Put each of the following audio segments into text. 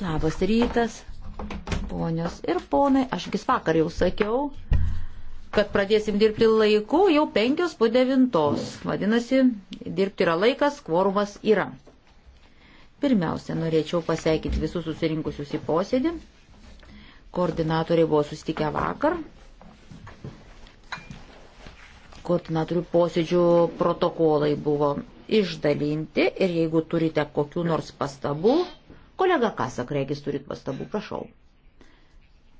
Labas rytas, ponios ir ponai. Ašgis vakar jau sakiau, kad pradėsim dirbti laiku jau penkios po devintos. Vadinasi, dirbti yra laikas, kvorumas yra. Pirmiausia, norėčiau pasveikinti visus susirinkusius į posėdį. Koordinatoriai buvo susitikę vakar, koordinatorių posėdžių protokolai buvo išdalinti ir jeigu turite kokių nors pastabų, kolega Kasak, regis turit pastabų, prašau.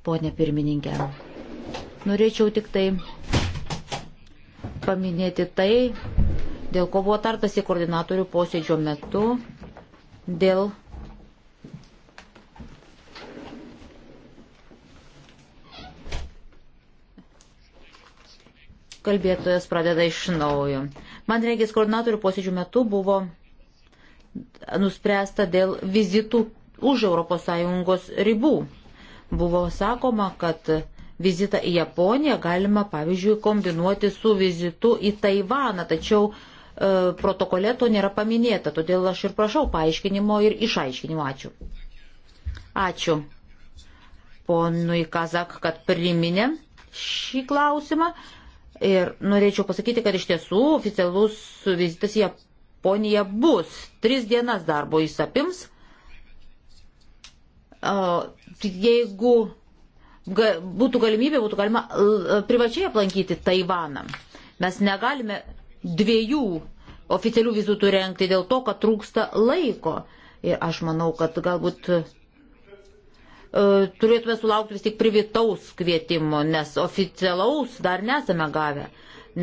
Pone pirmininkė, norėčiau tik tai paminėti tai, dėl ko buvo tartasi koordinatorių posėdžio metu, dėl Kalbėtojas pradeda iš naujo. Man reikės koordinatorių posėdžių metu buvo nuspręsta dėl vizitų už ES ribų. Buvo sakoma, kad vizitą į Japoniją galima, pavyzdžiui, kombinuoti su vizitu į Taivaną, tačiau e, protokole to nėra paminėta, todėl aš ir prašau paaiškinimo ir išaiškinimo. Ačiū. Ačiū ponui Kazak, kad priminė šį klausimą. Ir norėčiau pasakyti, kad iš tiesų oficialus vizitas į Japoniją bus. Tris dienas darbo jis apims. Jeigu būtų galimybė, būtų galima privačiai aplankyti Taivaną. Mes negalime dviejų oficialių vizitų rengti dėl to, kad trūksta laiko. Ir aš manau, kad galbūt E, turėtume sulaukti vis tik privitaus kvietimo, nes oficialaus dar nesame gavę.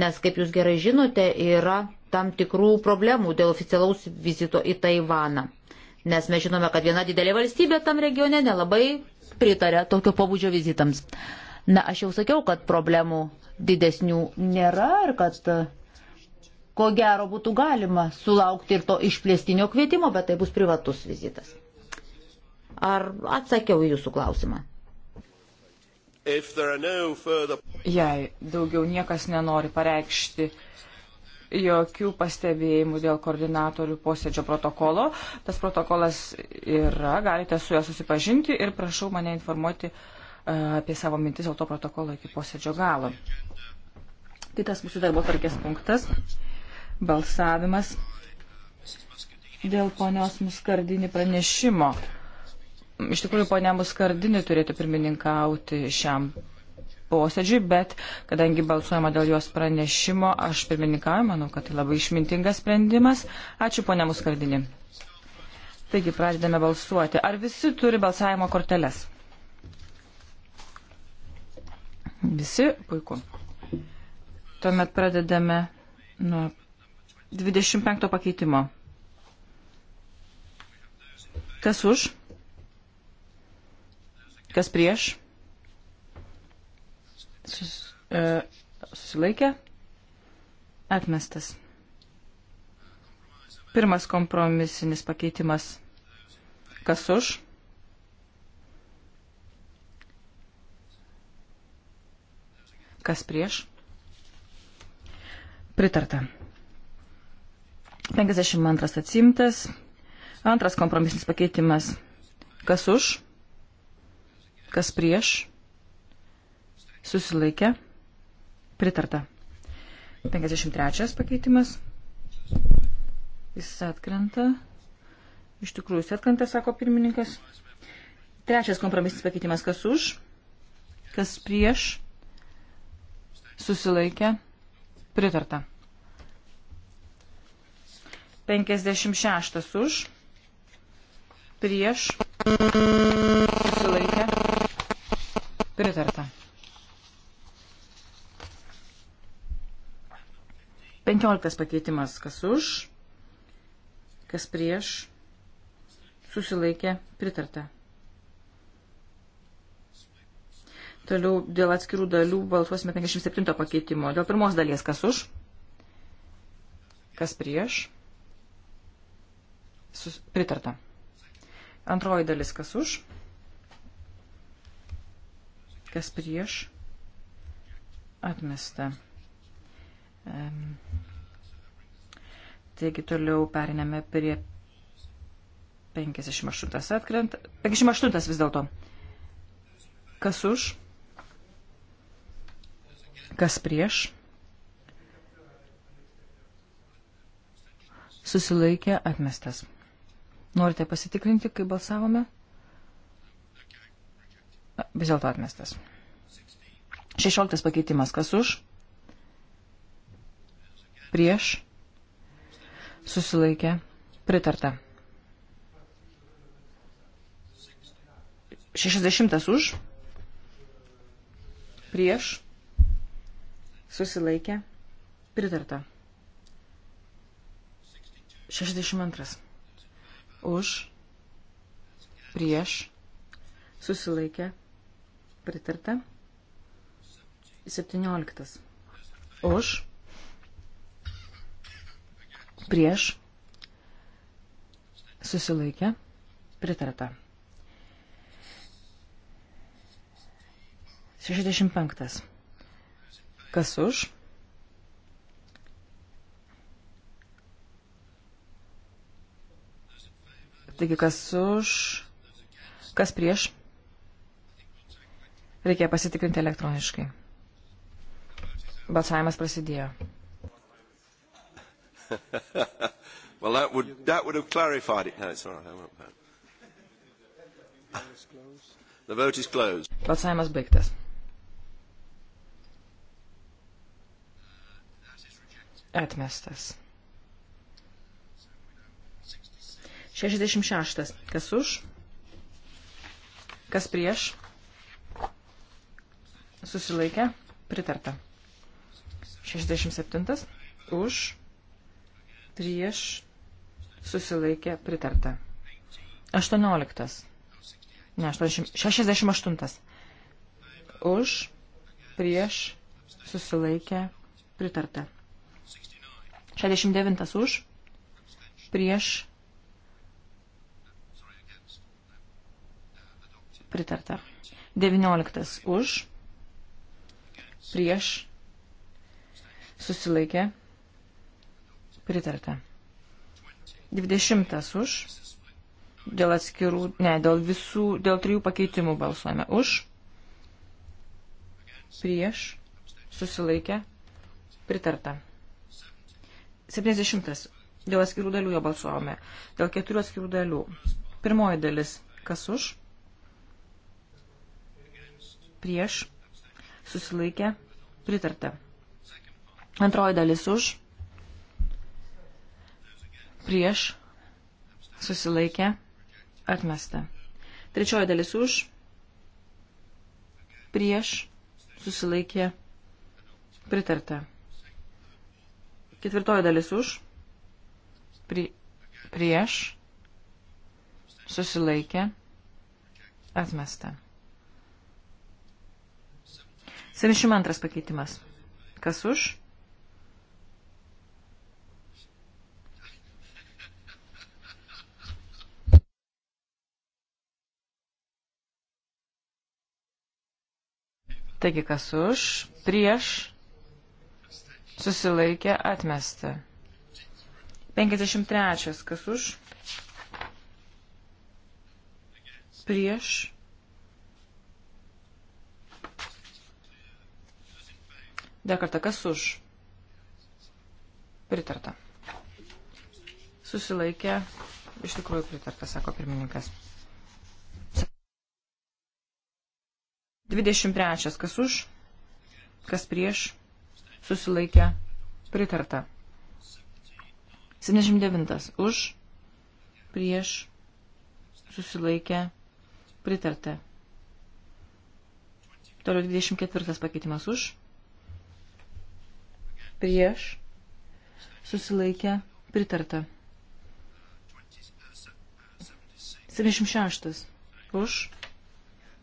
Nes, kaip jūs gerai žinote, yra tam tikrų problemų dėl oficialaus vizito į Taivaną. Nes mes žinome, kad viena didelė valstybė tam regione nelabai pritarė tokio pabudžio vizitams. Na, aš jau sakiau, kad problemų didesnių nėra ir kad e, ko gero būtų galima sulaukti ir to išplėstinio kvietimo, bet tai bus privatus vizitas. Ar atsakiau jūsų klausimą? No further... Jei daugiau niekas nenori pareikšti jokių pastebėjimų dėl koordinatorių posėdžio protokolo, tas protokolas yra, galite su juo susipažinti ir prašau mane informuoti uh, apie savo mintis dėl to protokolo iki posėdžio galo. Kitas mūsų darbo tvarkės punktas - balsavimas dėl ponios Muskardinį pranešimo iš tikrųjų ponia Muskardinė turėtų pirmininkauti šiam posėdžiui, bet kadangi balsuojama dėl jos pranešimo, aš pirmininkauju, manau, kad tai labai išmintingas sprendimas. Ačiū ponia Muskardinė. Taigi pradedame balsuoti. Ar visi turi balsavimo korteles? Visi, puiku. Tuomet pradedame nuo 25 pakeitimo. Kas už? Kas prieš? Sus, e, susilaikė? Atmestas. Pirmas kompromisinis pakeitimas. Kas už? Kas prieš? Pritarta. 52 atsimtas. Antras kompromisinis pakeitimas. Kas už? Kas prieš? Susilaikė. Pritarta. 53 pakeitimas. Jis atkrenta. Iš tikrųjų, jis atkrenta, sako pirmininkas. Trečias kompromisinis pakeitimas. Kas už? Kas prieš? Susilaikė. Pritarta. 56 už. Prieš. Susilaikė. Pritarta. 15 pakeitimas. Kas už, kas prieš, susilaikė, pritarta. Toliau dėl atskirų dalių balsuosime 57 pakeitimo. Dėl pirmos dalies kas už, kas prieš, sus, pritarta. Antroji dalis kas už, kas prieš, atmesta. Taigi toliau periname prie 58 atkrenta. 58 vis dėlto. Kas už? Kas prieš? Susilaikė atmestas. Norite pasitikrinti, kai balsavome? Vis dėlto atmestas. 16 pakeitimas. Kas už? Prieš. Susilaikė. Pritarta. 60 už. Prieš. Susilaikė. Pritarta. 62. Už. Prieš. Susilaikė pritarta. 17. Už. Prieš. Susilaikė. Pritarta. 65. Kas už? Taigi, kas už, kas prieš, Reikia pasitikrinti elektroniškai. Balsavimas prasidėjo. well, that would, that would have clarified it. No, it's all right. I won't vote. The vote is closed. Balsavimas baigtas. Atmestas. 66. Kas už? Kas prieš? susilaikė, pritarta. 67 už, prieš, susilaikė, pritarta. 18. Ne, 80, 68. Už, prieš, susilaikė, pritarta. 69 už, prieš, pritarta. 19 už, prieš, susilaikė, pritarta. 20 už, dėl atskirų, ne, dėl visų, dėl trijų pakeitimų balsuojame už, prieš, susilaikė, pritarta. 70. Dėl atskirų dalių jo balsuojame. Dėl keturių atskirų dalių. Pirmoji dalis. Kas už? Prieš susilaikė, pritarta. Antroji dalis už, prieš, susilaikė, atmesta. Trečioji dalis už, prieš, susilaikė, pritarta. Ketvirtoji dalis už, pri, prieš, susilaikė, atmesta. 72 pakeitimas. Kas už? Taigi kas už, prieš, susilaikė, atmesta. 53. Kas už, prieš, Dar kartą, kas už? Pritarta. Susilaikė, iš tikrųjų pritarta, sako pirmininkas. 23. Kas už? Kas prieš? Susilaikė, pritarta. 79. Už? Prieš? Susilaikė, pritarta. Toliau 24 pakeitimas už prieš, susilaikę, pritarta. 76. Už,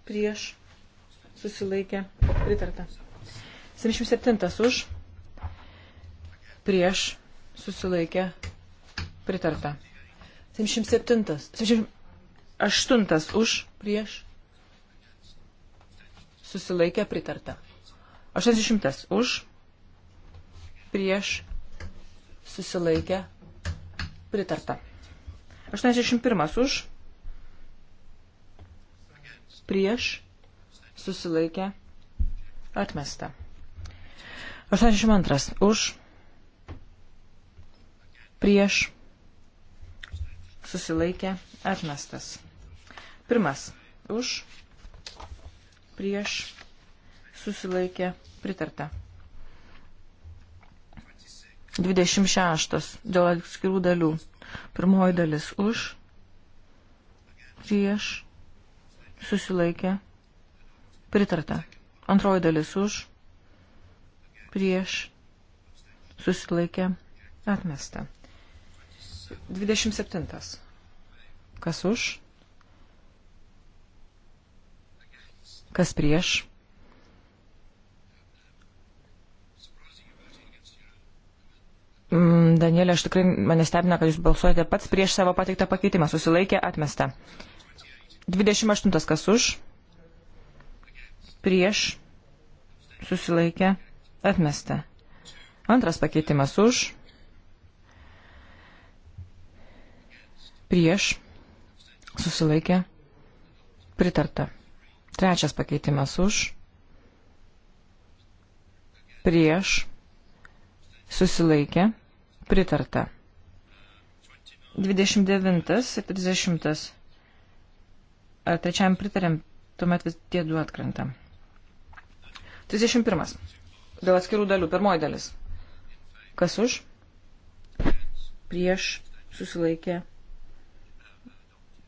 prieš, susilaikę, pritarta. 77. Už, prieš, susilaikę, pritarta. 77. 78. Už, prieš, susilaikę, pritarta. 80. Už, prieš susilaikę pritarta. 81 už prieš susilaikę atmesta. 82 už prieš susilaikė atmestas. Pirmas už prieš susilaikė pritarta. 26 dėl atskirų dalių. Pirmoji dalis už, prieš, susilaikė, pritarta. Antroji dalis už, prieš, susilaikė, atmesta. 27. Kas už? Kas prieš? Mm, Danielė, aš tikrai mane stebina, kad jūs balsuojate pats prieš savo pateiktą pakeitimą. Susilaikė atmesta. 28 kas už. Prieš. Susilaikė atmesta. Antras pakeitimas už. Prieš. Susilaikė. Pritarta. Trečias pakeitimas už. Prieš susilaikė, pritarta. 29 ir 30. Ar trečiam pritarėm, tuomet vis tie du atkrenta. 31. Dėl atskirų dalių. Pirmoji dalis. Kas už? Prieš susilaikė.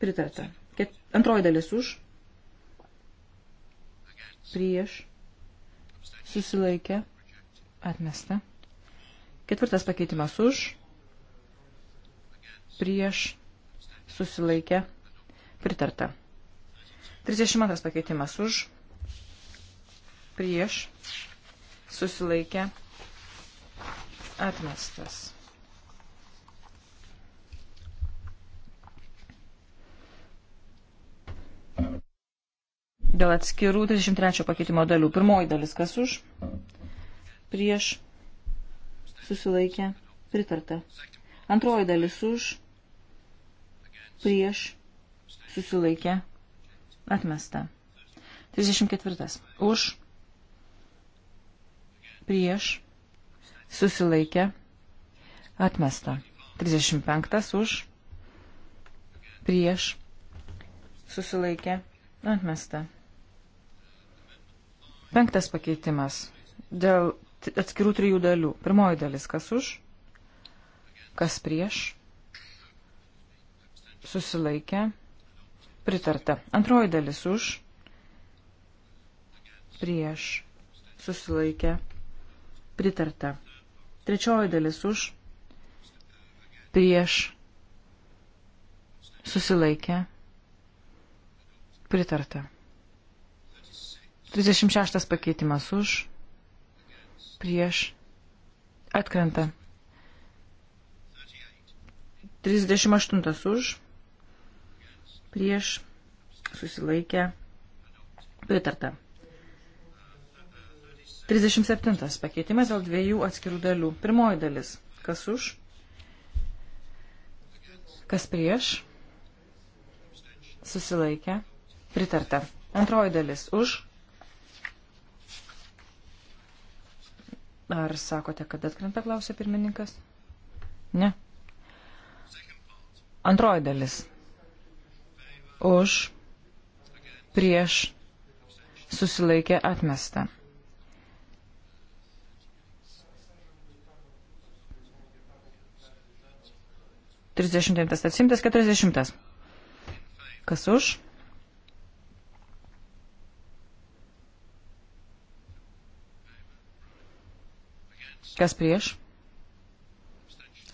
Pritarta. Ket... Antroji dalis už. Prieš susilaikė. Atmesta. Ketvirtas pakeitimas už, prieš, susilaikė, pritarta. 32 pakeitimas už, prieš, susilaikė, atmestas. Dėl atskirų 33 pakeitimo dalių. Pirmoji dalis kas už, prieš, susilaikė, pritarta. Antroji dalis už, prieš, susilaikė, atmesta. 34. Už, prieš, susilaikė, atmesta. 35. Už, prieš, susilaikė, atmesta. Penktas pakeitimas. Dėl atskirų trijų dalių. Pirmoji dalis, kas už, kas prieš, susilaikė, pritarta. Antroji dalis už, prieš, susilaikė, pritarta. Trečioji dalis už, prieš, susilaikė, pritarta. 36 pakeitimas už prieš atkrenta. 38 už prieš susilaikę pritarta. 37 pakeitimas dėl dviejų atskirų dalių. Pirmoji dalis. Kas už? Kas prieš? Susilaikę. Pritarta. Antroji dalis. Už. Ar sakote, kad atkrenta, klausė pirmininkas? Ne. Antroji dalis. Už, prieš, susilaikė atmesta. Trisdešimtas atsimtas, keturiasdešimtas. Kas už? Kas prieš?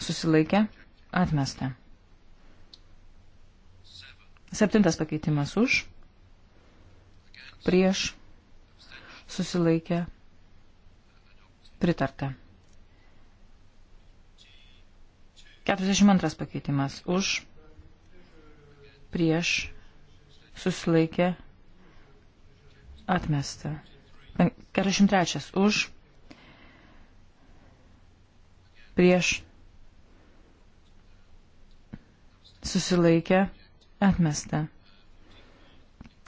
Susilaikė. Atmesta. Septintas pakeitimas už. Prieš. Susilaikė. Pritarta. 42 pakeitimas už. Prieš. Susilaikė. Atmesta. 43 už prieš susilaikę atmesta.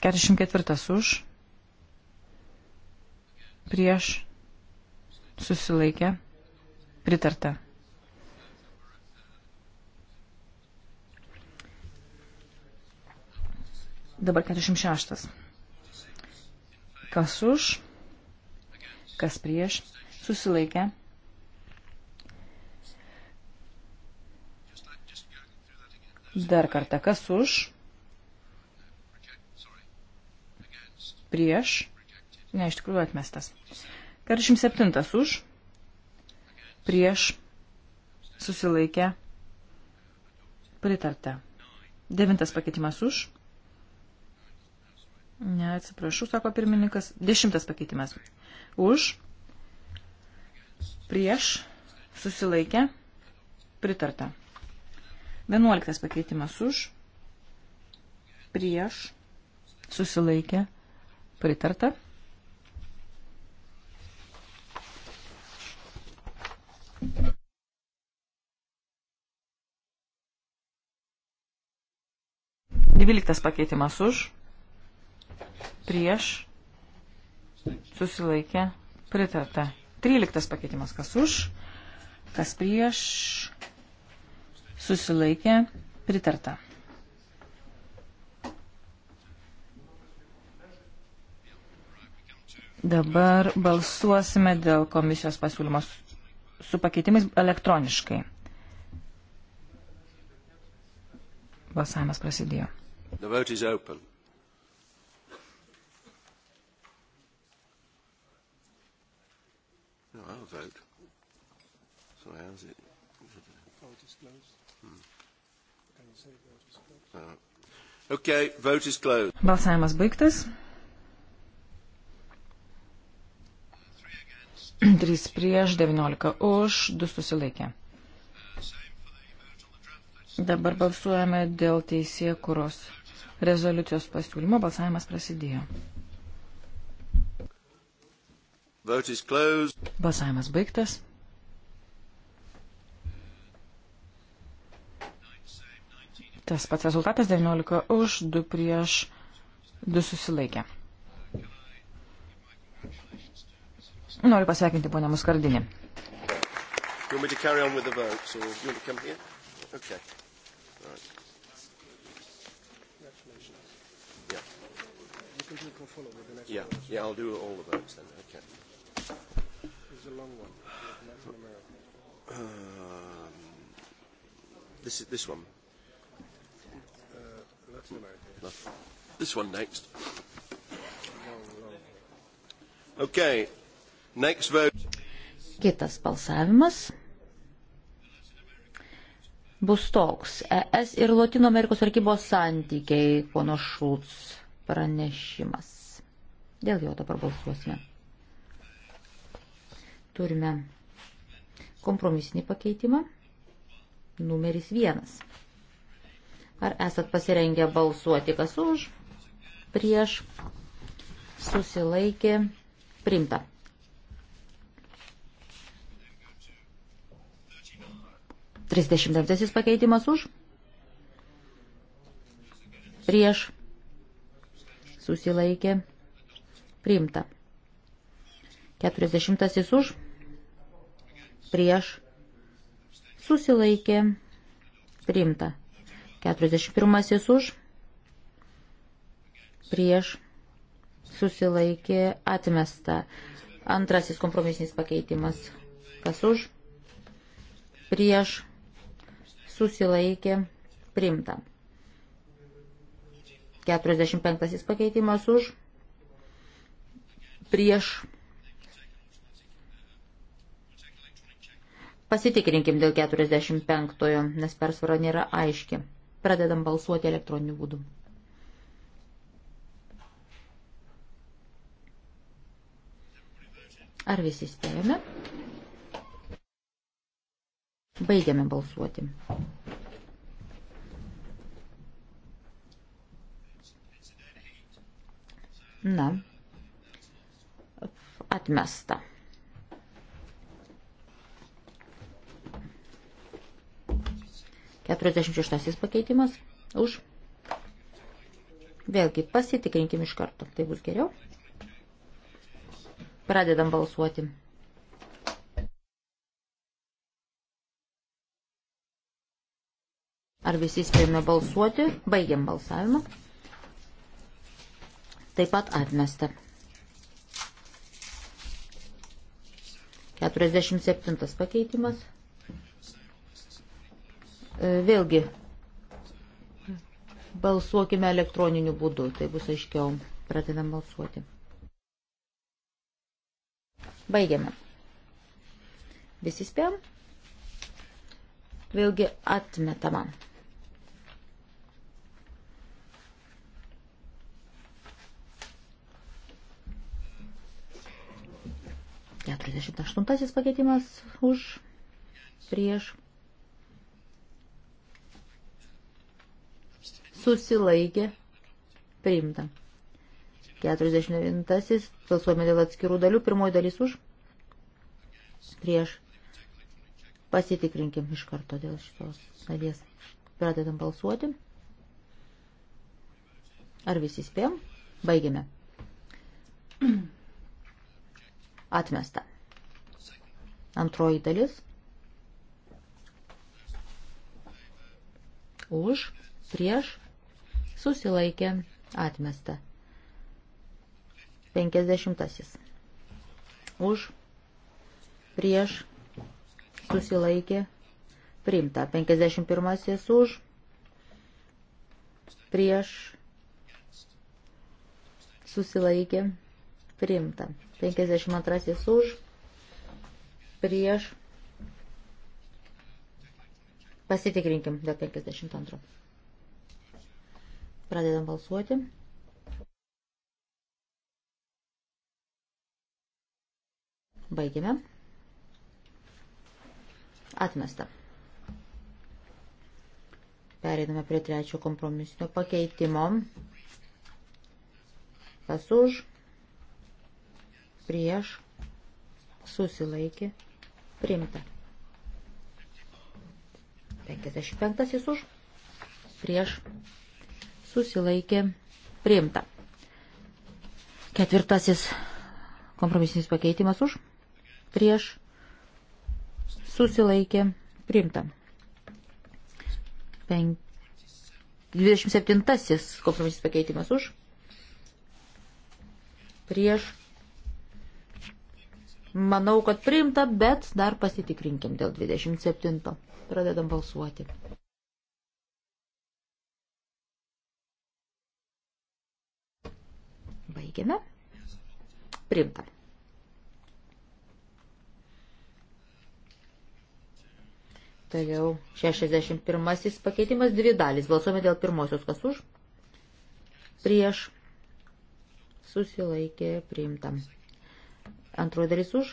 44 už prieš susilaikę pritarta. Dabar 46. Kas už, kas prieš, susilaikę, Dar kartą, kas už? Prieš. Ne, iš tikrųjų atmestas. 47 už. Prieš. Susilaikė. Pritarta. Devintas pakeitimas už. Ne, atsiprašau, sako pirmininkas. Dešimtas pakeitimas. Už. Prieš. Susilaikė. Pritarta. 11 pakeitimas už, prieš, susilaikė, pritarta. Dvyliktas pakeitimas už, prieš, susilaikė, pritarta. Tryliktas pakeitimas kas už, kas prieš, susilaikė, pritarta. Dabar balsuosime dėl komisijos pasiūlymos su pakeitimais elektroniškai. Balsavimas prasidėjo. The vote is open. No, I'll vote. Sorry, how's it? Vote is closed. Uh, okay, vote is closed. Balsavimas baigtas. 3 prieš, 19 už, 2 susilaikė. Dabar balsuojame dėl teisė kuros rezoliucijos pasiūlymo. Balsavimas prasidėjo. Balsavimas baigtas. Tas pats rezultatas 19 už, 2 prieš, 2 susilaikė. Noriu pasveikinti ponę Muskardinį. Okay. Right. Yeah, yeah, I'll do all the votes then. Okay. It's a long one. Um, this is this one that's America. No. This one next. Okay. Next vote. Kitas balsavimas bus toks. ES ir Latino Amerikos arkybos santykiai, pono Šulc pranešimas. Dėl jo dabar balsuosime. Turime kompromisinį pakeitimą. Numeris vienas. Ar esat pasirengę balsuoti, kas už, prieš, susilaikė, primta. Trisdešimtasis pakeitimas už, prieš, susilaikė, primta. Keturiasdešimtasis už, prieš, susilaikė, primta. 41 už, prieš, susilaikė, atmesta. Antrasis kompromisinis pakeitimas, kas už, prieš, susilaikė, primta. 45 pakeitimas už, prieš, Pasitikrinkim dėl 45-ojo, nes persvara nėra aiški. Pradedam balsuoti elektroniniu būdu. Ar visi spėjome? Baigiame balsuoti. Na, atmesta. 46 pakeitimas už. Vėlgi pasitikrinkim iš karto, tai bus geriau. Pradedam balsuoti. Ar visi spėjome balsuoti? Baigiam balsavimą. Taip pat atmesta. 47 pakeitimas. E, vėlgi, balsuokime elektroniniu būdu, tai bus aiškiau. Pradedam balsuoti. Baigiame. Visi spėjom. Vėlgi atmetama. Keturiasdešimt aštuntasis pakeitimas už prieš susilaikė priimta. 49. Balsuojame dėl atskirų dalių. Pirmoji dalis už. Prieš. Pasitikrinkim iš karto dėl šitos dalies. Pradedam balsuoti. Ar visi spėjom? Baigėme. Atmesta. Antroji dalis. Už. Prieš susilaikė atmesta. 50. Už, prieš, susilaikė, priimta. 51. Už, prieš, susilaikė, priimta. 52. Už, prieš, pasitikrinkim dėl 52. Pradedam balsuoti. Baigiame. Atmesta. Pereiname prie trečio kompromisinio pakeitimo. Kas už, prieš, susilaikė, primta. 55 už, prieš, susilaikė priimta. Ketvirtasis kompromisinis pakeitimas už, prieš, susilaikė priimta. Penk... 27 kompromisinis pakeitimas už, prieš, manau, kad priimta, bet dar pasitikrinkim dėl 27. Pradedam balsuoti. Baigiame. Primta. Toliau 61 pakeitimas dvi dalys. Balsuome dėl pirmosios kas už. Prieš. Susilaikė priimta. Antroji dalis už.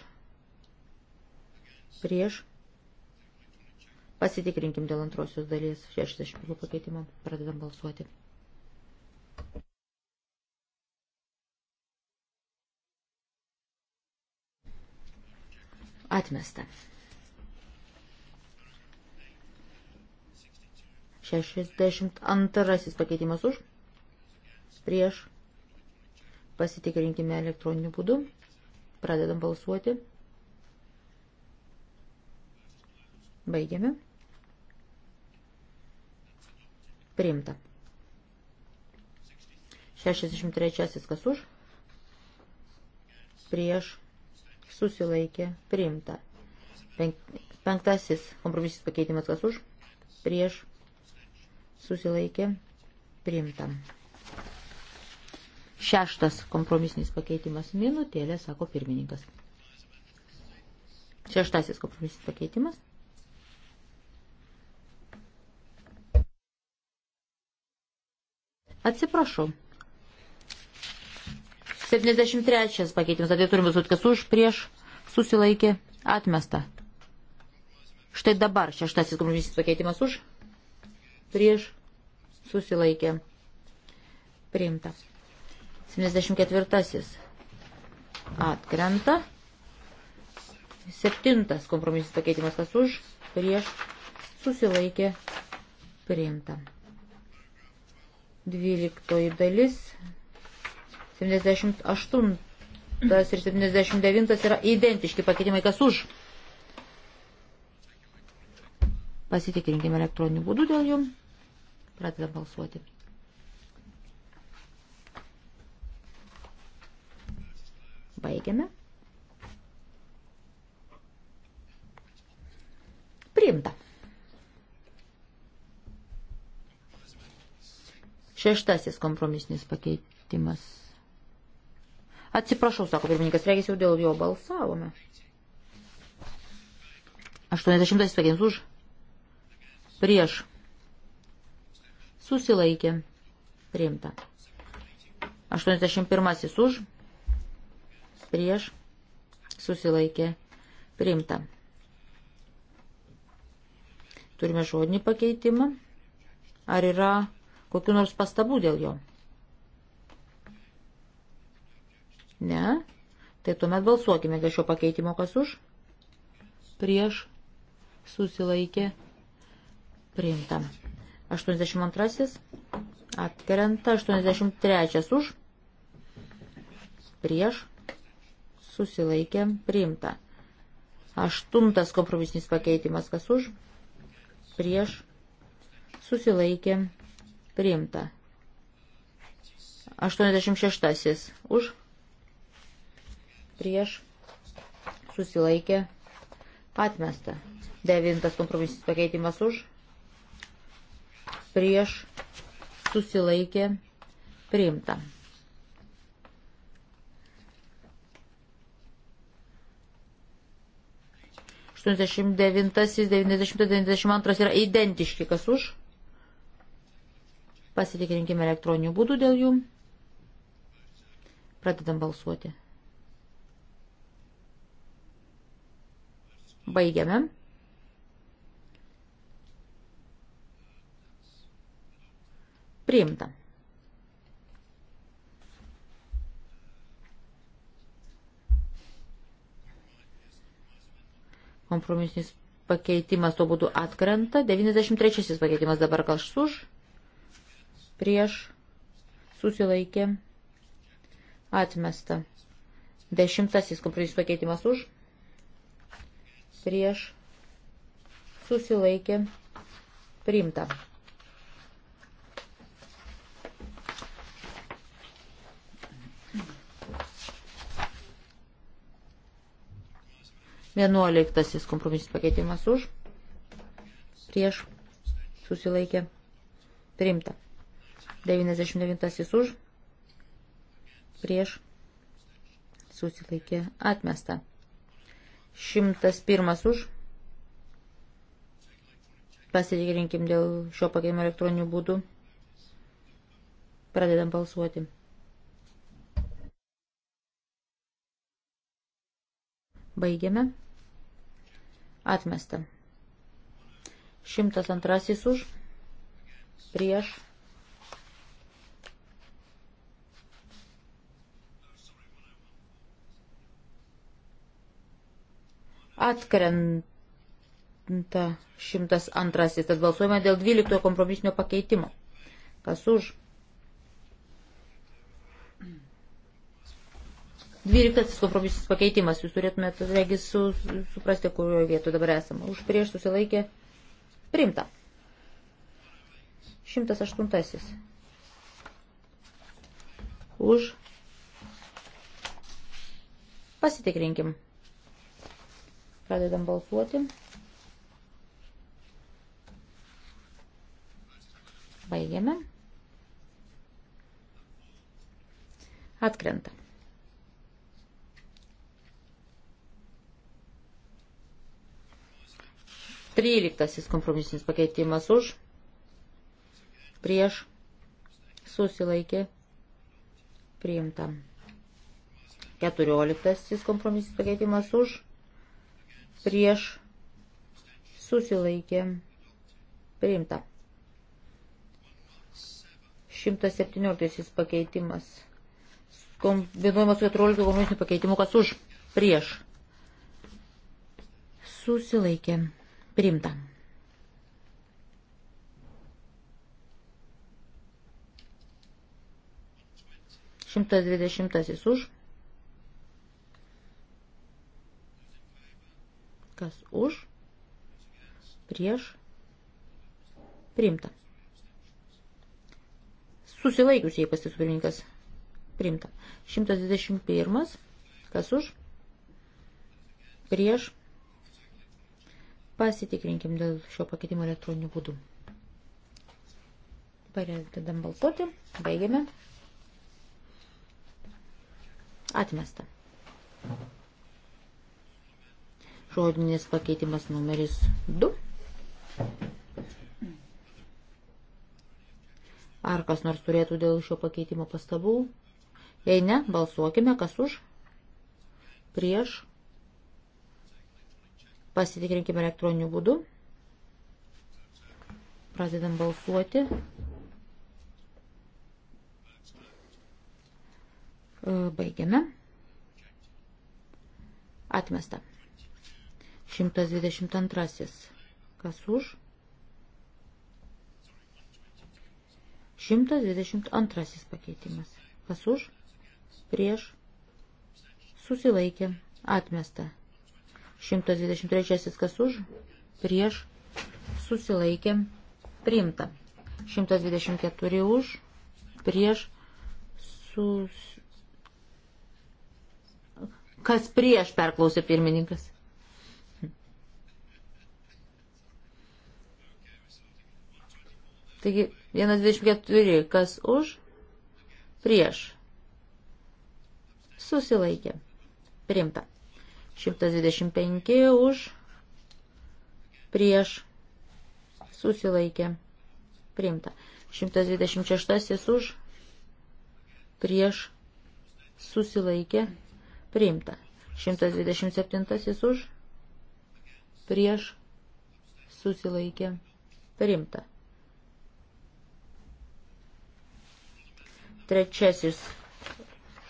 Prieš. Pasitikrinkim dėl antrosios dalies 61 pakeitimo. Pradedam balsuoti. Atmesta. 62 pakeitimas už. Prieš. Pasitikrinkime elektroniniu būdu. Pradedam balsuoti. Baigiame. Priimta. 63 kas už. Prieš susilaikė, priimta. Penktasis kompromisis pakeitimas kas už, prieš, susilaikė, priimta. Šeštas kompromisinis pakeitimas minutėlė, sako pirmininkas. Šeštasis kompromisinis pakeitimas. Atsiprašau, 73 pakeitimas, apie tai turime visus, kas už, prieš, susilaikė, atmesta. Štai dabar šeštasis kompromisinis pakeitimas už, prieš, susilaikė, priimta. 74 atkrenta. Septintas kompromisinis pakeitimas, kas už, prieš, susilaikė, priimta. Dvyliktoji dalis, 78 ir 79 yra identiški pakeitimai, kas už. Pasitikrinkime elektroniniu būdu dėl jų. Pradedam balsuoti. Baigiame. Priimta. Šeštasis kompromisinis pakeitimas. Atsiprašau, sako pirmininkas, regis jau dėl jo balsavome. 80 sveikinis už. Prieš. Susilaikė. Priimta. 81 už. Prieš. Susilaikė. Priimta. Turime žodinį pakeitimą. Ar yra kokiu nors pastabų dėl jo? Ne? Tai tuomet balsuokime dėl šio pakeitimo, kas už. Prieš susilaikė priimta. 82 atkrenta, 83 už. Prieš susilaikė priimta. Aštuntas kompromisinis pakeitimas, kas už. Prieš susilaikė priimta. 86 už prieš susilaikė atmesta. Devintas kompromisinis pakeitimas už prieš susilaikė priimta. Aštuoniasdešimt devintasis, devyniasdešimtas, devyniasdešimt antras yra identiški, kas už. Pasitikrinkime elektroninių būdų dėl jų. Pradedam balsuoti. Baigiame. Priimta. Kompromisinis pakeitimas tuo būdu atkrenta. 93 pakeitimas dabar kas už. Prieš. Susilaikė. Atmesta. Dešimtasis kompromisinis pakeitimas už prieš susilaikė priimta. Vienuoliktasis kompromisinis pakeitimas už, prieš, susilaikė, priimta. 99 už, prieš, susilaikė, atmesta. 101 už. Pasitikrinkim dėl šio pakeimo elektroninių būdų. Pradedam balsuoti. Baigiame. Atmesta. 102 už. Prieš atkrenta 102. Tad balsuojame dėl 12 kompromisinio pakeitimo. Kas už? 12 kompromisinis pakeitimas. Jūs turėtumėte, regis, su, suprasti, kurioje vietoje dabar esame. Už prieš susilaikė. Primta. 108. Už. Pasitikrinkim. Pradedam balsuoti. Baigiame. Atkrenta. Tryliktasis kompromisinis pakeitimas už, prieš, susilaikė, priimta. Keturioliktasis kompromisinis pakeitimas už, prieš susilaikė priimta. 117 pakeitimas. Kombinuojamas su 14 kompromisinių pakeitimų, kas už prieš susilaikė priimta. Šimtas dvidešimtasis už Kas už? Prieš? Primta. Susilaikiusiai pasisų pirmininkas. Primta. 121. Kas už? Prieš? Pasitikrinkim dėl šio pakeitimo elektroninių būdų. Pradedam balsuoti. Baigiame. Atmesta. Thank you žodinis pakeitimas numeris 2. Ar kas nors turėtų dėl šio pakeitimo pastabų? Jei ne, balsuokime, kas už, prieš, pasitikrinkime elektroniniu būdu, pradedam balsuoti. Baigiame. Atmesta. 122. Kas už? 122 pakeitimas. Kas už? Prieš. Susilaikė. Atmesta. 123. Kas už? Prieš. Susilaikė. Priimta. 124 už. Prieš. Sus... Kas prieš perklausė pirmininkas? Taigi 124, kas už, prieš, susilaikė, priimta. 125 už, prieš, susilaikė, priimta. 126 už, prieš, susilaikė, priimta. 127 už, prieš, susilaikė, priimta. trečiasis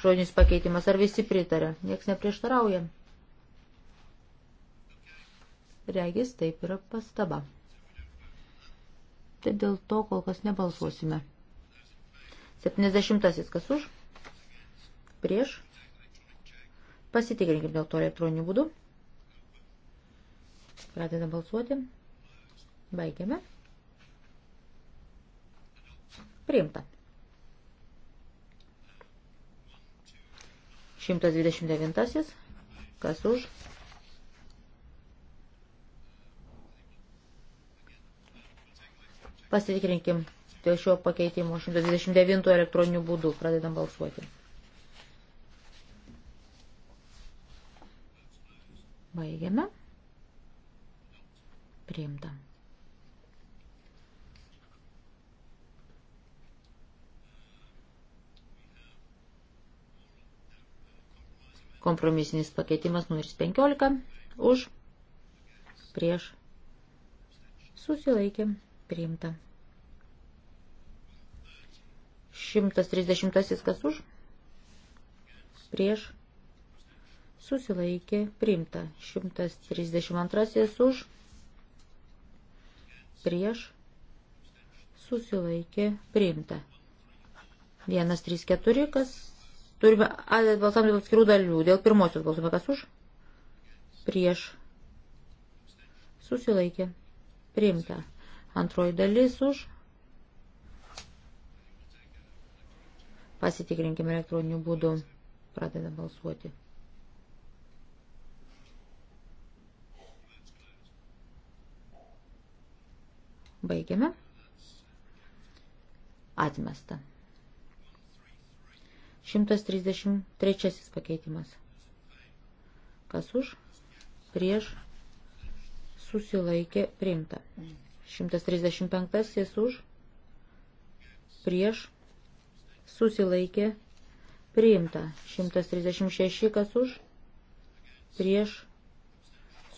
žodinis pakeitimas. Ar visi pritarė? Niekas neprieštarauja. Regis taip yra pastaba. Tai dėl to kol kas nebalsuosime. 70. Kas už? Prieš? Pasitikrinkim dėl to elektroninių būdų. Pradedam balsuoti. Baigiame. Priimta. 129. Kas už? Pasitikrinkim dėl šio pakeitimo 129 elektroninių būdų. Pradedam balsuoti. Baigiame. Priimtam. Kompromisinis pakeitimas numeris 15 už prieš susilaikė priimta. 130 kas už prieš susilaikė priimta. 132 už prieš susilaikė priimta. 134 kas Turime balsavimą dėl atskirų dalių. Dėl pirmosios balsuojame kas už. Prieš. Susilaikė. Priimta. Antroji dalis už. Pasitikrinkime elektroniniu būdu. Pradedam balsuoti. Baigiame. Atmesta. 133 pakeitimas. Kas už? Prieš susilaikė priimta. 135 už prieš susilaikė priimta. 136 kas už prieš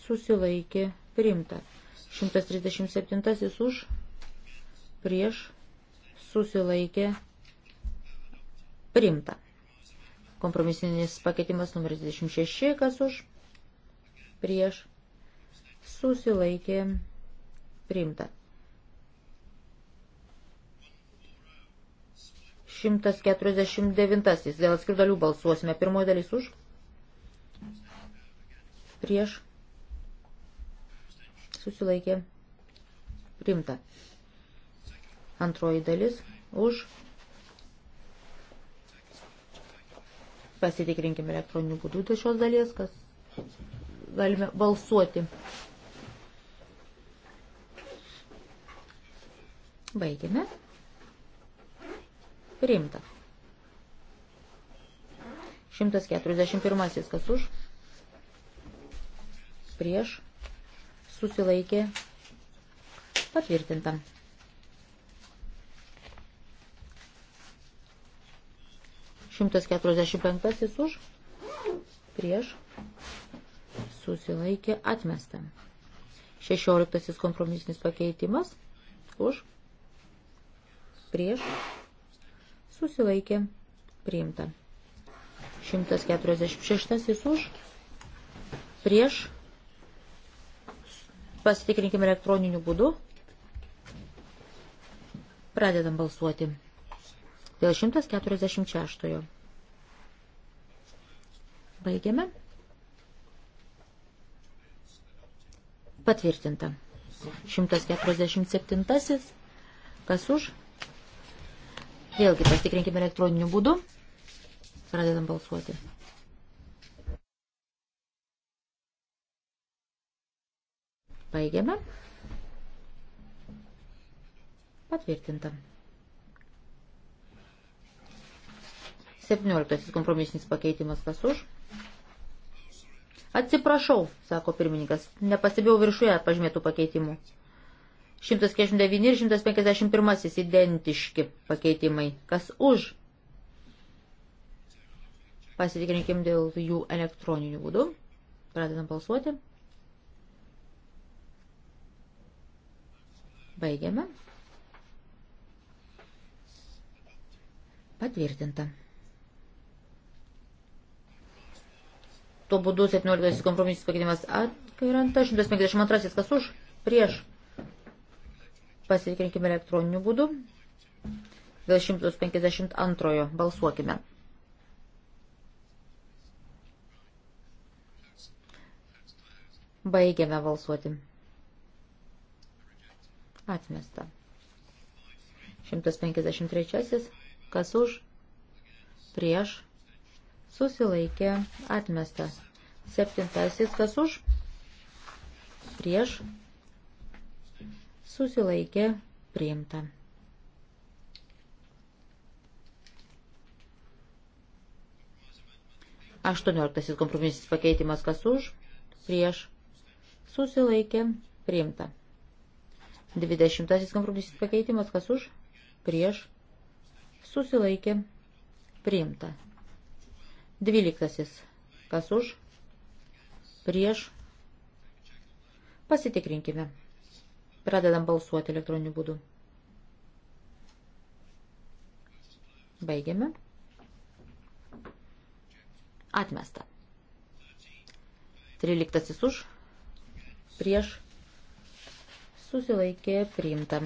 susilaikė priimta. 137 už prieš susilaikė priimta Primta. Kompromisinis pakeitimas numeris 26, kas už, prieš, susilaikė, primta. 149. Dėl atskirų dalių balsuosime. Pirmoji dalis už. Prieš. Susilaikė. Primta. Antroji dalis už. Pasitikrinkime elektroninių būdų dėl šios dalies, kas galime balsuoti. Baigime. Priimta. 141. Kas už? Prieš. Susilaikė. Patvirtinta. 145 už, prieš, susilaikė atmestą. 16 kompromisinis pakeitimas už, prieš, susilaikė priimta. 146 už, prieš, pasitikrinkime elektroniniu būdu, pradedam balsuoti dėl 146. Baigiame. Patvirtinta. 147. Kas už? Vėlgi pasitikrinkime elektroniniu būdu. Pradedam balsuoti. Baigiame. Patvirtinta. 17 kompromisinis pakeitimas kas už. Atsiprašau, sako pirmininkas, nepastebėjau viršuje pažymėtų pakeitimų. 149 ir 151 identiški pakeitimai. Kas už? Pasitikrinkim dėl jų elektroninių būdų. Pradedam balsuoti. Baigiame. Patvirtinta. Tuo būdu 17 kompromisas pakeitimas atkrenta, 152 kas už, prieš. Pasitikrinkime elektroniniu būdu. Dėl 152 balsuokime. Baigiame balsuoti. Atmesta. 153. Kas už? Prieš susilaikė atmestas. Septintasis kas už, prieš, susilaikė priimta. Aštuonioliktasis kompromisinis pakeitimas kas už, prieš, susilaikė priimta. Dvidešimtasis kompromisinis pakeitimas kas už, prieš, susilaikė priimta. Dvyliktasis. Kas už? Prieš. Pasitikrinkime. Pradedam balsuoti elektroniniu būdu. Baigiame. Atmesta. Tryliktasis už. Prieš. Susilaikė priimta.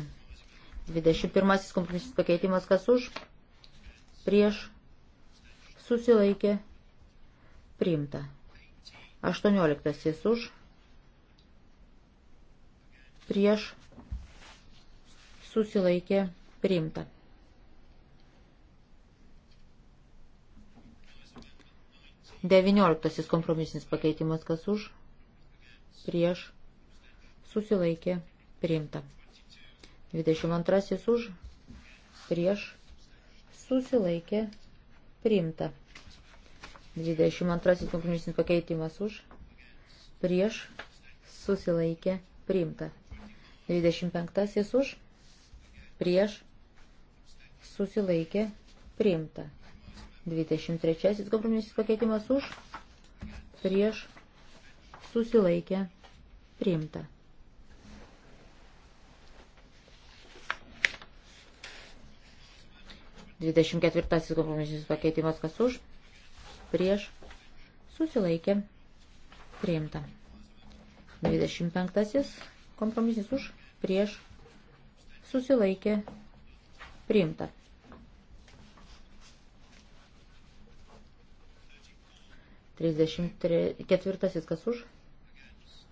21 kompromisinis pakeitimas kas už. Prieš susilaikė priimta. 18 už prieš susilaikė priimta. Devynioliktasis kompromisinis pakeitimas kas už, prieš, susilaikė, priimta. Dvidešimt antrasis už, prieš, susilaikė, priimta. 22 kompromisinis pakeitimas už, prieš, susilaikė, priimta. 25 už, prieš, susilaikė, priimta. 23 kompromisinis pakeitimas už, prieš, susilaikė, priimta. 24 kompromisinis pakeitimas kas už, prieš, susilaikė, priimta. 25 kompromisinis už, prieš, susilaikė, priimta. 34 kas už,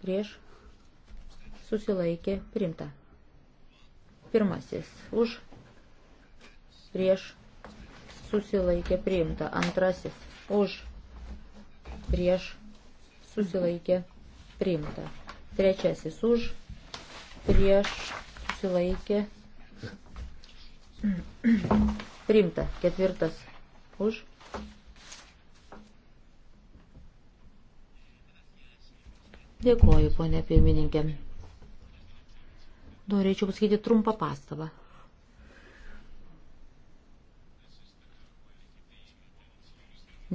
prieš, susilaikė, priimta. Pirmasis už, prieš, susilaikė priimta. Antrasis už prieš susilaikė priimta. Trečiasis už prieš susilaikė priimta. Ketvirtas už. Dėkuoju, ponė pirmininkė. Norėčiau pasakyti trumpą pastabą.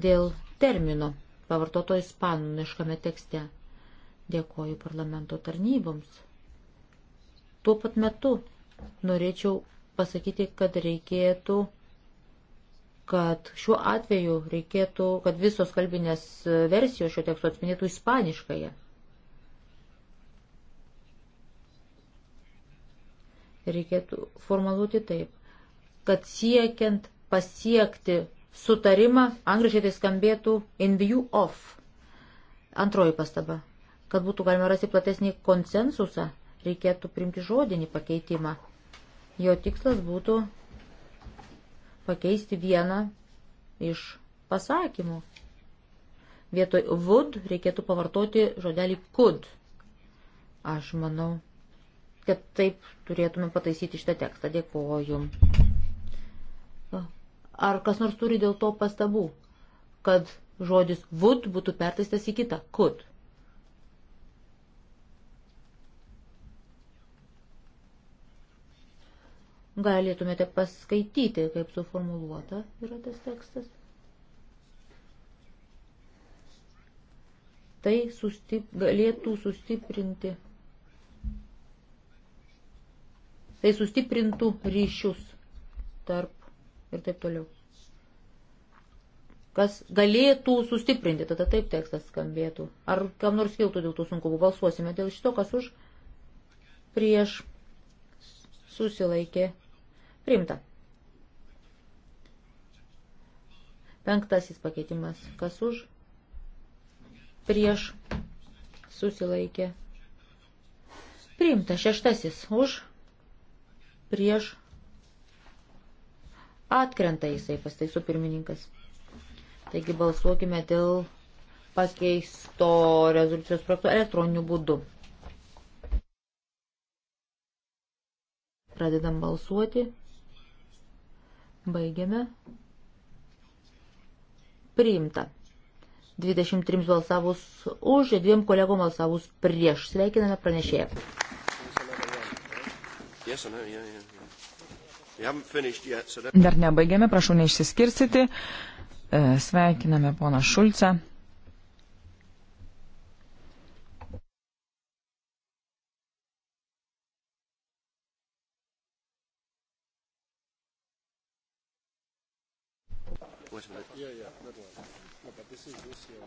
dėl termino pavartoto ispaniškame tekste. Dėkoju parlamento tarnyboms. Tuo pat metu norėčiau pasakyti, kad reikėtų, kad šiuo atveju reikėtų, kad visos kalbinės versijos šio teksto atspindėtų ispaniškąją. Reikėtų formaluoti taip, kad siekiant pasiekti sutarimą, angliškai tai skambėtų in view of. Antroji pastaba. Kad būtų galima rasti platesnį konsensusą, reikėtų primti žodinį pakeitimą. Jo tikslas būtų pakeisti vieną iš pasakymų. Vietoj would reikėtų pavartoti žodelį could. Aš manau, kad taip turėtume pataisyti šitą tekstą. Dėkuoju. Ar kas nors turi dėl to pastabų, kad žodis would būtų pertaistas į kitą could? Galėtumėte paskaityti, kaip suformuluota yra tas tekstas. Tai sustip, galėtų sustiprinti. Tai sustiprintų ryšius tarp ir taip toliau. Kas galėtų sustiprinti, tada taip tekstas skambėtų. Ar kam nors kiltų dėl tų sunkumų, balsuosime dėl šito, kas už prieš susilaikė priimta. Penktasis pakeitimas, kas už prieš susilaikė priimta. Šeštasis už prieš Atkrenta jisai, pastaisų pirmininkas. Taigi balsuokime dėl pakeisto rezoliucijos projekto elektroniniu būdu. Pradedam balsuoti. Baigiame. Priimta. 23 balsavus už ir dviem kolegom balsavus prieš. Sveikiname pranešėją. Yes, no, yeah, yeah, yeah. Dar nebaigėme, prašau neišsiskirstyti. E, sveikiname poną Šulcą. Wait a minute. Yeah, yeah, that one. No, but this is this year.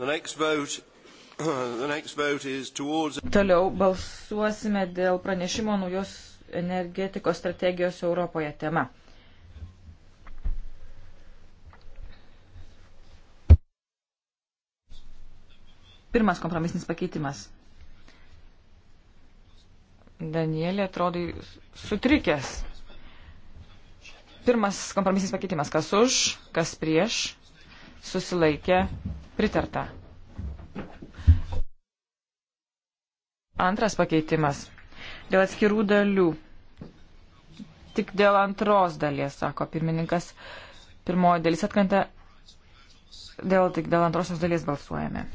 Vote, towards... Toliau balsuosime dėl pranešimo naujos energetikos strategijos Europoje tema. Pirmas kompromisinis pakeitimas. Danielė atrodo sutrikęs. Pirmas kompromisinis pakeitimas. Kas už, kas prieš, susilaikė, Pritarta. Antras pakeitimas. Dėl atskirų dalių. Tik dėl antros dalies, sako pirmininkas. Pirmoji dalis atkanta. Dėl, tik dėl antrosios dalies balsuojame.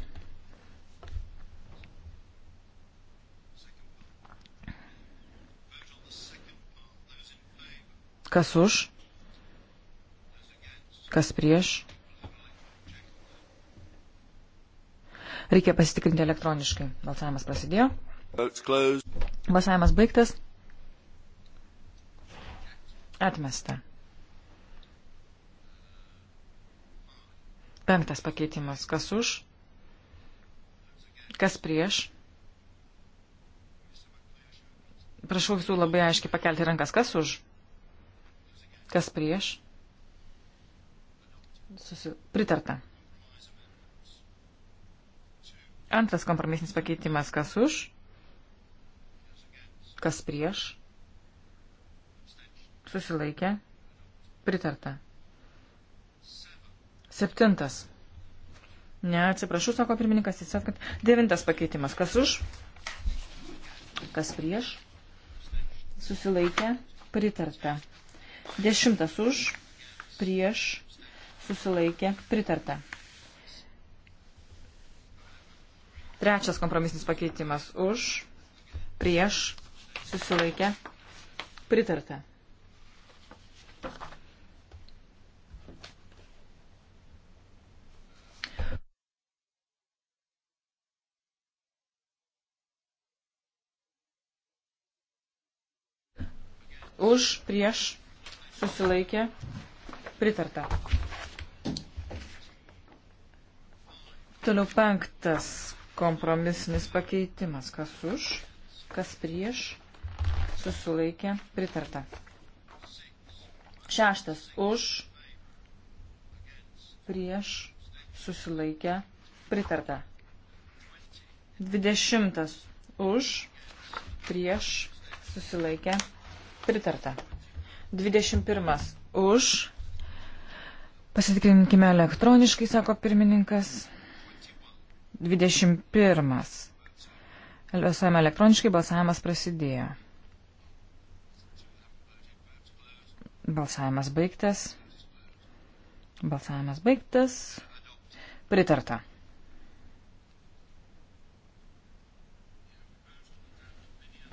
Kas už? Kas prieš? Reikia pasitikrinti elektroniškai. Balsavimas prasidėjo. Balsavimas baigtas. Atmesta. Penktas pakeitimas. Kas už? Kas prieš? Prašau visų labai aiškiai pakelti rankas. Kas už? Kas prieš? Susi... Pritarta. Antras kompromisinis pakeitimas, kas už, kas prieš, susilaikė, pritarta. Septintas. Ne, atsiprašau, sako pirmininkas, jis atkant. Devintas pakeitimas, kas už, kas prieš, susilaikė, pritarta. Dešimtas už, prieš, susilaikė, pritarta. Trečias kompromisinis pakeitimas už, prieš, susilaikę, pritarta. Už, prieš, susilaikė, pritarta. Toliau penktas Kompromisinis pakeitimas. Kas už, kas prieš, susilaikė, pritarta. Šeštas už, prieš, susilaikė, pritarta. Dvidešimtas už, prieš, susilaikė, pritarta. Dvidešimt pirmas už. Pasitikrinkime elektroniškai, sako pirmininkas. 21. Balsuojame elektroniškai, balsavimas prasidėjo. Balsavimas baigtas. Balsavimas baigtas. Pritarta.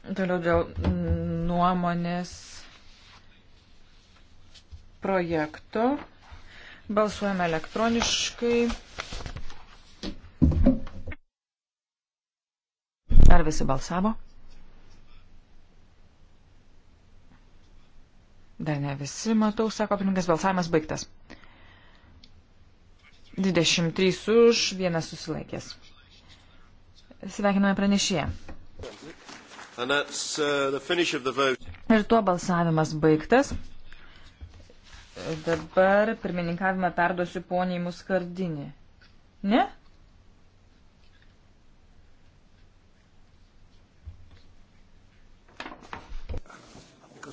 Toliau dėl nuomonės projekto. Balsuojame elektroniškai. Ar visi balsavo? Dar ne visi, matau, sako pirmininkas, balsavimas baigtas. 23 už, vienas susilaikęs. Sveikiname pranešėją. Uh, Ir tuo balsavimas baigtas. Dabar pirmininkavimą perduosiu poniai Muskardinį. Ne?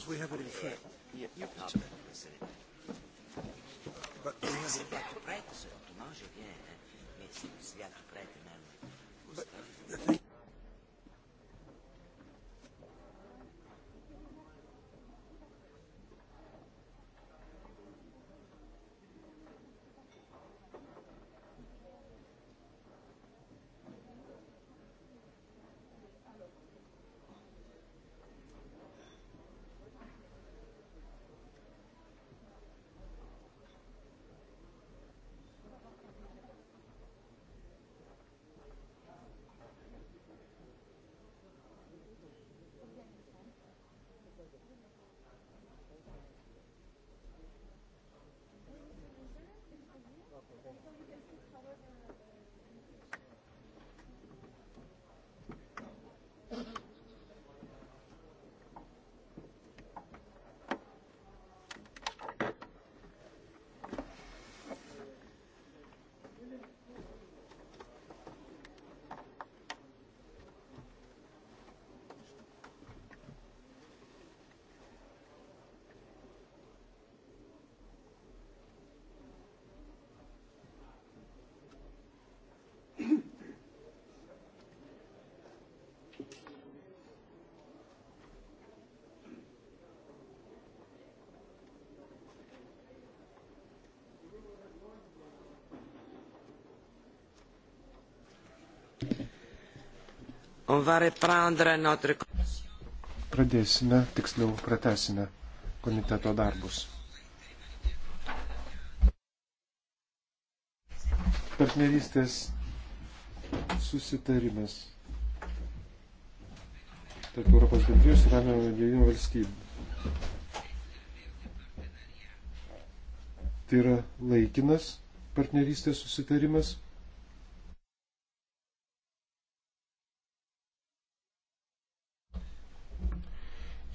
we have it in front. Yeah, you, you, but we have it. Notre... Pradėsime, tiksliau, pratesime komiteto darbus. Partnerystės susitarimas tarp Europos bendrijos ir Ramiojo dviejų valstybių. Tai yra laikinas partnerystės susitarimas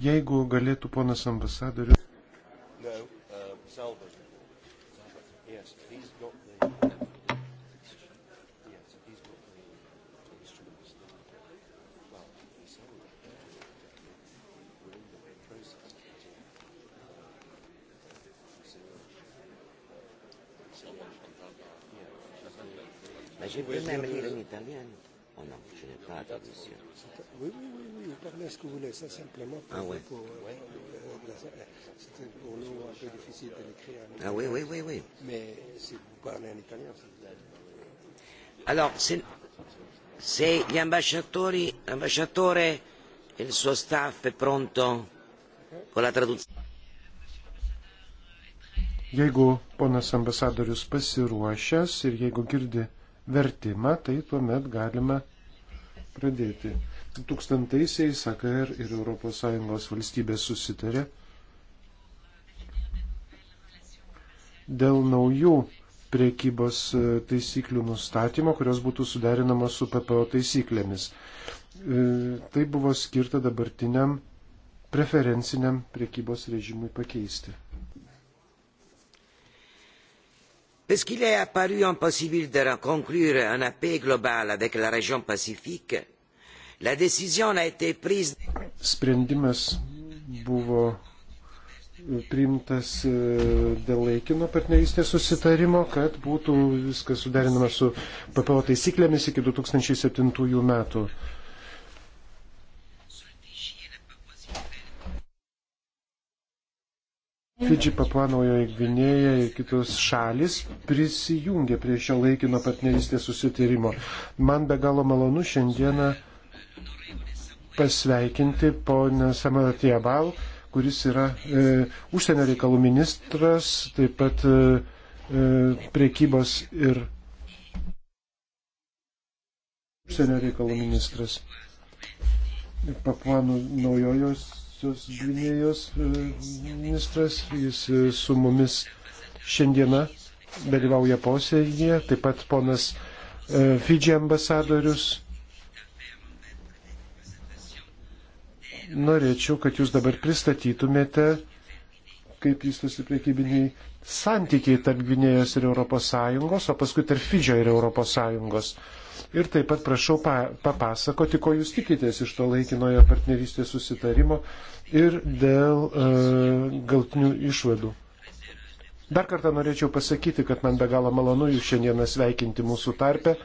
Jeigu galėtų ponas ambasadorius. No, um, yes, the... yes, well, Mais j'ai pu même lire en italien. Oh non, je n'ai pas la traduction. Oui, oui, oui, oui, vous parlez ce que vous voulez, ça simplement. Pour... Ah essayé de l'écrire en italien. Ah oui, oui, oui, oui. Mais si vous parlez en italien, c'est Alors, se, se gli ambasciatori, l'ambasciatore e il suo staff è pronto con la traduzione. Jeigu ponas ambasadorius pasiruošęs ir jeigu girdi vertimą, tai tuomet galime pradėti. 2000-aisiais AKR ir ES valstybės susitarė dėl naujų priekybos e, taisyklių nustatymo, kurios būtų suderinamos su PPO taisyklėmis. E, tai buvo skirta dabartiniam preferenciniam priekybos režimui pakeisti. Puisqu'il est apparu impossible de conclure un paix globale avec la région pacifique, la décision a été prise. Sprendimas buvo priimtas e, dėl laikino partnerystės susitarimo, kad būtų viskas suderinama su PPO taisyklėmis iki 2007 metų. Fidži, Papuanojo Gvinėja ir kitos šalis prisijungė prie šio laikino partnerystės susitarimo. Man be galo malonu šiandieną pasveikinti ponę Samaratiebal. Bal kuris yra e, užsienio reikalų ministras, taip pat e, e priekybos ir užsienio reikalų ministras. Papuanų naujojosios Gvinėjos e, ministras, jis e, su mumis šiandieną dalyvauja posėdėje, taip pat ponas e, Fidži ambasadorius norėčiau, kad jūs dabar pristatytumėte, kaip vystosi priekybiniai santykiai tarp Gvinėjos ir ES, o paskui tarp Fidžio ir ES. Ir taip pat prašau pa papasakoti, ko jūs tikitės iš to laikinojo partnerystės susitarimo ir dėl e, galtinių išvadų. Dar kartą norėčiau pasakyti, kad man be galo malonu jūs šiandieną sveikinti mūsų tarpe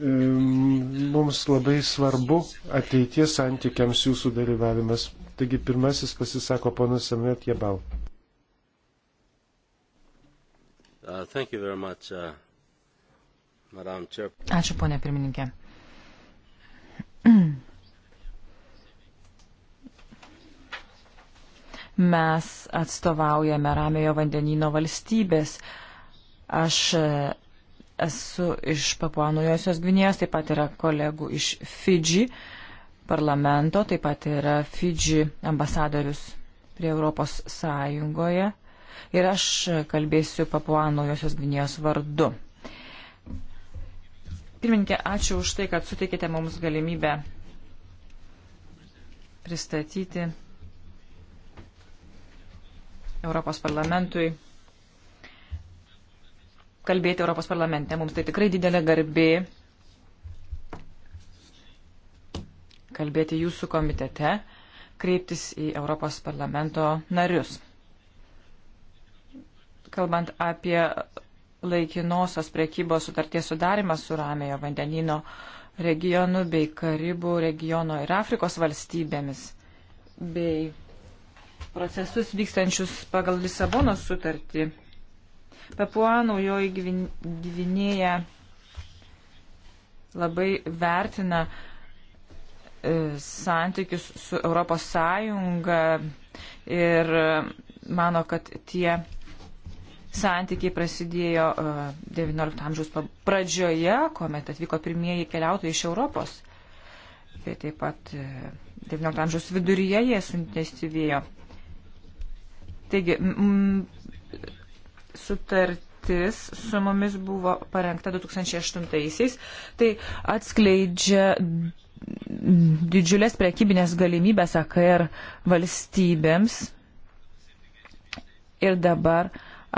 mums labai svarbu ateities santykiams jūsų dalyvavimas. Taigi pirmasis pasisako ponas Samet Jebal. Uh, much, uh, Ačiū, ponė pirmininkė. Mes atstovaujame Ramiojo vandenino valstybės. Aš uh, Esu iš Papuanojosios Gvinėjos, taip pat yra kolegų iš Fidži parlamento, taip pat yra Fidži ambasadorius prie Europos Sąjungoje. Ir aš kalbėsiu Papuanojosios Gvinėjos vardu. Pirmininkė, ačiū už tai, kad suteikėte mums galimybę pristatyti Europos parlamentui kalbėti Europos parlamente. Mums tai tikrai didelė garbė kalbėti jūsų komitete, kreiptis į Europos parlamento narius. Kalbant apie laikinosios priekybos sutarties sudarimą su Ramėjo vandenino regionu bei Karibų regiono ir Afrikos valstybėmis bei procesus vykstančius pagal Lisabonos sutartį Papua naujoji Gvinėja labai vertina e, santykius su Europos Sąjunga ir e, mano, kad tie santykiai prasidėjo XIX e, amžiaus pradžioje, kuomet atvyko pirmieji keliautojai iš Europos. Tai taip pat XIX amžiaus viduryje jie suintensyvėjo. Taigi, sutartis su mumis buvo parengta 2008-aisiais, tai atskleidžia didžiulės prekybinės galimybės AKR valstybėms ir dabar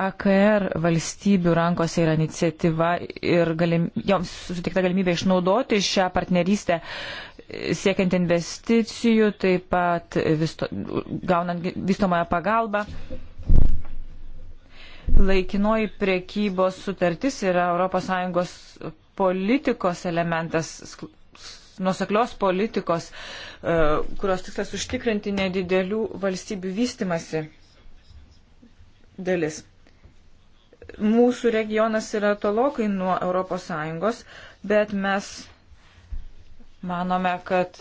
AKR valstybių rankose yra iniciatyva ir galim, joms sutikta galimybė išnaudoti šią partnerystę siekiant investicijų, taip pat visto, gaunant vystomąją pagalbą. Laikinoji priekybos sutartis yra ES politikos elementas, nuseklios politikos, e, kurios tikslas užtikrinti nedidelių valstybių vystimasi dalis. Mūsų regionas yra tolokai nuo ES, bet mes Manome, kad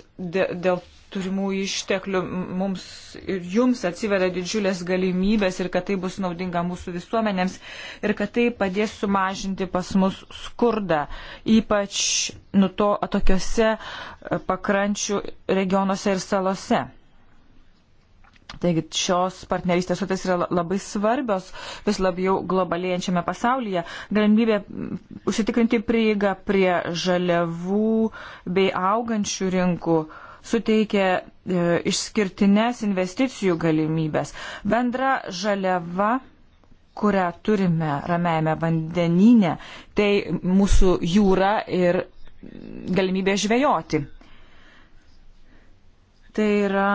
dėl turimų išteklių mums ir jums atsiveria didžiulės galimybės ir kad tai bus naudinga mūsų visuomenėms ir kad tai padės sumažinti pas mus skurdą, ypač nu to atokiose e, pakrančių regionuose ir salose. Taigi šios partnerystės sutartys yra labai svarbios vis labiau globalėjančiame pasaulyje. Galimybė užsitikrinti prieigą prie žaliavų bei augančių rinkų suteikia e, išskirtines investicijų galimybės. Bendra žaliava, kurią turime ramėjame vandenyne, tai mūsų jūra ir galimybė žvejoti. Tai yra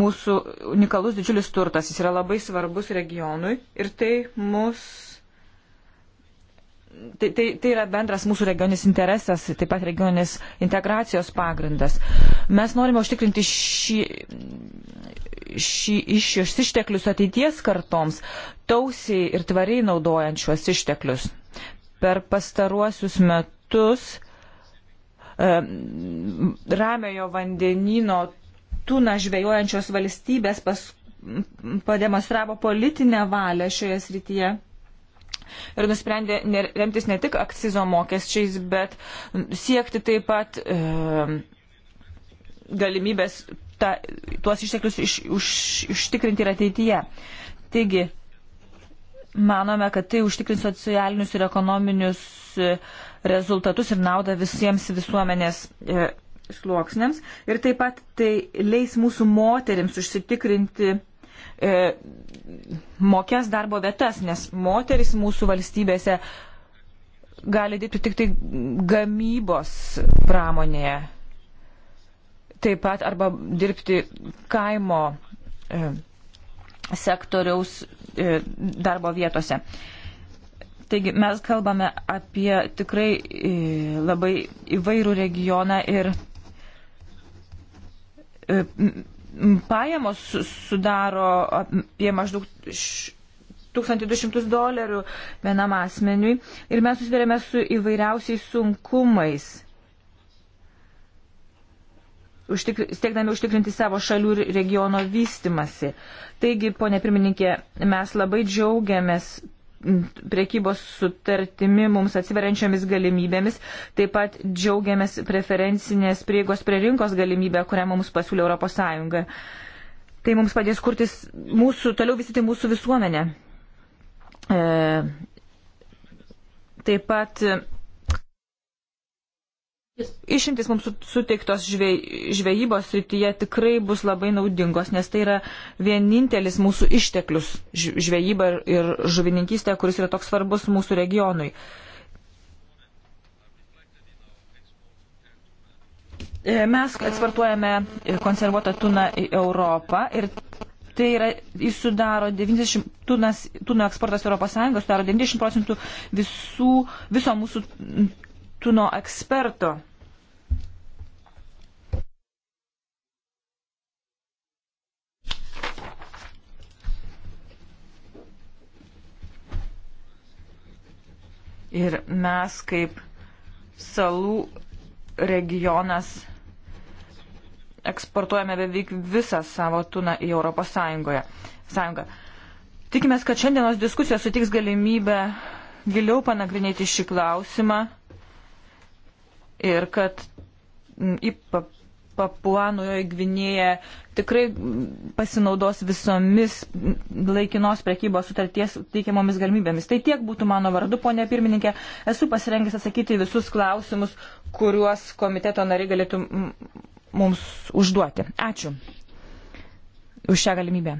mūsų unikalus didžiulis turtas, jis yra labai svarbus regionui ir tai mus. Tai, tai, tai yra bendras mūsų regioninis interesas, taip pat regioninis integracijos pagrindas. Mes norime užtikrinti šį, šį iš, šios išteklius ateities kartoms, tausiai ir tvariai naudojant šios išteklius. Per pastaruosius metus e, ramiojo vandenino tūną žvejojančios valstybės pas, pademonstravo politinę valią šioje srityje. Ir nusprendė remtis ne tik akcizo mokesčiais, bet siekti taip pat e, galimybės ta, tuos išteklius iš, už, užtikrinti ir ateityje. Taigi, manome, kad tai užtikrins socialinius ir ekonominius e, rezultatus ir naudą visiems visuomenės. E, sluoksniams ir taip pat tai leis mūsų moteriams užsitikrinti e, mokės darbo vietas, nes moteris mūsų valstybėse gali dirbti tik tai gamybos pramonėje, taip pat arba dirbti kaimo e, sektoriaus e, darbo vietose. Taigi mes kalbame apie tikrai e, labai įvairų regioną ir E, pajamos sudaro apie maždaug 1200 dolerių vienam asmeniui ir mes susidurėme su įvairiausiais sunkumais, užtikri, siekdami užtikrinti savo šalių ir regiono vystimasi. Taigi, ponė pirmininkė, mes labai džiaugiamės priekybos sutartimi mums atsiveriančiomis galimybėmis. Taip pat džiaugiamės preferencinės prieigos prie rinkos galimybę, kurią mums pasiūlė ES. Tai mums padės kurtis mūsų, toliau vystyti mūsų visuomenę. E, taip pat Išimtis mums suteiktos žvejybos srityje tikrai bus labai naudingos, nes tai yra vienintelis mūsų išteklius žvejyba ir žuvininkystė, kuris yra toks svarbus mūsų regionui. E, mes eksportuojame konservuotą tuną į Europą ir tai yra, jis sudaro 90, tunas, tuno eksportas Europos Sąjungos sudaro 90 procentų visų, viso mūsų tuno eksperto. Ir mes kaip salų regionas eksportuojame beveik visą savo tuną į Europos Sąjungoje. Sąjungą. Tikimės, kad šiandienos diskusija sutiks galimybę giliau panagrinėti šį klausimą ir kad į Papuanojo Gvinėje tikrai pasinaudos visomis laikinos prekybos sutarties teikiamomis galimybėmis. Tai tiek būtų mano vardu, ponė pirmininkė. Esu pasirengęs atsakyti visus klausimus, kuriuos komiteto nariai galėtų mums užduoti. Ačiū už šią galimybę.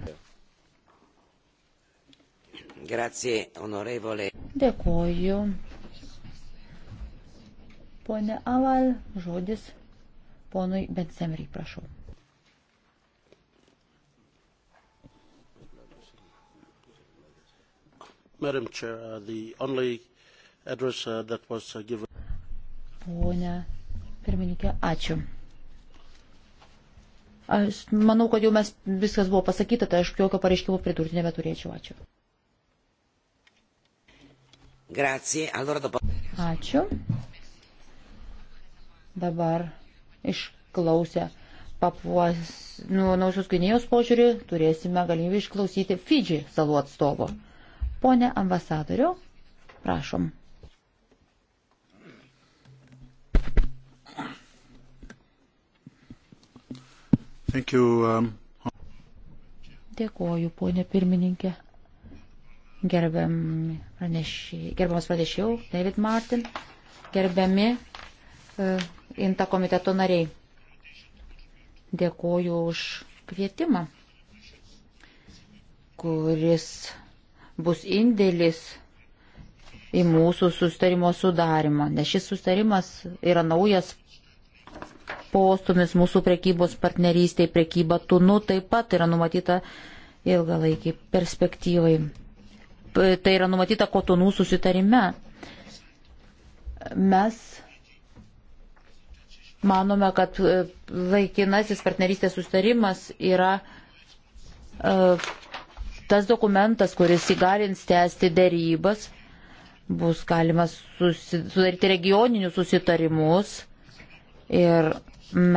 Grazie, Dėkuoju, Pone Aval, žodis ponui Bensemriai, prašau. Madam Chair, uh, the only address uh, that was uh, given. Pone pirmininkė, ačiū. Aš manau, kad jau mes viskas buvo pasakyta, tai aš jokio pareiškimo pridurti nebeturėčiau. Ačiū. Grazie. Allora dopo... Ačiū. Dabar išklausę papuos nuo Nausios Gynėjos požiūrį turėsime galimybę išklausyti Fidži salų atstovo. Pone ambasadoriu, prašom. Thank you, um... Dėkuoju, ponė pirmininkė. Gerbiam pranešė, gerbiamas pranešėjau, David Martin, gerbiami uh, inta komiteto nariai. Dėkoju už kvietimą, kuris bus indėlis į mūsų sustarimo sudarimą, nes šis sustarimas yra naujas postumis mūsų prekybos partnerystiai, prekyba tunu taip pat yra numatyta ilgalaikiai perspektyvai. Tai yra numatyta kotonų susitarime. Mes Manome, kad e, laikinasis partnerystės sustarimas yra e, tas dokumentas, kuris įgalins tęsti dėrybas, bus galima sudaryti regioninius susitarimus ir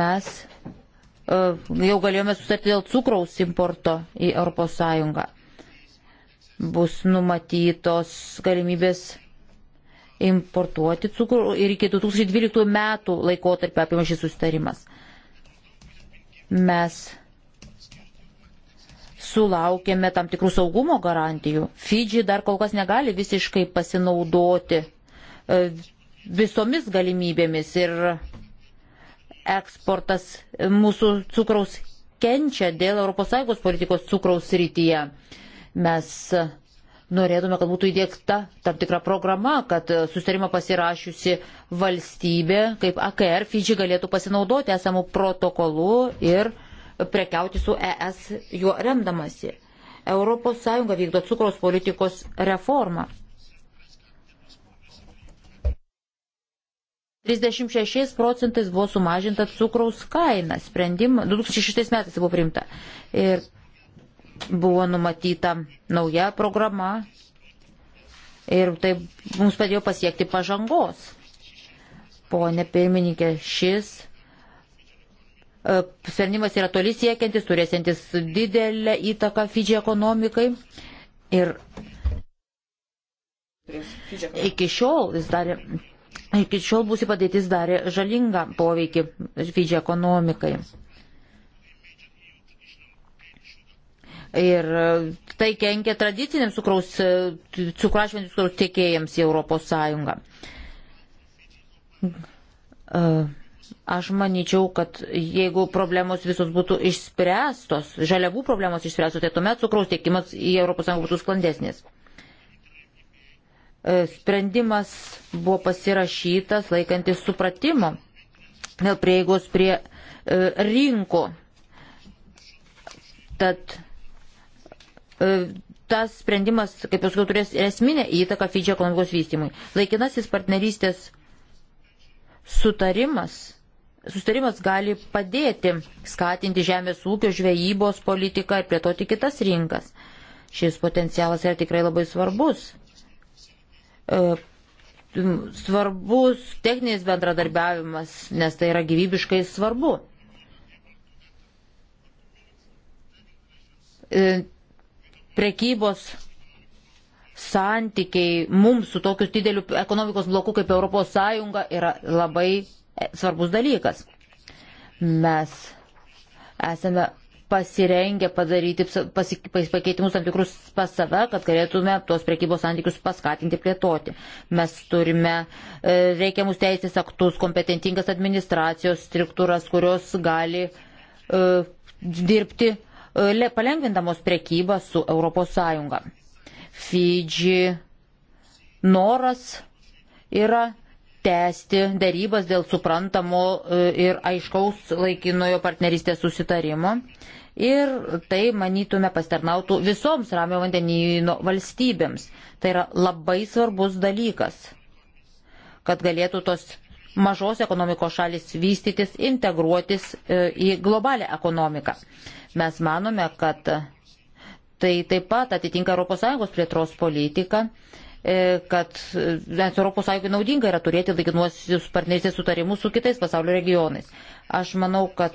mes e, jau galėjome sutarti dėl cukraus importo į ES. Bus numatytos galimybės importuoti cukrų ir iki 2012 metų laikotarpio apima šis sustarimas. Mes sulaukėme tam tikrų saugumo garantijų. Fidži dar kol kas negali visiškai pasinaudoti e, visomis galimybėmis ir eksportas mūsų cukraus kenčia dėl ES politikos cukraus rytyje. Mes norėtume, kad būtų įdėkta tam tikra programa, kad sustarimą pasirašiusi valstybė, kaip AKR, Fidži galėtų pasinaudoti esamų protokolų ir prekiauti su ES juo remdamasi. ES vykdo cukros politikos reformą. 36 procentais buvo sumažinta cukraus kaina, sprendim 2006 metais buvo priimta. Ir buvo numatyta nauja programa ir tai mums padėjo pasiekti pažangos. Pone pirmininkė, šis e, sprendimas yra toli siekiantis, turėsiantis didelę įtaką Fidži ekonomikai. Ir iki šiol, darė, iki šiol būsi padėtis darė žalingą poveikį Fidži ekonomikai. Ir e, tai kenkia tradiciniams cukraus, e, cukrašventys cukraus tiekėjams į Europos Sąjungą. E, aš manyčiau, kad jeigu problemos visos būtų išspręstos, žaliavų problemos išspręstos, tai tuomet cukraus tiekimas į ES būtų sklandesnis. Sprendimas buvo pasirašytas laikantis supratimo dėl prieigos prie rinkų. Tad E, tas sprendimas, kaip jau sakiau, turės esminę įtaką Fidžio ekonomikos vystymui. Laikinasis partnerystės sutarimas. Sustarimas gali padėti skatinti žemės ūkio žvejybos politiką ir plėtoti kitas rinkas. Šis potencialas yra tikrai labai svarbus. E, svarbus techninis bendradarbiavimas, nes tai yra gyvybiškai svarbu e, prekybos santykiai mums su tokiu dideliu ekonomikos bloku kaip ES yra labai e, svarbus dalykas. Mes esame pasirengę padaryti pasi, pakeitimus tam tikrus pas save, kad galėtume tuos priekybos santykius paskatinti plėtoti. Mes turime e, reikiamus teisės aktus, kompetentingas administracijos struktūras, kurios gali uh, dirbti E, palengvindamos prekybą su ES. Fidži noras yra tęsti darybas dėl suprantamo e, ir aiškaus laikinojo partnerystės susitarimo. Ir tai, manytume, pastarnautų visoms ramio vandenyno valstybėms. Tai yra labai svarbus dalykas, kad galėtų tos mažos ekonomikos šalis vystytis, integruotis e, į globalę ekonomiką. Mes manome, kad tai taip pat atitinka ES plėtros politiką e, kad e, nes Europos Sąjungai naudinga yra turėti laikinuosius partnerystės sutarimus su kitais pasaulio regionais. Aš manau, kad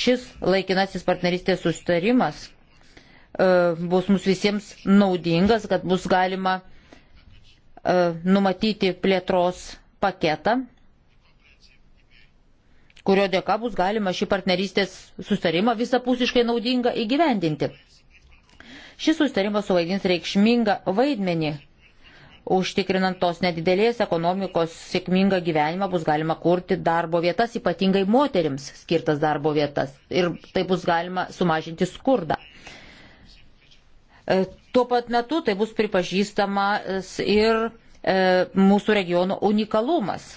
šis laikinasis partnerystės sustarimas e, bus mums visiems naudingas, kad bus galima e, numatyti plėtros paketą, kurio dėka bus galima šį partnerystės sustarimą visapusiškai naudingą įgyvendinti. Šis sustarimas suvaidins reikšmingą vaidmenį. Užtikrinant tos nedidelės ekonomikos sėkmingą gyvenimą bus galima kurti darbo vietas, ypatingai moterims skirtas darbo vietas. Ir tai bus galima sumažinti skurdą. E, tuo pat metu tai bus pripažįstamas ir e, mūsų regiono unikalumas.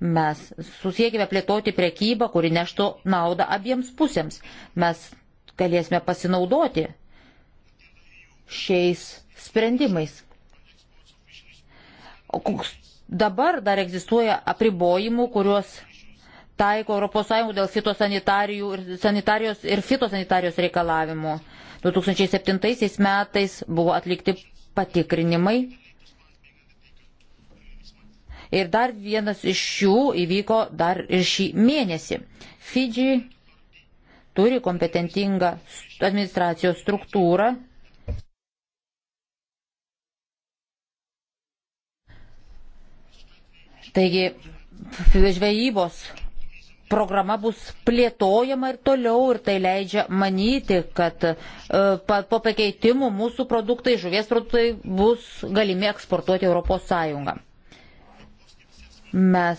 Mes susiekime plėtoti prekybą, kuri neštų naudą abiems pusėms. Mes galėsime pasinaudoti šiais sprendimais. O koks dabar dar egzistuoja apribojimų, kuriuos taiko ES dėl ir, sanitarijos ir fitosanitarijos reikalavimų. 2007 metais buvo atlikti patikrinimai Ir dar vienas iš jų įvyko dar ir šį mėnesį. Fidži turi kompetentingą administracijos struktūrą. Taigi žvejybos programa bus plėtojama ir toliau ir tai leidžia manyti, kad e, po pakeitimų mūsų produktai, žuvies produktai bus galimi eksportuoti ES. Mes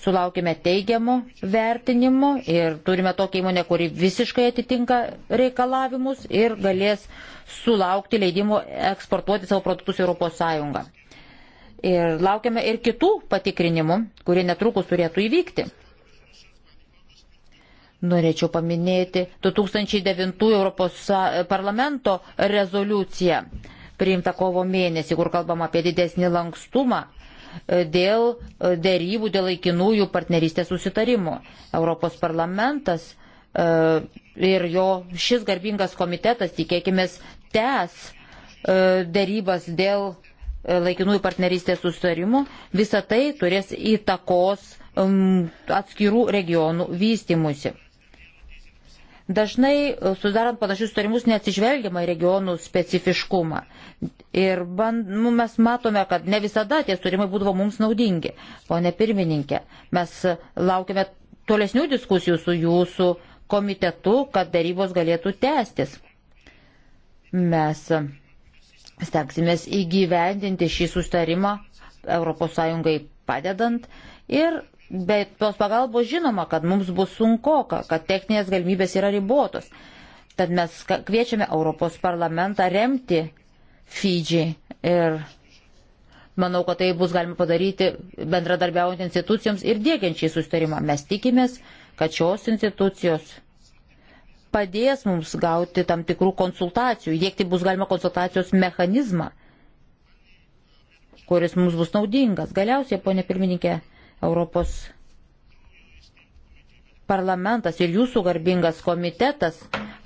sulaukime teigiamų vertinimų ir turime tokią įmonę, kuri visiškai atitinka reikalavimus ir galės sulaukti leidimų eksportuoti savo produktus į ES. Ir laukiame ir kitų patikrinimų, kurie netrukus turėtų įvykti. Norėčiau paminėti 2009 Europos parlamento rezoliuciją priimta kovo mėnesį, kur kalbama apie didesnį lankstumą dėl e, dėrybų dėl laikinųjų partnerystės susitarimų. Europos parlamentas e, ir jo šis garbingas komitetas, tikėkime, tęs e, dėrybas dėl laikinųjų partnerystės sustarimų, visa tai turės įtakos atskirų regionų vystimusi. Dažnai, e, sudarant panašius sutarimus, neatsižvelgiama į regionų specifiškumą. Ir band, nu, mes matome, kad ne visada tie sutarimai būdavo mums naudingi. Pone pirmininkė, mes e, laukime tolesnių diskusijų su jūsų komitetu, kad darybos galėtų tęstis. Mes e, stengsimės įgyvendinti šį sustarimą ES padedant ir Bet tos pagalbos žinoma, kad mums bus sunkoka, kad techninės galimybės yra ribotos. Tad mes kviečiame Europos parlamentą remti Fidžį ir manau, kad tai bus galima padaryti bendradarbiaujant institucijoms ir dėkiančiai sustarimą. Mes tikimės, kad šios institucijos padės mums gauti tam tikrų konsultacijų, dėkti bus galima konsultacijos mechanizmą, kuris mums bus naudingas. Galiausiai, ponė pirmininkė, Europos parlamentas ir jūsų garbingas komitetas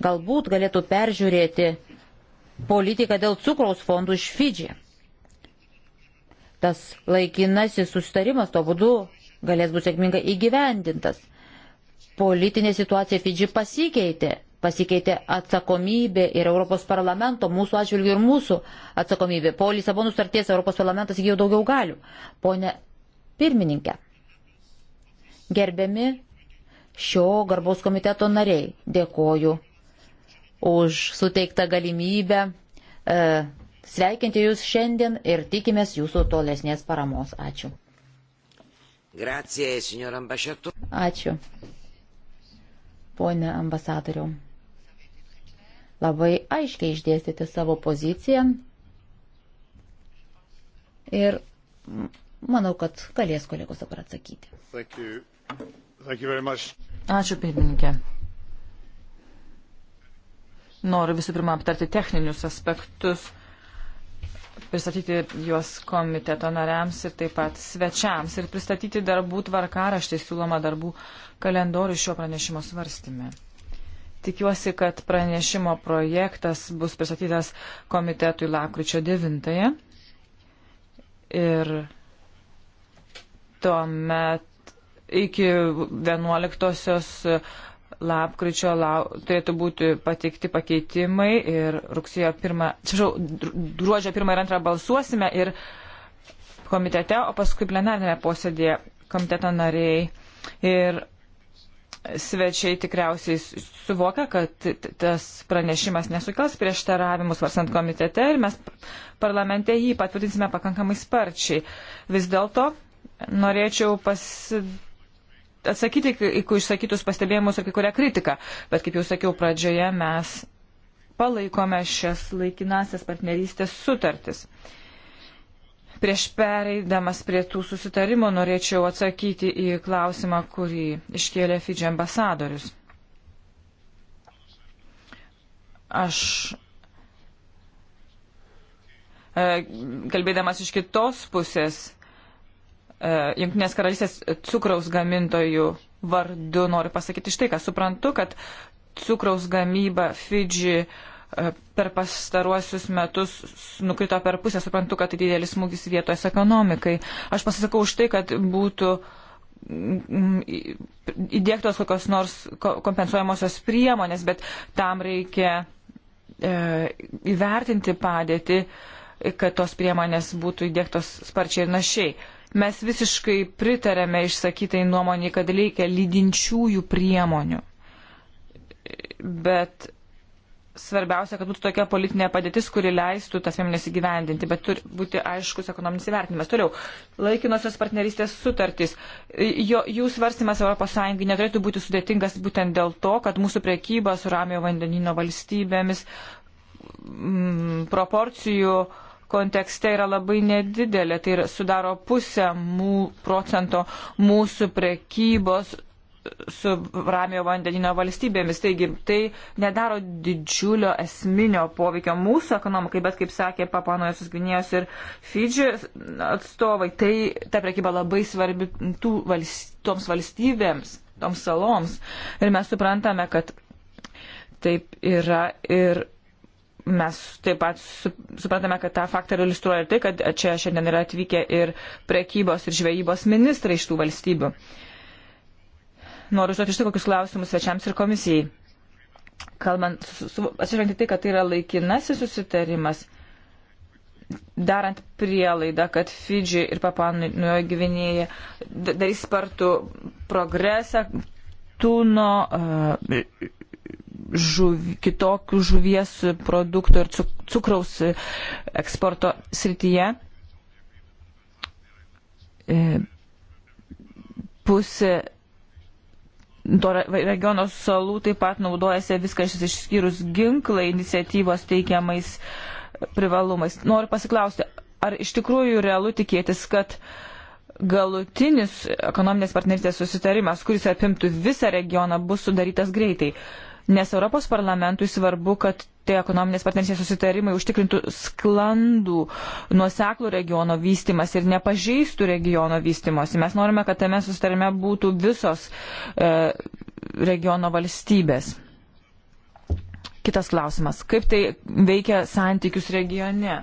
galbūt galėtų peržiūrėti politiką dėl cukraus fondų iš Fidži. Tas laikinasis sustarimas to būdu galės būti sėkmingai įgyvendintas. Politinė situacija Fidži pasikeitė. Pasikeitė atsakomybė ir Europos parlamento, mūsų atžvilgių ir mūsų atsakomybė. Po Lisabonų starties Europos parlamentas įgyjo daugiau galių. Pone pirmininkė, Gerbiami šio garbos komiteto nariai, dėkoju už suteiktą galimybę e, sveikinti Jūs šiandien ir tikimės Jūsų tolesnės paramos. Ačiū. Grazie, signor ambasciatore. Ačiū. Pone ambasadoriu, labai aiškiai išdėstyti savo poziciją ir manau, kad galės kolegos dabar atsakyti. Thank you. Ačiū pirmininkė. Noriu visų pirma aptarti techninius aspektus, pristatyti juos komiteto nariams ir taip pat svečiams ir pristatyti darbų tvarkaraštį siūloma darbų kalendorių šio pranešimo svarstymė. Tikiuosi, kad pranešimo projektas bus pristatytas komitetui lakryčio 9. Ir tuomet iki 11 lapkričio lau, turėtų būti pateikti pakeitimai ir rugsėjo 1, atsiprašau, gruodžio 1 ir 2 balsuosime ir komitete, o paskui plenarinėme posėdėje komiteto nariai ir svečiai tikriausiai suvokia, kad tas pranešimas nesukels prieštaravimus varsant komitete ir mes parlamente jį patvirtinsime pakankamai sparčiai. Vis dėlto norėčiau pasidalyti atsakyti į išsakytus pastebėjimus ir kai kurią kritiką. Bet kaip jau sakiau pradžioje, mes palaikome šias laikinasias partnerystės sutartis. Prieš pereidamas prie tų susitarimų norėčiau atsakyti į klausimą, kurį iškėlė Fidži ambasadorius. Aš e, kalbėdamas iš kitos pusės E, Junktinės karalystės cukraus gamintojų vardu noriu pasakyti štai, ką suprantu, kad cukraus gamyba Fidži e, per pastaruosius metus nukrito per pusę, suprantu, kad tai didelis smūgis vietos ekonomikai. Aš pasisakau už tai, kad būtų mm, mm, įdėktos kokios nors kompensuojamosios priemonės, bet tam reikia e, įvertinti padėtį, kad tos priemonės būtų įdėktos sparčiai ir našiai. E, Mes visiškai pritarėme išsakytai nuomonį, kad reikia lydinčiųjų priemonių. Bet svarbiausia, kad būtų tokia politinė padėtis, kuri leistų tas priemonės įgyvendinti, bet turi būti aiškus ekonominis įvertinimas. Toliau, laikinosios partnerystės sutartys. Jo, jų svarstymas ES neturėtų būti sudėtingas būtent dėl to, kad mūsų priekyba su Ramio vandenino valstybėmis m, mm, proporcijų uh, kontekste yra labai nedidelė, tai sudaro pusę mū, procento mūsų prekybos su Ramio vandenino valstybėmis. Taigi tai nedaro didžiulio esminio poveikio mūsų ekonomikai, bet kaip sakė Papanojosios Gvinėjos ir Fidži atstovai, tai ta prekyba labai svarbi valst, toms valstybėms, toms saloms. Ir mes suprantame, kad taip yra ir Mes taip pat suprantame, kad tą faktorių iliustruoja ir tai, kad čia šiandien yra atvykę ir prekybos ir žvejybos ministrai iš tų valstybių. Noriu užduoti štai kokius klausimus svečiams ir komisijai. Kalbant, atsižvelgiant į tai, kad tai yra laikinasis susitarimas, darant prielaidą, kad Fidži ir Papanojo gyvenėjai darys spartų progresą, Neptūno žuv, kitokių žuvies produktų ir cukraus eksporto srityje. E, pusė to regiono salų taip pat naudojasi viskas išskyrus ginklai iniciatyvos teikiamais privalumais. Noriu pasiklausti, ar iš tikrųjų realu tikėtis, kad galutinis ekonominės partnerystės susitarimas, kuris apimtų visą regioną, bus sudarytas greitai? Uh, nes Europos parlamentui svarbu, kad tie ekonominės partnerystės susitarimai užtikrintų sklandų nuoseklų regiono vystimas ir nepažeistų regiono vystimosi. Mes norime, kad tame susitarime būtų visos e, regiono valstybės. Kitas klausimas. Kaip tai veikia santykius regione?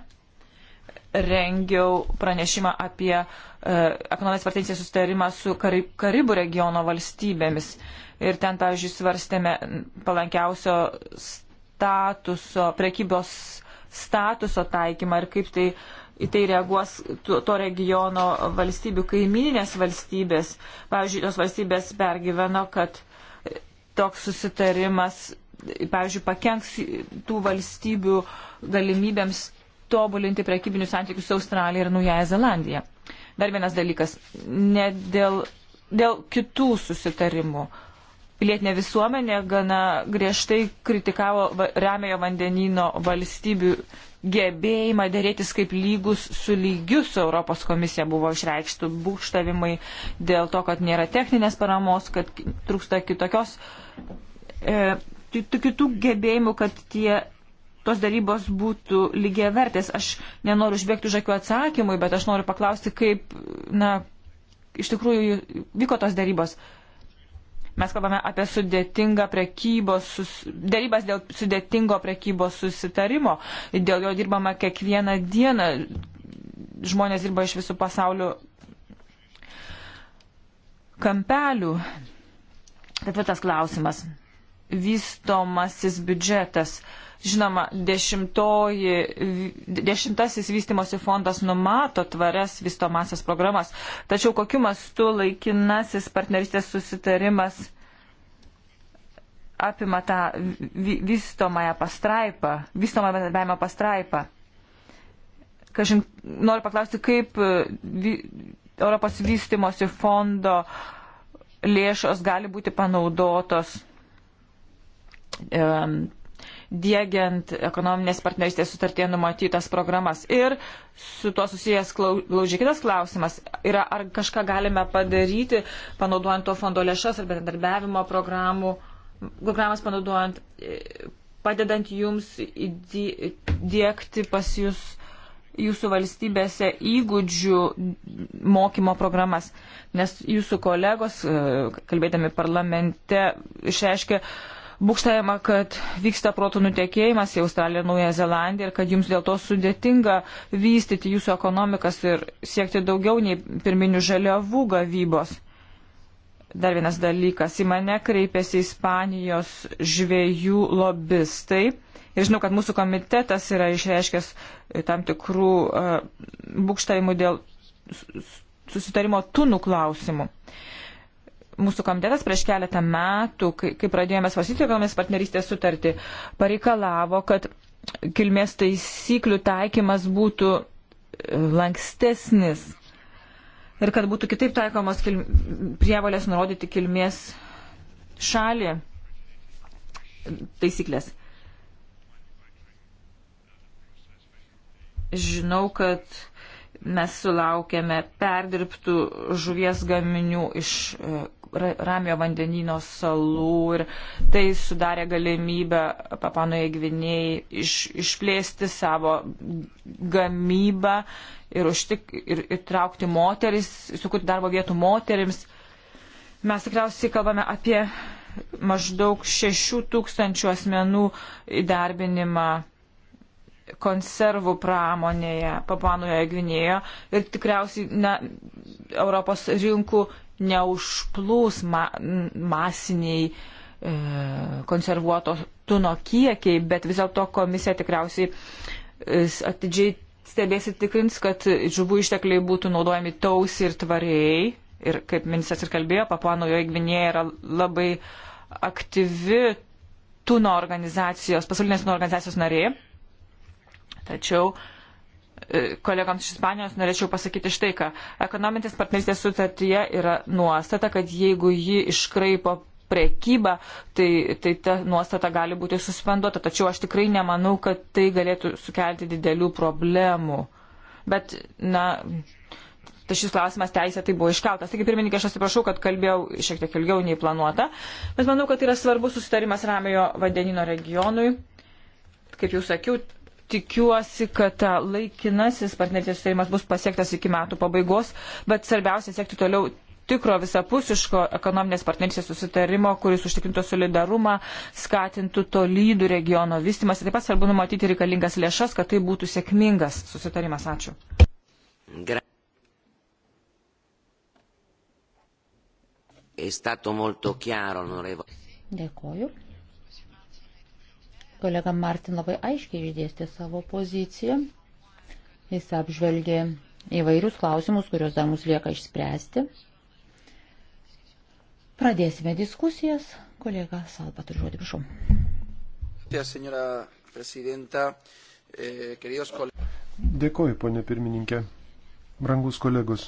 Rengiau pranešimą apie e, ekonominės partnerystės susitarimą su Karib Karibų regiono valstybėmis. E, ir ten, pavyzdžiui, svarstėme palankiausio statuso, prekybos statuso taikymą ir kaip tai į tai reaguos to regiono valstybių, kaimininės valstybės. Pavyzdžiui, tos valstybės pergyveno, kad toks susitarimas, pavyzdžiui, pakenks tų valstybių galimybėms tobulinti prekybinius santykius su Australija ir Naujaja Zelandija. Dar vienas dalykas, ne dėl, dėl kitų susitarimų pilietinė visuomenė gana griežtai kritikavo Ramiojo vandenino valstybių gebėjimą dėrėtis kaip lygus su lygiu su Europos komisija buvo išreikštų būkštavimai dėl to, kad nėra techninės paramos, kad trūksta kitokios, e, kitų gebėjimų, kad tie tos darybos būtų lygiai vertės. Aš nenoriu užbėgti už akių atsakymui, bet aš noriu paklausti, kaip, na, iš tikrųjų vyko tos darybos. E, Mes kalbame apie sudėtingą prekybos, sus, dėrybas dėl sudėtingo prekybos susitarimo. Dėl jo dirbama kiekvieną dieną. Žmonės dirba iš visų pasaulio kampelių. Ketvirtas klausimas. Vystomasis biudžetas. Uh, Žinoma, dešimtoji, dešimtasis vystimosi fondas numato tvarias vystomasias programas, tačiau kokiu mastu laikinasis partnerystės susitarimas apima tą vystomąją pastraipą, vystomąją bendradarbiavimo pastraipą. Kažin, noriu paklausti, kaip e, vy, Europos vystimosi fondo lėšos gali būti panaudotos. Um, dėgiant ekonominės partnerystės sutartie numatytas programas. Ir su tuo susijęs glaužiai kitas klausimas yra, ar kažką galime padaryti, panaudojant to fondo lėšas ar bendradarbiavimo programų, programas panaudojant, e, padedant jums įdėkti pas jūs jūsų valstybėse įgūdžių mokymo programas, nes jūsų kolegos, e, kalbėdami parlamente, išreiškia būkštajama, kad vyksta protų nutekėjimas į Australiją, Naują Zelandiją ir kad jums dėl to sudėtinga vystyti jūsų ekonomikas ir siekti daugiau nei pirminių žaliavų gavybos. Dar vienas dalykas, į mane kreipėsi Ispanijos žvėjų lobistai. Ir žinau, kad mūsų komitetas yra išreiškęs e, tam tikrų uh, e, būkštavimų dėl susitarimo tunų klausimų. Uh, mūsų komitetas prieš keletą metų, kai, kai pradėjome svarstyti ekonominės partnerystės sutartį, pareikalavo, kad kilmės taisyklių taikymas būtų e, lankstesnis ir kad būtų kitaip taikomos kilm... prievalės nurodyti kilmės šalį e, taisyklės. Žinau, kad mes sulaukėme perdirbtų žuvies gaminių iš e, Ramio vandenino salų ir tai sudarė galimybę Papanoje Gvinėjai iš, išplėsti savo gamybą ir, užtik, ir, ir traukti moteris, sukurti darbo vietų moterims. Mes tikriausiai kalbame apie maždaug 6 tūkstančių asmenų įdarbinimą konservų pramonėje Papanoje Gvinėje ir tikriausiai na, Europos rinkų neužplūs ma masiniai e, konservuoto tuno kiekiai, bet vis dėlto komisija tikriausiai e, atidžiai stebėsit tikrins, kad žuvų ištekliai būtų naudojami tausiai ir tvariai. Ir kaip ministras ir kalbėjo, Papuanojo Gvinėje yra labai aktyvi tuno organizacijos, pasaulinės tuno organizacijos narė. Tačiau uh, kolegams iš Ispanijos norėčiau pasakyti štai ką. Ekonominės partnerystės sutartyje yra nuostata, kad jeigu ji iškraipo priekybą, tai, tai ta nuostata gali būti suspenduota. Tačiau aš tikrai nemanau, kad tai galėtų sukelti didelių problemų. Bet, na, tai šis klausimas teisė tai buvo iškeltas. Taigi, pirmininkė, aš atsiprašau, kad kalbėjau šiek tiek ilgiau nei planuota, bet manau, kad tai yra svarbus susitarimas Ramiojo vandenino regionui. Kaip jau sakiau, tikiuosi, kad ta laikinasis partnerystės sutarimas bus pasiektas iki metų pabaigos, bet svarbiausia siekti toliau tikro visapusiško ekonominės partnerystės susitarimo, kuris užtikrintų solidarumą, skatintų tolydų regiono vystimas. Taip pat svarbu numatyti reikalingas lėšas, kad tai būtų sėkmingas susitarimas. Ačiū. Dėkoju. Kolega Martin labai aiškiai išdėstė savo poziciją. Jis apžvelgė įvairius klausimus, kuriuos dar mums lieka išspręsti. Pradėsime diskusijas. Kolega Salpa, turiu žodį, prašau. Eh, Dėkoju, ponė pirmininkė. Brangus kolegos,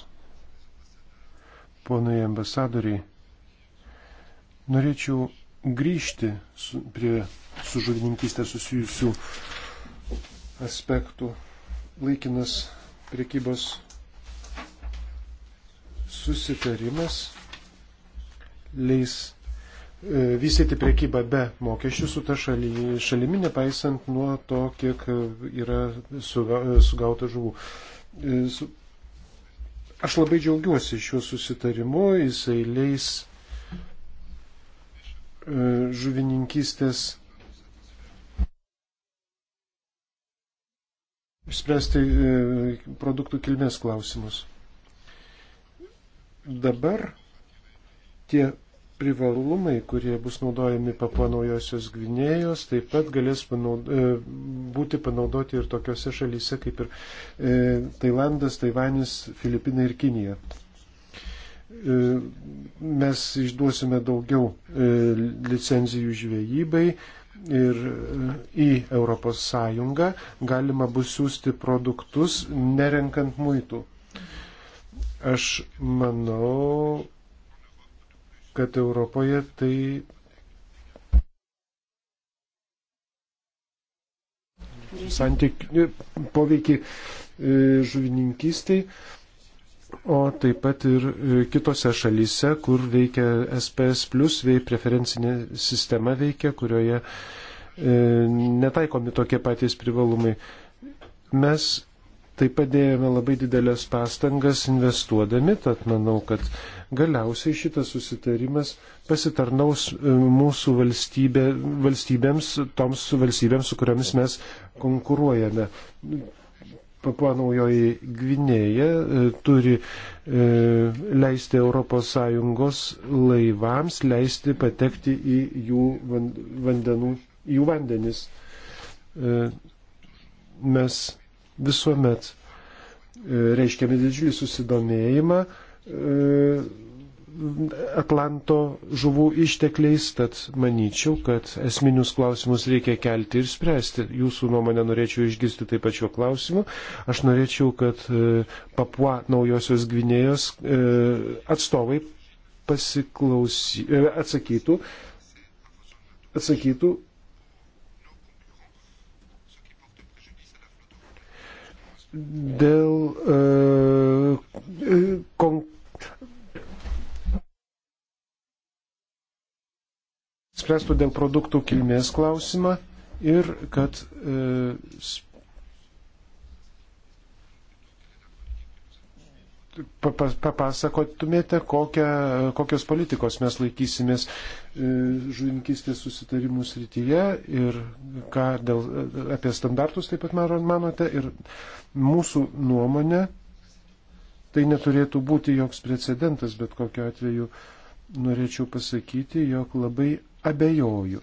ponai ambasadoriai, norėčiau grįžti su, prie su žuvininkystė susijusių aspektų. Laikinas priekybos susitarimas leis e, vystyti priekybą be mokesčių su ta šaly, šalimi, nepaisant nuo to, kiek yra suga, sugauta žuvų. E, su, aš labai džiaugiuosi šiuo susitarimu, jisai leis E, žuvininkystės išspręsti e, produktų kilmės klausimus. Dabar tie privalumai, kurie bus naudojami Papua Naujosios Gvinėjos, taip pat galės panaudo, e, būti panaudoti ir tokiose šalyse kaip ir e, Tailandas, Taivanis, Filipinai ir Kinija. E, mes išduosime daugiau e, licenzijų žvejybai ir e, į ES galima bus siūsti produktus nerenkant muitų. Aš manau, kad Europoje tai santykių poveikį žuvininkystiai o taip pat ir e, kitose šalyse, kur veikia SPS, vei preferencinė sistema veikia, kurioje e, netaikomi tokie patys privalumai. Mes taip pat dėjome labai didelės pastangas investuodami, tad manau, kad galiausiai šitas susitarimas pasitarnaus e, mūsų valstybė, valstybėms, toms valstybėms, su kuriomis mes konkuruojame. Papua naujoji Gvinėja e, turi e, leisti ES laivams, leisti patekti į jų, vandenų, jų vandenis. E, mes visuomet reiškiame didžiulį susidomėjimą Atlanto žuvų ištekliais, tad manyčiau, kad esminius klausimus reikia kelti ir spręsti. Jūsų nuomonę norėčiau išgirsti taip pat šiuo klausimu. Aš norėčiau, kad e, Papua naujosios Gvinėjos e, atstovai pasiklausy... E, atsakytų, atsakytų dėl e, kon, spręstų dėl produktų kilmės klausimą ir kad e, papasakotumėte, kokią, kokios politikos mes laikysimės e, žuvininkystės susitarimų srityje ir ką dėl, apie standartus taip pat manote. Ir mūsų nuomonė, tai neturėtų būti joks precedentas, bet kokiu atveju norėčiau pasakyti, jog labai abejoju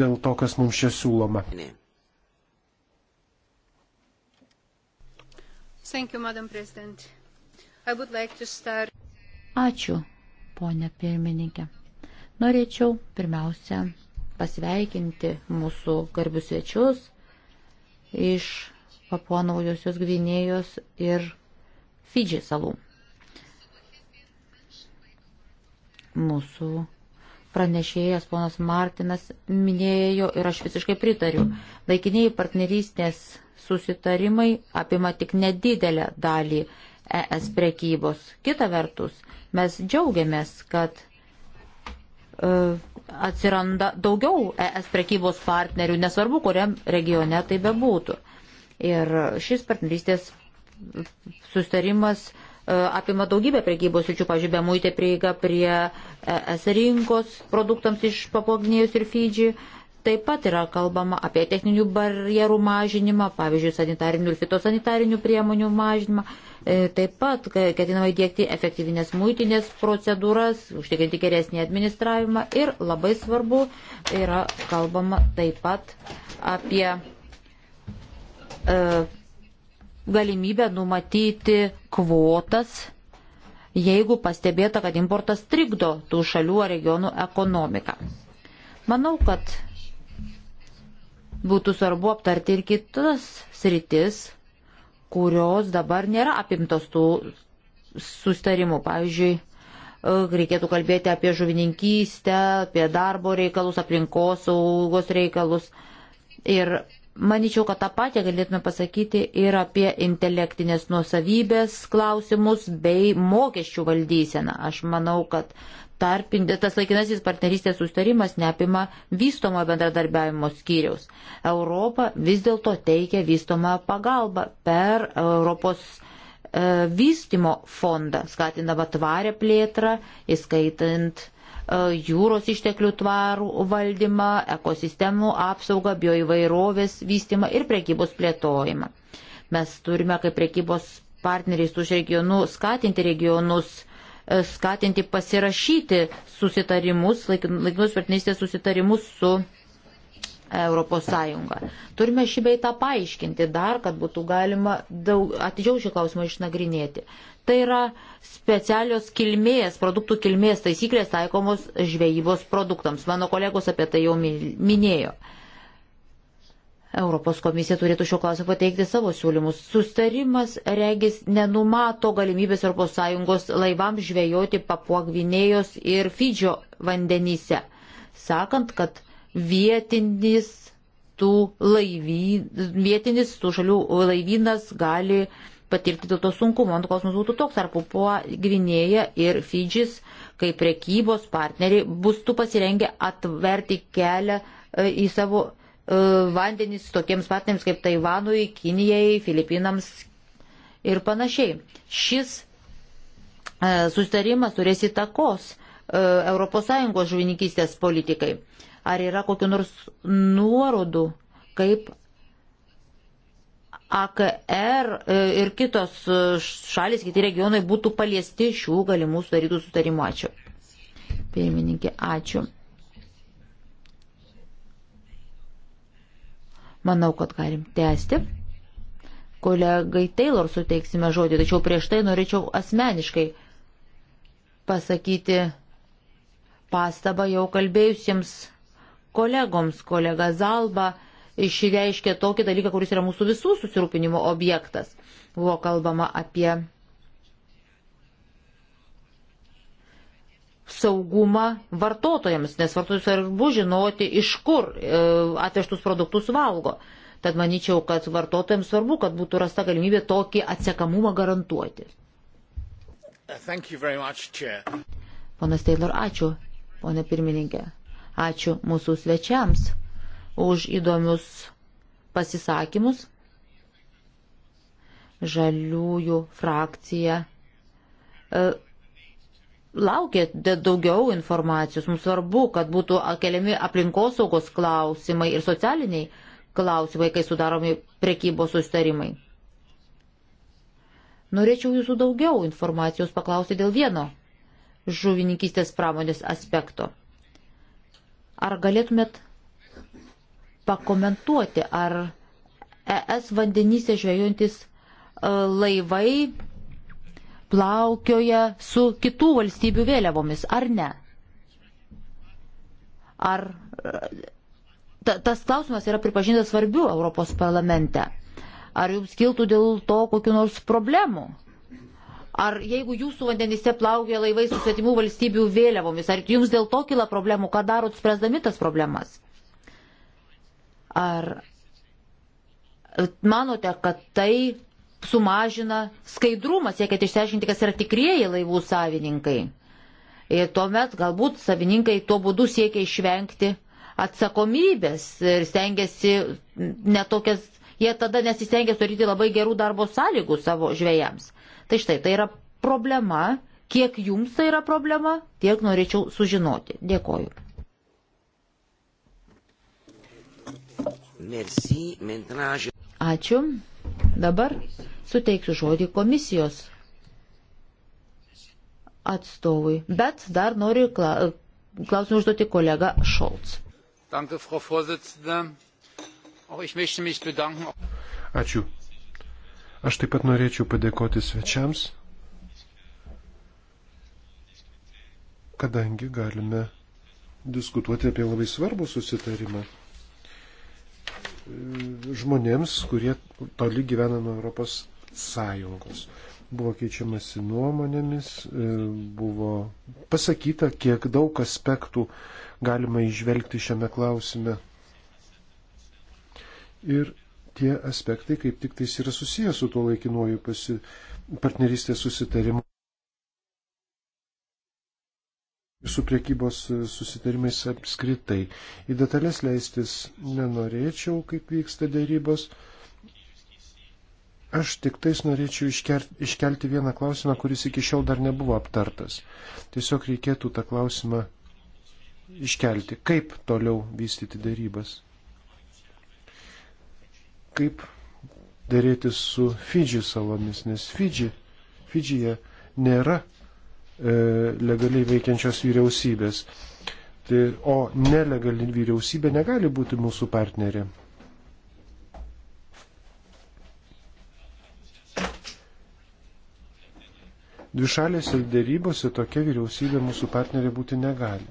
dėl to, kas mums čia siūloma. Thank you, Madam President. I would like to start. Ačiū, ponė pirmininkė. Norėčiau pirmiausia pasveikinti mūsų garbius svečius iš Papuonaujosios Gvinėjos ir Fidži salų. Mūsų pranešėjas ponas Martinas minėjo ir aš visiškai pritariu. Laikiniai partnerystės susitarimai apima tik nedidelę dalį ES prekybos. Kita vertus, mes džiaugiamės, kad uh, atsiranda daugiau ES prekybos partnerių, nesvarbu, kuriam regione tai bebūtų. Ir šis partnerystės susitarimas uh, E, apima daugybę prekybos sričių, pažiūrėjau, be muitė prieiga prie ES rinkos produktams iš Papugnėjus ir Fidži. Taip pat yra kalbama apie techninių barjerų mažinimą, pavyzdžiui, sanitarinių ir fitosanitarinių priemonių mažinimą. E, taip pat ketinama įdėkti efektyvinės muitinės procedūras, užtikrinti geresnį administravimą ir labai svarbu yra kalbama taip pat apie. Uh, e, galimybę numatyti kvotas, jeigu pastebėta, kad importas trikdo tų šalių ar regionų ekonomiką. Manau, kad būtų svarbu aptarti ir kitas sritis, kurios dabar nėra apimtos tų sustarimų. Pavyzdžiui, reikėtų kalbėti apie žuvininkystę, apie darbo reikalus, aplinkos saugos reikalus. Ir Maničiau, kad tą patį galėtume pasakyti ir apie intelektinės nuosavybės klausimus bei mokesčių valdyseną. Aš manau, kad tarpin, tas laikinasis partnerystės sustarimas neapima vystomo bendradarbiavimo skyriaus. Europa vis dėlto teikia vystomą pagalbą per Europos e, vystimo fondą, skatindama tvarę plėtrą, įskaitant E, jūros išteklių tvarų valdymą, ekosistemų apsaugą, bioįvairovės vystimą ir prekybos plėtojimą. Mes turime kaip prekybos partneriais už regionų skatinti regionus, e, skatinti pasirašyti susitarimus, laikinus partnerystės susitarimus su Europos Sąjunga. Turime šį beitą paaiškinti dar, kad būtų galima daug, atidžiau šį klausimą išnagrinėti. Tai yra specialios kilmės, produktų kilmės taisyklės taikomos žvejybos produktams. Mano kolegos apie tai jau minėjo. Europos komisija turėtų šio klausimu pateikti savo siūlymus. Sustarimas, regis, nenumato galimybės ES laivams žvejoti Papuagvinėjos ir Fidžio vandenyse, sakant, kad vietinis tų, laivy, vietinis tų šalių laivynas gali uh, patirti dėl to sunkumo. Mano klausimas būtų toks, ar Papua Gvinėja ir Fidžis kaip prekybos partneriai bus tu pasirengę atverti kelią e, į savo e, vandenys tokiems partneriams kaip Taivanui, Kinijai, Filipinams ir panašiai. Šis e, susitarimas turės įtakos ES žuvininkystės politikai. Ar yra kokiu nors nuorodų, kaip AKR e, ir kitos e, šalis, kiti regionai būtų paliesti šių galimų sudarytų sutarimų. Ačiū. Pirmininkė, ačiū. Manau, kad galim tęsti. Kolegai Taylor suteiksime žodį, tačiau prieš tai norėčiau asmeniškai pasakyti pastabą jau kalbėjusiems kolegoms, kolega Zalba išreiškė tokį dalyką, kuris yra mūsų visų susirūpinimo objektas. Buvo kalbama apie saugumą vartotojams, nes vartotojus svarbu žinoti, iš kur e, atvežtus produktus valgo. Tad manyčiau, kad vartotojams svarbu, kad būtų rasta galimybė tokį atsekamumą garantuoti. Much, Ponas Taylor, ačiū, ponė pirmininkė. Ačiū mūsų svečiams už įdomius pasisakymus. Žaliųjų frakcija e, laukia daugiau informacijos. Mums svarbu, kad būtų keliami aplinkosaugos klausimai ir socialiniai klausimai, kai sudaromi prekybos sustarimai. Norėčiau jūsų daugiau informacijos paklausyti dėl vieno žuvininkystės pramonės aspekto. Ar galėtumėt pakomentuoti, ar ES vandenyse žvejojantis e, laivai plaukioja su kitų valstybių vėliavomis, ar ne? Ar e, ta, tas klausimas yra pripažintas svarbiu Europos parlamente? Ar jums kiltų dėl to kokiu nors problemu? Ar jeigu jūsų vandenyse plaukia laivai su svetimų valstybių vėliavomis, ar jums dėl to kila problemų, ką darot spręsdami tas problemas? Ar manote, kad tai sumažina skaidrumą, siekiant išsiaiškinti, kas yra tikrieji laivų savininkai? Ir tuomet galbūt savininkai tuo būdu siekia išvengti atsakomybės ir stengiasi netokias, jie tada nesistengia turėti labai gerų darbo sąlygų savo žvėjams. Tai štai, tai yra problema, kiek jums tai yra problema, tiek norėčiau sužinoti. Dėkoju. Merci, je... Ačiū. Dabar suteiksiu žodį komisijos atstovui. Bet dar noriu kla... klausimą užduoti kolega Šolc. Danke, Frau Vorsitzende. Auch ich möchte mich bedanken. Ačiū. Aš taip pat norėčiau padėkoti svečiams, kadangi galime diskutuoti apie labai svarbų susitarimą žmonėms, kurie toli gyvena nuo Europos Sąjungos. Buvo keičiamasi nuomonėmis, e, buvo pasakyta, kiek daug aspektų galima išvelgti šiame klausime. Ir tie aspektai kaip tik tais yra susijęs su tuo laikinuoju pasi... partnerystės susitarimu. ir su priekybos susitarimais apskritai. Į detalės leistis nenorėčiau, kaip vyksta dėrybos. Aš tik tais norėčiau iškelti vieną klausimą, kuris iki šiol dar nebuvo aptartas. Tiesiog reikėtų tą klausimą iškelti. Kaip toliau vystyti dėrybas? Kaip dėrėtis su Fidži salomis, nes Fidži, Fidžyje nėra E, legaliai veikiančios vyriausybės. Tai, o nelegali vyriausybė negali būti mūsų partnerė. Dvišalėse dėrybose tokia vyriausybė mūsų partnerė būti negali.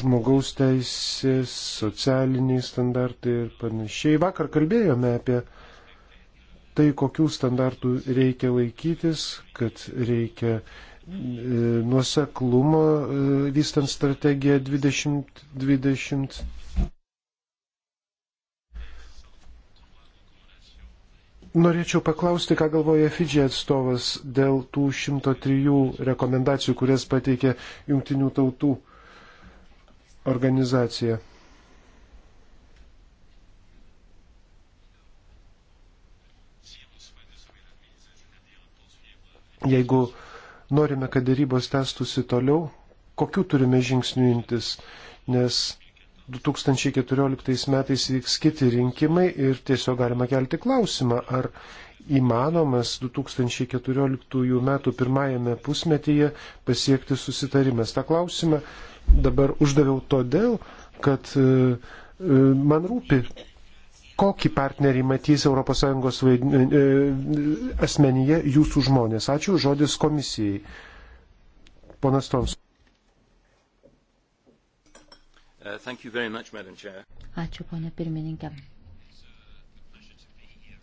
Žmogaus teisės, socialiniai standartai ir panašiai. Vakar kalbėjome apie tai, kokių standartų reikia laikytis, kad reikia e, nuoseklumo e, vystant strategiją 2020. Norėčiau paklausti, ką galvoja Fidži atstovas dėl tų 103 rekomendacijų, kurias pateikė Junktinių tautų organizacija. Jeigu norime, kad dėrybos tęstųsi toliau, kokiu turime žingsnių imtis, nes 2014 metais vyks kiti rinkimai ir tiesiog galima kelti klausimą, ar įmanomas 2014 metų pirmajame pusmetyje pasiekti susitarimas. Ta klausimą dabar uždaviau todėl, kad e, e, man rūpi kokį partnerį matys ES e, e, asmenyje jūsų žmonės. Ačiū, žodis komisijai. Ponas Tons. Uh, Ačiū, ponė pirmininkė.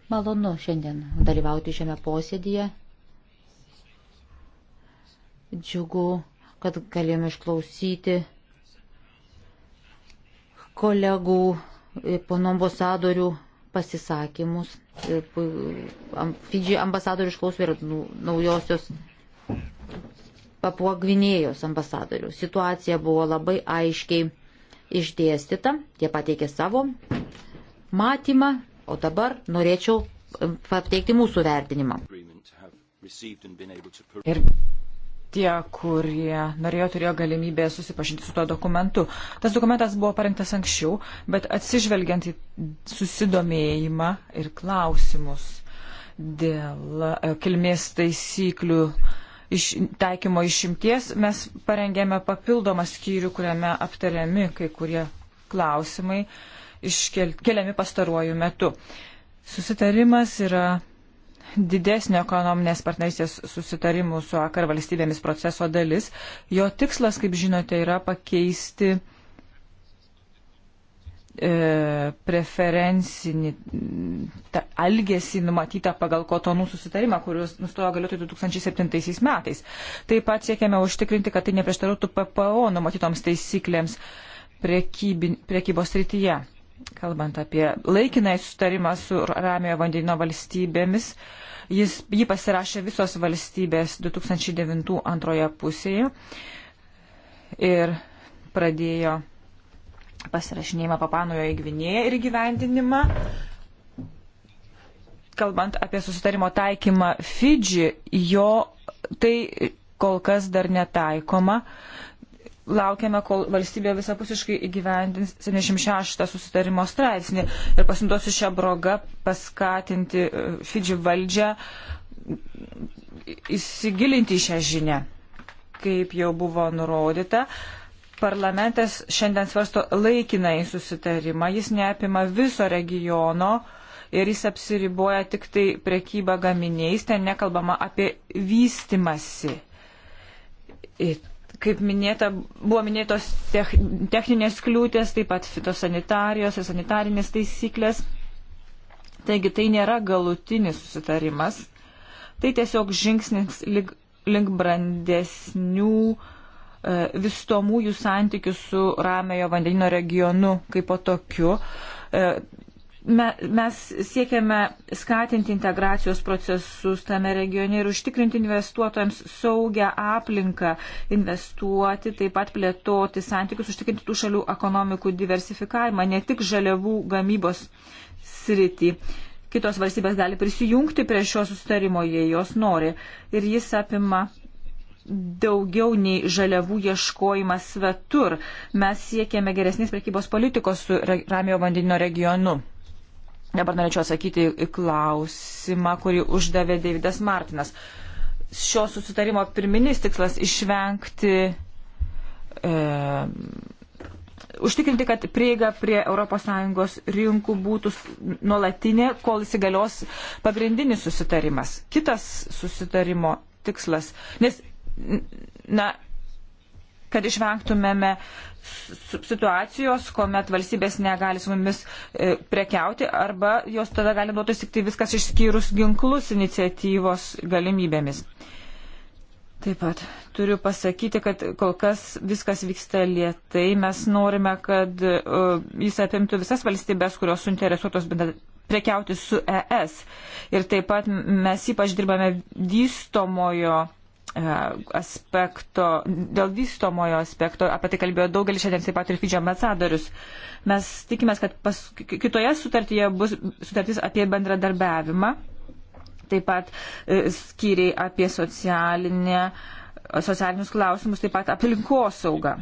Malonu šiandien dalyvauti šiame posėdėje. Džiugu, kad galėjome išklausyti kolegų pono ambasadorių pasisakymus. Fidži ambasadorių išklausė ir naujosios papuogvinėjos ambasadorių. Situacija buvo labai aiškiai išdėstyta, jie pateikė savo matymą, o dabar norėčiau pateikti mūsų vertinimą. Ir tie, kurie norėjo, turėjo galimybę susipažinti su tuo dokumentu. Tas dokumentas buvo parengtas anksčiau, bet atsižvelgiant į susidomėjimą ir klausimus dėl e, kilmės taisyklių iš, taikymo išimties, mes parengėme papildomą skyrių, kuriame aptariami kai kurie klausimai iškeliami pastaruoju metu. Susitarimas yra didesnio ekonominės partnerystės susitarimų su AKR valstybėmis proceso dalis. Jo tikslas, kaip žinote, yra pakeisti e, preferencinį ta, algesį numatytą pagal kotonų susitarimą, kuris nustojo galioti 2007 metais. Taip pat siekiame užtikrinti, kad tai neprieštarautų PPO numatytoms taisyklėms prekybin, prekybos rytyje kalbant apie laikinai sustarimą su Ramiojo vandenino valstybėmis, jis, jį pasirašė visos valstybės 2009 antroje pusėje ir pradėjo pasirašinėjimą Papanojo įgvinėje ir gyvendinimą. Kalbant apie susitarimo taikymą Fidži, jo tai kol kas dar netaikoma. Uh, laukiame, kol valstybė visapusiškai įgyvendins 76 susitarimo straipsnį ir pasinduosiu šią brogą paskatinti e, Fidži valdžią įsigilinti šią žinę. Kaip jau buvo nurodyta, parlamentas šiandien svarsto laikinai susitarimą, jis neapima viso regiono ir jis apsiriboja tik tai prekybą gaminiais, ten nekalbama apie vystimasi. It kaip minėta, buvo minėtos tech, techninės kliūtės, taip pat fitosanitarijos ir sanitarinės taisyklės. Taigi tai nėra galutinis susitarimas. Tai tiesiog žingsnis link, link brandesnių e, vystomųjų santykių su Ramėjo vandenino regionu kaip po tokiu. E, me, mes siekiame skatinti integracijos procesus tame regione ir užtikrinti investuotojams saugią aplinką, investuoti, taip pat plėtoti santykius, užtikrinti tų šalių ekonomikų diversifikavimą, ne tik žaliavų gamybos sritį. Kitos valstybės gali prisijungti prie šio sustarimo, jei jos nori. Ir jis apima daugiau nei žaliavų ieškojimas svetur. Mes siekėme geresnės prekybos politikos su Ramiojo vandenino regionu. Dabar norėčiau atsakyti į klausimą, kurį uždavė Davidas Martinas. Šio susitarimo pirminis tikslas išvengti, e, užtikrinti, kad prieiga prie ES rinkų būtų nuolatinė, kol įsigalios pagrindinis susitarimas. Kitas susitarimo tikslas, nes, na, kad išvengtumėme situacijos, kuomet valstybės negali su mumis e, prekiauti arba jos tada gali duotis tik tai viskas išskyrus ginklus iniciatyvos galimybėmis. Taip pat turiu pasakyti, kad kol kas viskas vyksta lietai. Mes norime, kad e, jis apimtų visas valstybės, kurios suinteresuotos prekiauti su ES. Ir taip pat mes ypač dirbame vystomojo E, aspekto, dėl vystomojo aspekto, apie tai kalbėjo daugelis šiandien taip pat ir Fidžio ambasadorius. Mes tikimės, kad pas, kitoje sutartyje bus sutartis apie bendradarbiavimą, taip pat e, skyriai apie socialinę, socialinius klausimus, taip pat aplinkosaugą.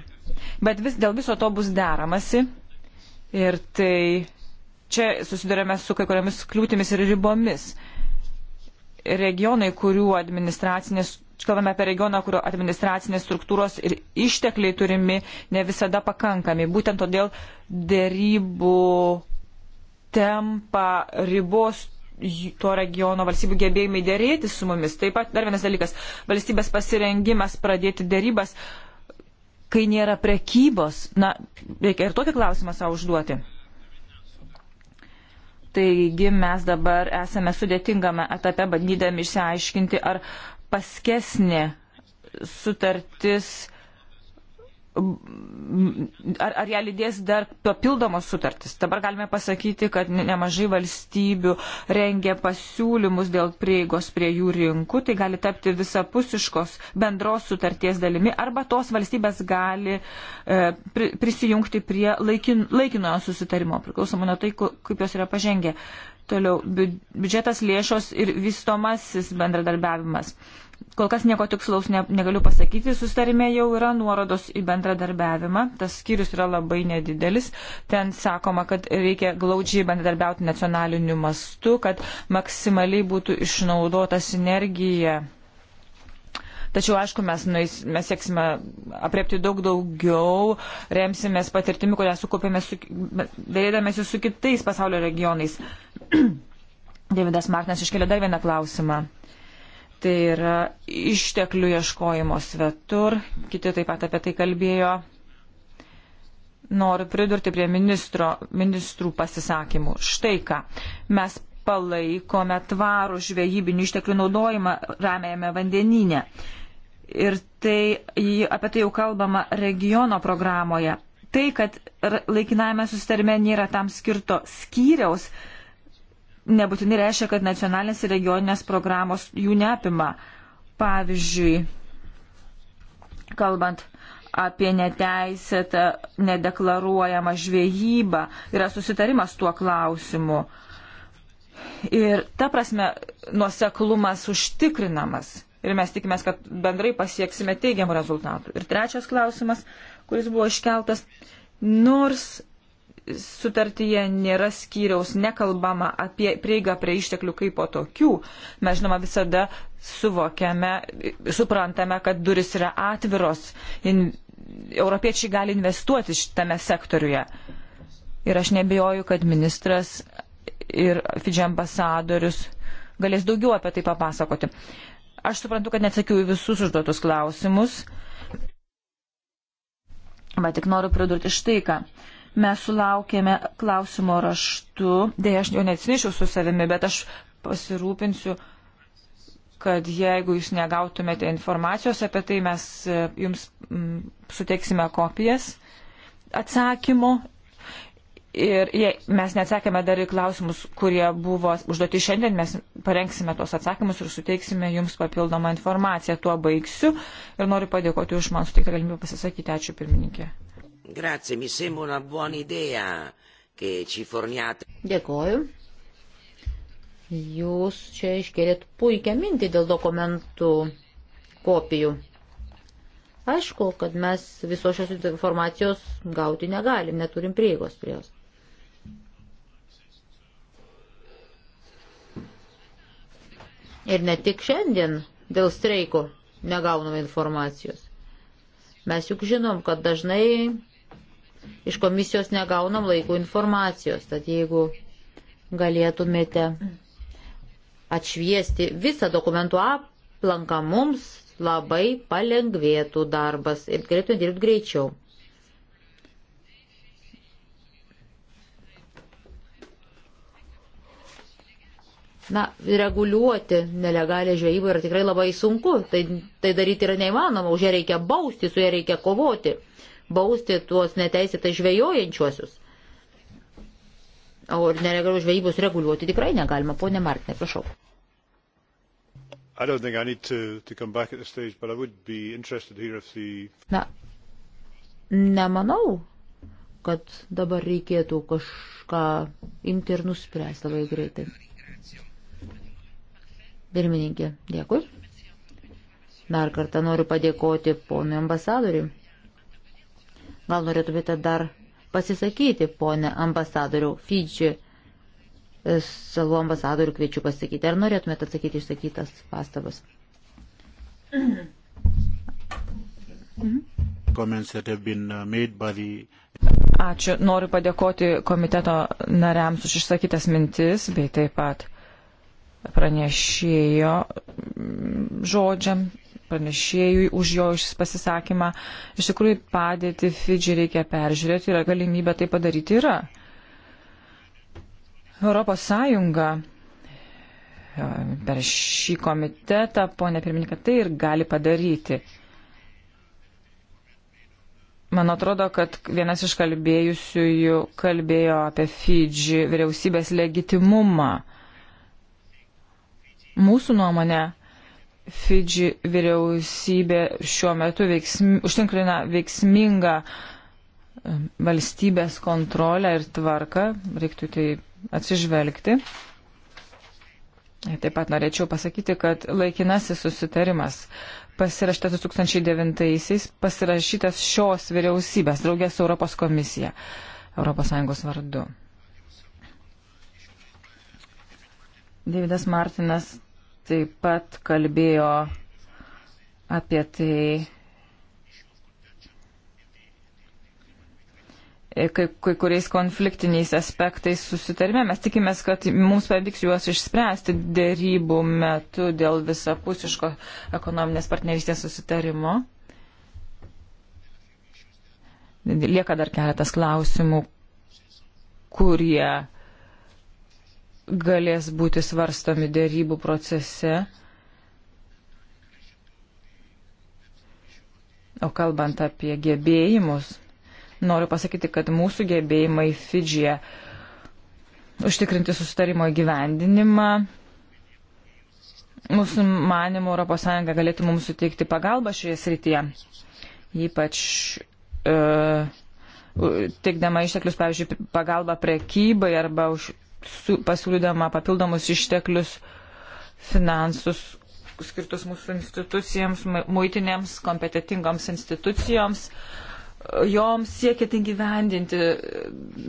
Bet vis, dėl viso to bus deramasi ir tai čia susidurėme su kai kuriamis kliūtimis ir ribomis regionai, kurių administracinės kalbame apie regioną, kurio administracinės struktūros ir ištekliai turimi ne visada pakankami. Būtent todėl dėrybų tempą ribos to regiono valstybių gebėjimai dėrėti su mumis. Taip pat dar vienas dalykas - valstybės pasirengimas pradėti dėrybas, kai nėra prekybos. Na, reikia ir tokį klausimą savo užduoti. Taigi mes dabar esame sudėtingame etape bandydami išsiaiškinti, ar paskesnė sutartis, ar, ar ją lydės dar papildomos sutartis. Dabar galime pasakyti, kad nemažai valstybių rengia pasiūlymus dėl prieigos prie jų rinkų, tai gali tapti visapusiškos bendros sutarties dalimi, arba tos valstybės gali e, prisijungti prie laikin, laikinojo susitarimo, priklausomai nuo tai, kaip jos yra pažengę. Toliau, biudžetas lėšos ir vystomasis bendradarbiavimas. Kol kas nieko tikslaus ne, negaliu pasakyti, sustarime jau yra nuorodos į bendradarbiavimą, tas skyrius yra labai nedidelis, ten sakoma, kad reikia glaudžiai bendradarbiauti nacionaliniu mastu, kad maksimaliai būtų išnaudota sinergija Tačiau, aišku, mes, nueis, mes sieksime apriepti daug daugiau, remsimės patirtimi, kurią sukaupėme su, dėdamėsi su kitais pasaulio regionais. Davidas Martinas iškelia dar vieną klausimą. Tai yra išteklių ieškojimo svetur, kiti taip pat apie tai kalbėjo. Noriu pridurti prie ministro, ministrų pasisakymų. Štai ką. Mes palaikome tvarų žvejybinių išteklių naudojimą ramėjame vandenyne. Ir tai, apie tai jau kalbama regiono programoje. Tai, kad laikinajame sustarime nėra tam skirto skyriaus, nebūtinai reiškia, kad nacionalinės ir regioninės programos jų neapima. Pavyzdžiui, kalbant apie neteisėtą, nedeklaruojamą žvėjybą, yra susitarimas tuo klausimu. Ir ta prasme, nuoseklumas užtikrinamas. Ir mes tikime, kad bendrai pasieksime teigiamų rezultatų. Ir trečias klausimas, kuris buvo iškeltas, nors sutartyje nėra skyriaus, nekalbama apie prieigą prie išteklių kaip po tokių. Mes žinoma visada suvokiame, suprantame, kad duris yra atviros. In, europiečiai gali investuoti šitame sektoriuje. Ir aš nebejoju, kad ministras ir Fidži ambasadorius galės daugiau apie tai papasakoti. Aš suprantu, kad neatsakiau į visus užduotus klausimus. Bet tik noriu pridurti štai ką. Mes sulaukėme klausimo raštu, dėja aš jo neatsinešiau su savimi, bet aš pasirūpinsiu, kad jeigu jūs negautumėte informacijos apie tai, mes e, jums suteiksime kopijas atsakymo. Ir jei mes neatsakėme dar į klausimus, kurie buvo užduoti šiandien, mes parengsime tuos atsakymus ir suteiksime jums papildomą informaciją. Tuo baigsiu ir noriu padėkoti už man suteiktą galimybę pasisakyti. Ačiū pirmininkė. Grazie, mi sembra una buona idea che ci forniate. Dėkoju. Jūs čia iškėlėt puikią mintį dėl dokumentų kopijų. Aišku, kad mes visos šios informacijos gauti negalim, neturim prieigos prie jos. Ir ne tik šiandien dėl streiko negauname informacijos. Mes juk žinom, kad dažnai iš komisijos negaunam laiko informacijos, tad jeigu galėtumėte atšviesti visą dokumentų aplanką mums labai palengvėtų darbas ir galėtume dirbti greičiau. na, reguliuoti nelegalę žvejybą yra tikrai labai sunku, tai, tai daryti yra neįmanoma, už ją reikia bausti, su ją reikia kovoti bausti tuos neteisėtai žvejojančiuosius. O nelegalių žvejybos reguliuoti tikrai negalima. Pone Martinė, prašau. To, to stage, the... Na, nemanau, kad dabar reikėtų kažką imti ir nuspręsti labai greitai. Pirmininkė, dėkui. Dar kartą noriu padėkoti ponui ambasadoriui. Gal norėtumėte dar pasisakyti, ponė ambasadoriu Fidži, salų ambasadoriu kviečiu pasakyti. Ar norėtumėte atsakyti išsakytas pastabas? Uh, Ačiū. Noriu padėkoti komiteto nariams už išsakytas mintis, bei taip pat pranešėjo žodžiam pranešėjui už jo pasisakymą. Iš tikrųjų, padėti Fidži reikia peržiūrėti ir galimybė tai padaryti yra. Europos Sąjunga e, per šį komitetą, ponė pirmininkė, tai ir gali padaryti. Man atrodo, kad vienas iš kalbėjusiųjų kalbėjo apie Fidži vyriausybės legitimumą. Mūsų nuomonė, Fidži vyriausybė šiuo metu veiksm, užtinklina veiksmingą valstybės kontrolę ir tvarką, reiktų tai atsižvelgti. Taip pat norėčiau pasakyti, kad laikinasis susitarimas pasirašytas 2009-aisiais, pasirašytas šios vyriausybės draugės su Europos komisija ES vardu. Davidas Martinas taip pat kalbėjo apie tai, kai, kai kuriais konfliktiniais aspektais susitarime. Mes tikimės, kad mums pavyks juos išspręsti dėrybų metu dėl visapusiško ekonominės partnerystės susitarimo. Lieka dar keletas klausimų, kurie galės būti svarstomi dėrybų procese. O kalbant apie gebėjimus, noriu pasakyti, kad mūsų gebėjimai Fidžyje užtikrinti sustarimo įgyvendinimą, mūsų manimo ES galėtų mums suteikti pagalbą šioje srityje, ypač e, teikdama išteklius, pavyzdžiui, pagalbą prekybai arba už pasiūlydama papildomus išteklius, finansus skirtus mūsų institucijams, muitinėms, kompetitingoms institucijoms, joms siekėt įgyvendinti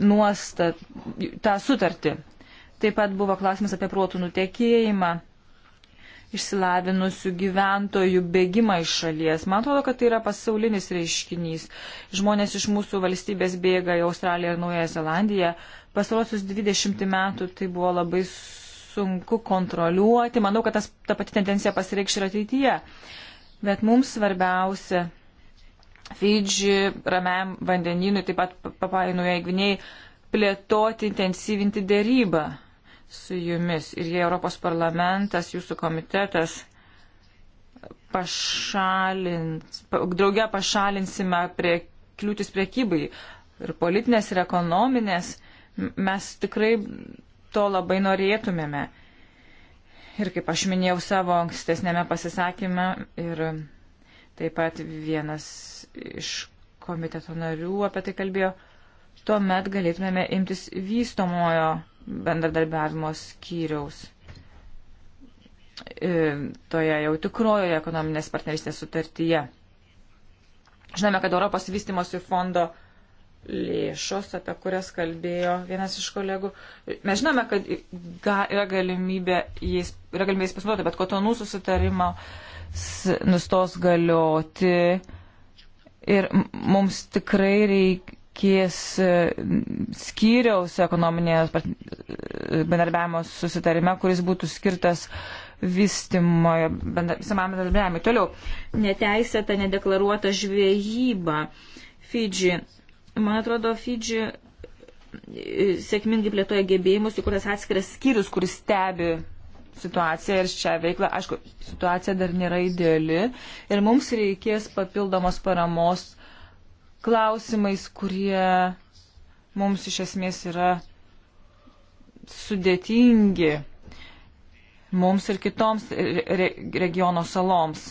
nuostat tą sutartį. Taip pat buvo klausimas apie protų nutekėjimą išsilavinusių gyventojų bėgimą iš šalies. Man atrodo, kad tai yra pasaulinis reiškinys. Žmonės iš mūsų valstybės bėga į Australiją ir Naująją Zelandiją. Pasarosius 20 metų tai buvo labai sunku kontroliuoti. Manau, kad tas, ta pati tendencija pasireikš ir ateityje. Bet mums svarbiausia Fidži, Ramiam vandeninui, taip pat Papainuje Gvinėjai plėtoti, intensyvinti dėrybą su jumis. Ir jei Europos parlamentas, jūsų komitetas pašalins, draugė pašalinsime prie kliūtis priekybai ir politinės, ir ekonominės, mes tikrai to labai norėtumėme. Ir kaip aš minėjau savo ankstesnėme pasisakyme ir taip pat vienas iš komiteto narių apie tai kalbėjo, tuomet galėtumėme imtis vystomojo bendradarbiavimo skyriaus e, toje jau tikrojoje ekonominės partnerystės sutartyje. Žinome, kad Europos vystimosi fondo lėšos, apie kurias kalbėjo vienas iš kolegų. Mes žinome, kad ga, yra galimybė jais, yra galimybė jais pasinaudoti, bet kotonų susitarimo nustos galioti ir mums tikrai reik, reikės e, skyriaus ekonominės bendarbiavimo susitarime, kuris būtų skirtas vystimoje bendarbiavimui. Toliau, neteisėta, nedeklaruota žvėjyba Fidži. Man atrodo, Fidži e, sėkmingai plėtoja gebėjimus, į kurias atskiras skyrius, kuris stebi situaciją ir šią veiklą. Aišku, situacija dar nėra ideali ir mums reikės papildomos paramos klausimais, kurie mums iš esmės yra sudėtingi mums ir kitoms re regiono saloms.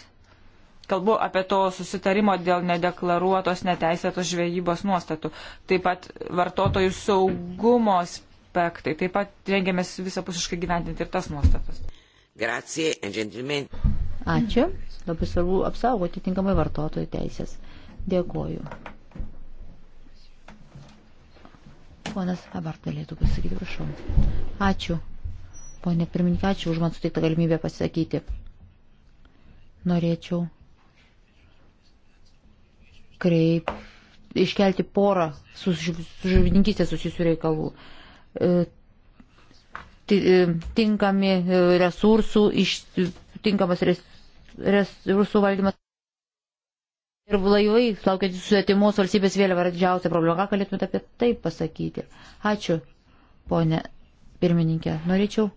Kalbu apie to susitarimo dėl nedeklaruotos neteisėtos žvejybos nuostatų. Taip pat vartotojų saugumo aspektai. Taip pat rengiamės visapusiškai gyventinti ir tas nuostatas. Grazie, Ačiū. Labai svarbu apsaugoti tinkamai vartotojų teisės. Dėkuoju. Ponas Abart galėtų pasakyti, prašau. Ačiū. Pone pirmininkė, ačiū už man suteiktą galimybę pasakyti. Norėčiau kreip, iškelti porą su žuvininkystė susijusių reikalų. E, e, tinkami e, resursų, iš, tinkamas res, resursų valdymas Ir laivai, plaukiantys su svetimos valstybės vėliava, yra didžiausia problema. Ką galėtumėte apie tai pasakyti? Ačiū, ponė pirmininkė. Norėčiau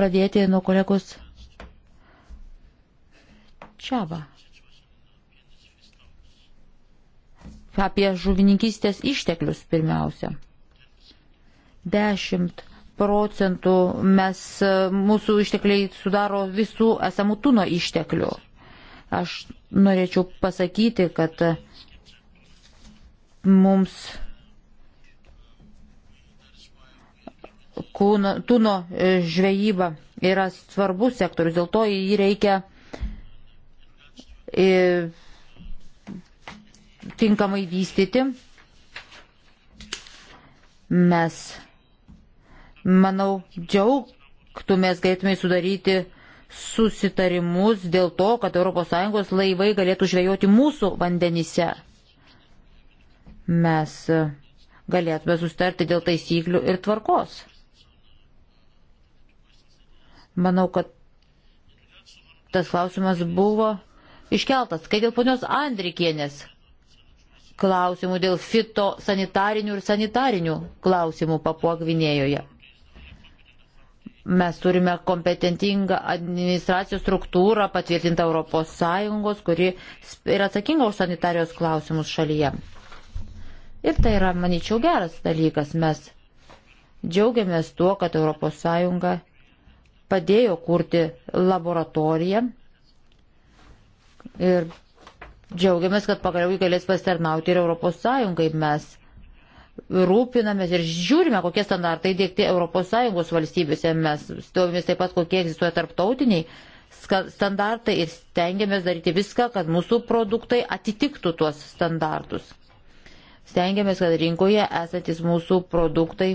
pradėti nuo kolegos Čiava. Apie žuvininkystės išteklius pirmiausia. 10 procentų mes, mūsų ištekliai sudaro visų esamų tūno išteklių. Aš norėčiau pasakyti, kad mums kūno, tūno žvejyba yra svarbus sektorius, dėl to jį reikia tinkamai vystyti. Mes, manau, džiaugtumės galėtume sudaryti susitarimus dėl to, kad ES laivai galėtų žvejoti mūsų vandenyse. Mes e, galėtume sustarti dėl taisyklių ir tvarkos. Manau, kad tas klausimas buvo iškeltas, kai dėl ponios Andrikienės klausimų, dėl fito sanitarinių ir sanitarinių klausimų Papuagvinėjoje. Mes turime kompetentingą administracijos struktūrą patvirtintą ES, kuri yra atsakinga už sanitarijos klausimus šalyje. Ir tai yra, manyčiau, geras dalykas. Mes džiaugiamės tuo, kad ES padėjo kurti laboratoriją ir džiaugiamės, kad pagaliau jį galės pasitarnauti ir ES. Mes rūpinamės ir žiūrime, kokie standartai dėkti ES valstybėse. Mes stovimės taip pat, kokie egzistuoja tarptautiniai standartai ir stengiamės daryti viską, kad mūsų produktai atitiktų tuos standartus. Stengiamės, kad rinkoje esantis mūsų produktai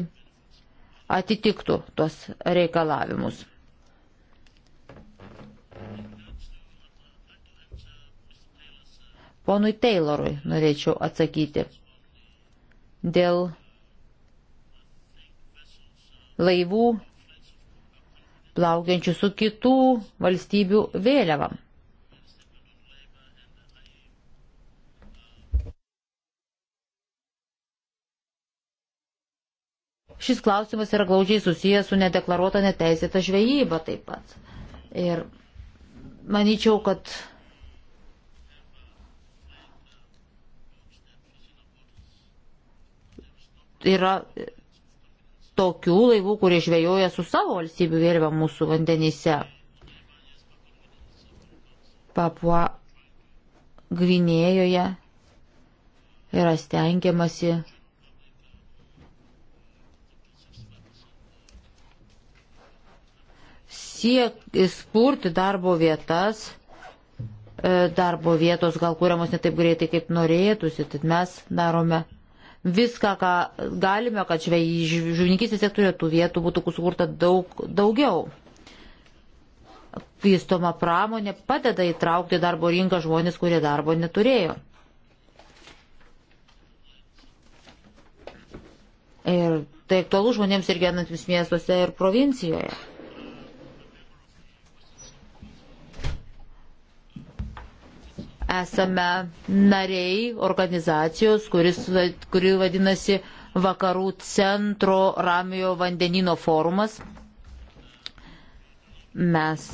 atitiktų tuos reikalavimus. Ponui Taylorui norėčiau atsakyti dėl laivų plaukiančių su kitų valstybių vėliavam. Šis klausimas yra glaudžiai susijęs su nedeklaruota neteisėta žvejyba taip pat. Ir manyčiau, kad yra tokių laivų, kurie žvejoja su savo valstybių vėliava mūsų vandenyse. Papua Gvinėjoje yra stengiamasi siek įspurti darbo vietas, e, darbo vietos gal kūriamos netaip greitai, kaip norėtųsi, tad mes darome viską, ką galime, kad žuvininkystės sektoriuje tų vietų būtų sukurta daug daugiau. Vystoma pramonė padeda įtraukti darbo rinką žmonės, kurie darbo neturėjo. Ir tai aktualu žmonėms ir gyvenantiems miestuose ir provincijoje. esame nariai organizacijos, kuris, kuri vadinasi Vakarų centro Ramijo vandenino forumas. Mes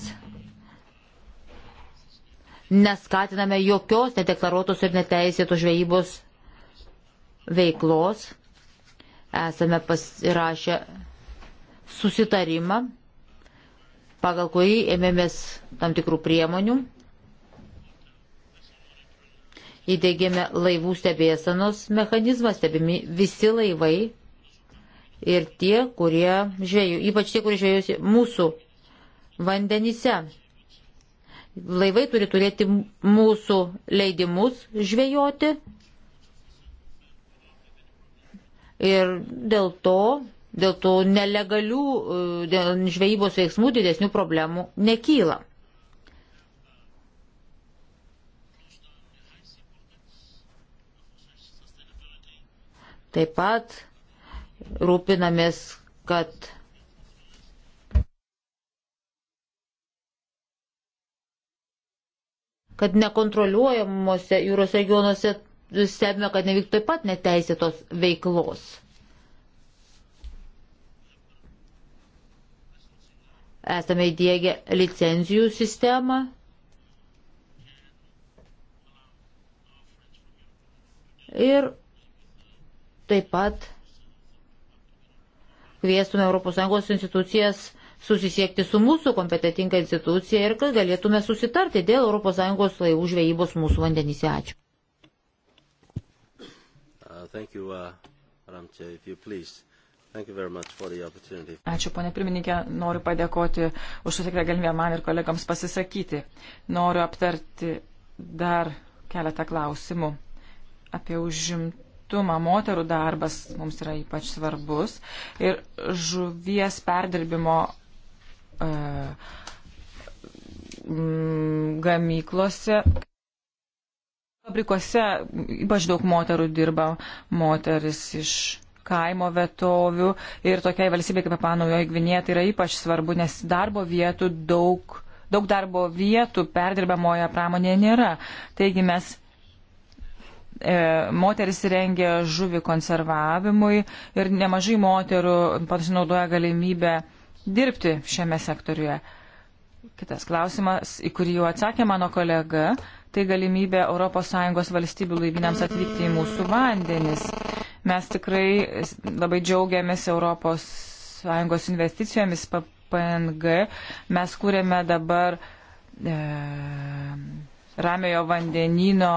neskatiname jokios nedeklaruotos ir neteisėtos žvejybos veiklos. Esame pasirašę susitarimą, pagal kurį ėmėmės tam tikrų priemonių įdėgėme laivų stebėsenos mechanizmą, stebimi visi laivai ir tie, kurie žvėjų, ypač tie, kurie žvėjusi mūsų vandenyse. Laivai turi turėti mūsų leidimus žvėjoti ir dėl to, dėl to nelegalių e, dėl žvejybos veiksmų didesnių problemų nekyla. Taip pat rūpinamės, kad kad nekontroliuojamuose jūros regionuose stebime, kad nevyktų taip pat neteisėtos veiklos. Esame įdėgę licenzijų sistemą. Ir Taip pat kviestume ES institucijas susisiekti su mūsų kompetitinga institucija ir kad galėtume susitarti dėl ES laivų žvejybos mūsų vandenyse. Ačiū. Uh, uh, Ačiū, ponė pirmininkė, noriu padėkoti už sutikrę galimybę man ir kolegams pasisakyti. Noriu aptarti dar keletą klausimų apie užimtą užimtumą, moterų darbas mums yra ypač svarbus ir žuvies perdirbimo e, gamyklose. Fabrikuose ypač daug moterų dirba, moteris iš kaimo vietovių ir tokiai valstybei kaip Papanaujoji Gvinėje tai yra ypač svarbu, nes darbo vietų daug, daug darbo vietų perdirbamoje pramonėje nėra. Taigi mes e, moteris rengia žuvį konservavimui ir nemažai moterų pasinaudoja galimybę dirbti šiame sektoriuje. Kitas klausimas, į kurį jau atsakė mano kolega, tai galimybė ES valstybių laiviniams atvykti į mūsų vandenis. Mes tikrai labai džiaugiamės ES investicijomis PNG. Mes kūrėme dabar e, ramiojo vandenino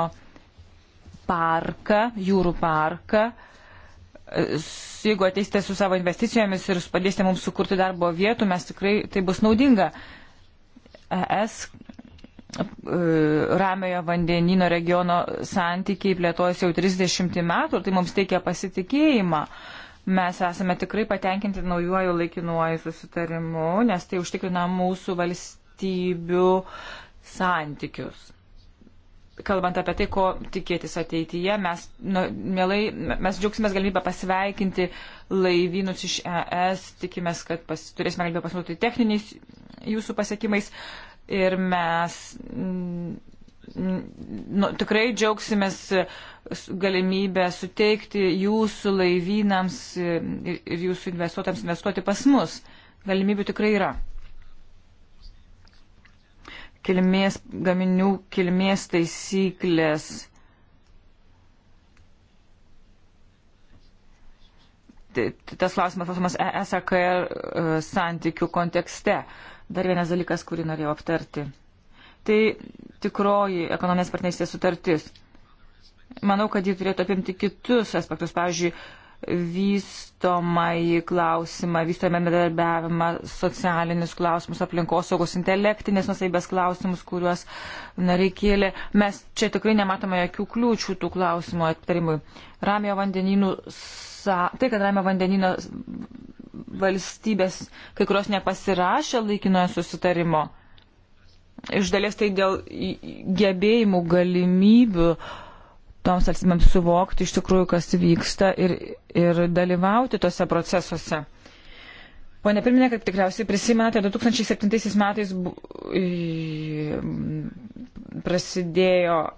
parką, jūrų parką. E, jeigu ateisite su savo investicijomis ir padėsite mums sukurti darbo vietų, mes tikrai tai bus naudinga. ES e, ramiojo vandenino regiono santykiai plėtojasi jau 30 metų ir tai mums teikia pasitikėjimą. Mes esame tikrai patenkinti naujuoju laikinuoju susitarimu, nes tai užtikrina mūsų valstybių santykius kalbant apie tai, ko tikėtis ateityje, mes, nu, mielai, mes džiaugsimės galimybę pasveikinti laivynus iš ES, tikimės, kad pas, turėsime galimybę pasinaudoti techniniais jūsų pasiekimais ir mes m, mm, mm, nu, tikrai džiaugsimės galimybę suteikti jūsų laivynams ir, ir jūsų investuotams investuoti pas mus. Galimybių tikrai yra kilmės, gaminių kilmės taisyklės. Tai, tai tas klausimas klausimas ESAKR e, santykių kontekste. Dar vienas dalykas, kurį norėjau aptarti. Tai tikroji ekonominės partnerystės sutartis. Manau, kad ji turėtų apimti kitus aspektus, pavyzdžiui, vystomą į klausimą, vystomą bendradarbiavimą, socialinius klausimus, aplinkosaugos, intelektinės nusaibės klausimus, kuriuos nariai kėlė. Mes čia tikrai nematome jokių kliūčių tų klausimų aptarimui. Ramio vandeninų, tai, kad Ramio vandenino valstybės, kai kurios nepasirašė laikinojo susitarimo, iš dalies tai dėl gebėjimų, galimybių, uh, toms valstybėms suvokti iš tikrųjų, kas vyksta ir, ir dalyvauti tose procesuose. Pone pirminė, kaip tikriausiai prisimenate, 2007 metais prasidėjo e,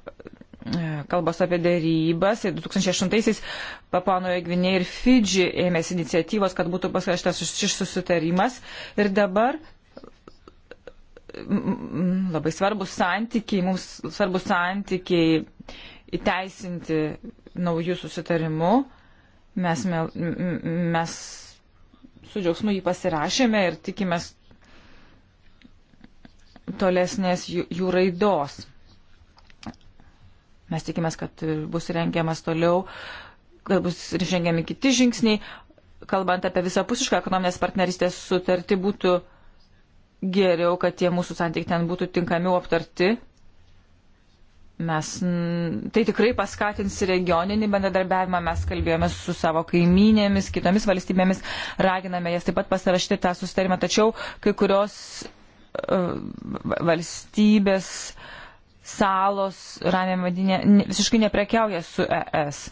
kalbos apie dėrybas. 2008-aisiais Papanoje Gvinė ir Fidži ėmėsi iniciatyvos, kad būtų pasirašytas šis susitarimas. Ir dabar labai svarbus santykiai, mums svarbus santykiai įteisinti naujų susitarimų. Mes, mes su džiaugsmu jį pasirašėme ir tikimės tolesnės jų, jų raidos. Mes tikimės, kad bus rengiamas toliau, kad bus rengiami kiti žingsniai. Kalbant apie visapusišką ekonominės partnerystės sutartį, būtų geriau, kad tie mūsų santykiai ten būtų tinkamiau aptarti Mes tai tikrai paskatins regioninį bendradarbiavimą, mes kalbėjome su savo kaimynėmis, kitomis valstybėmis, raginame jas taip pat pasirašyti tą susitarimą, tačiau kai kurios uh, valstybės salos Ramėm vadinė visiškai neprekiauja su ES.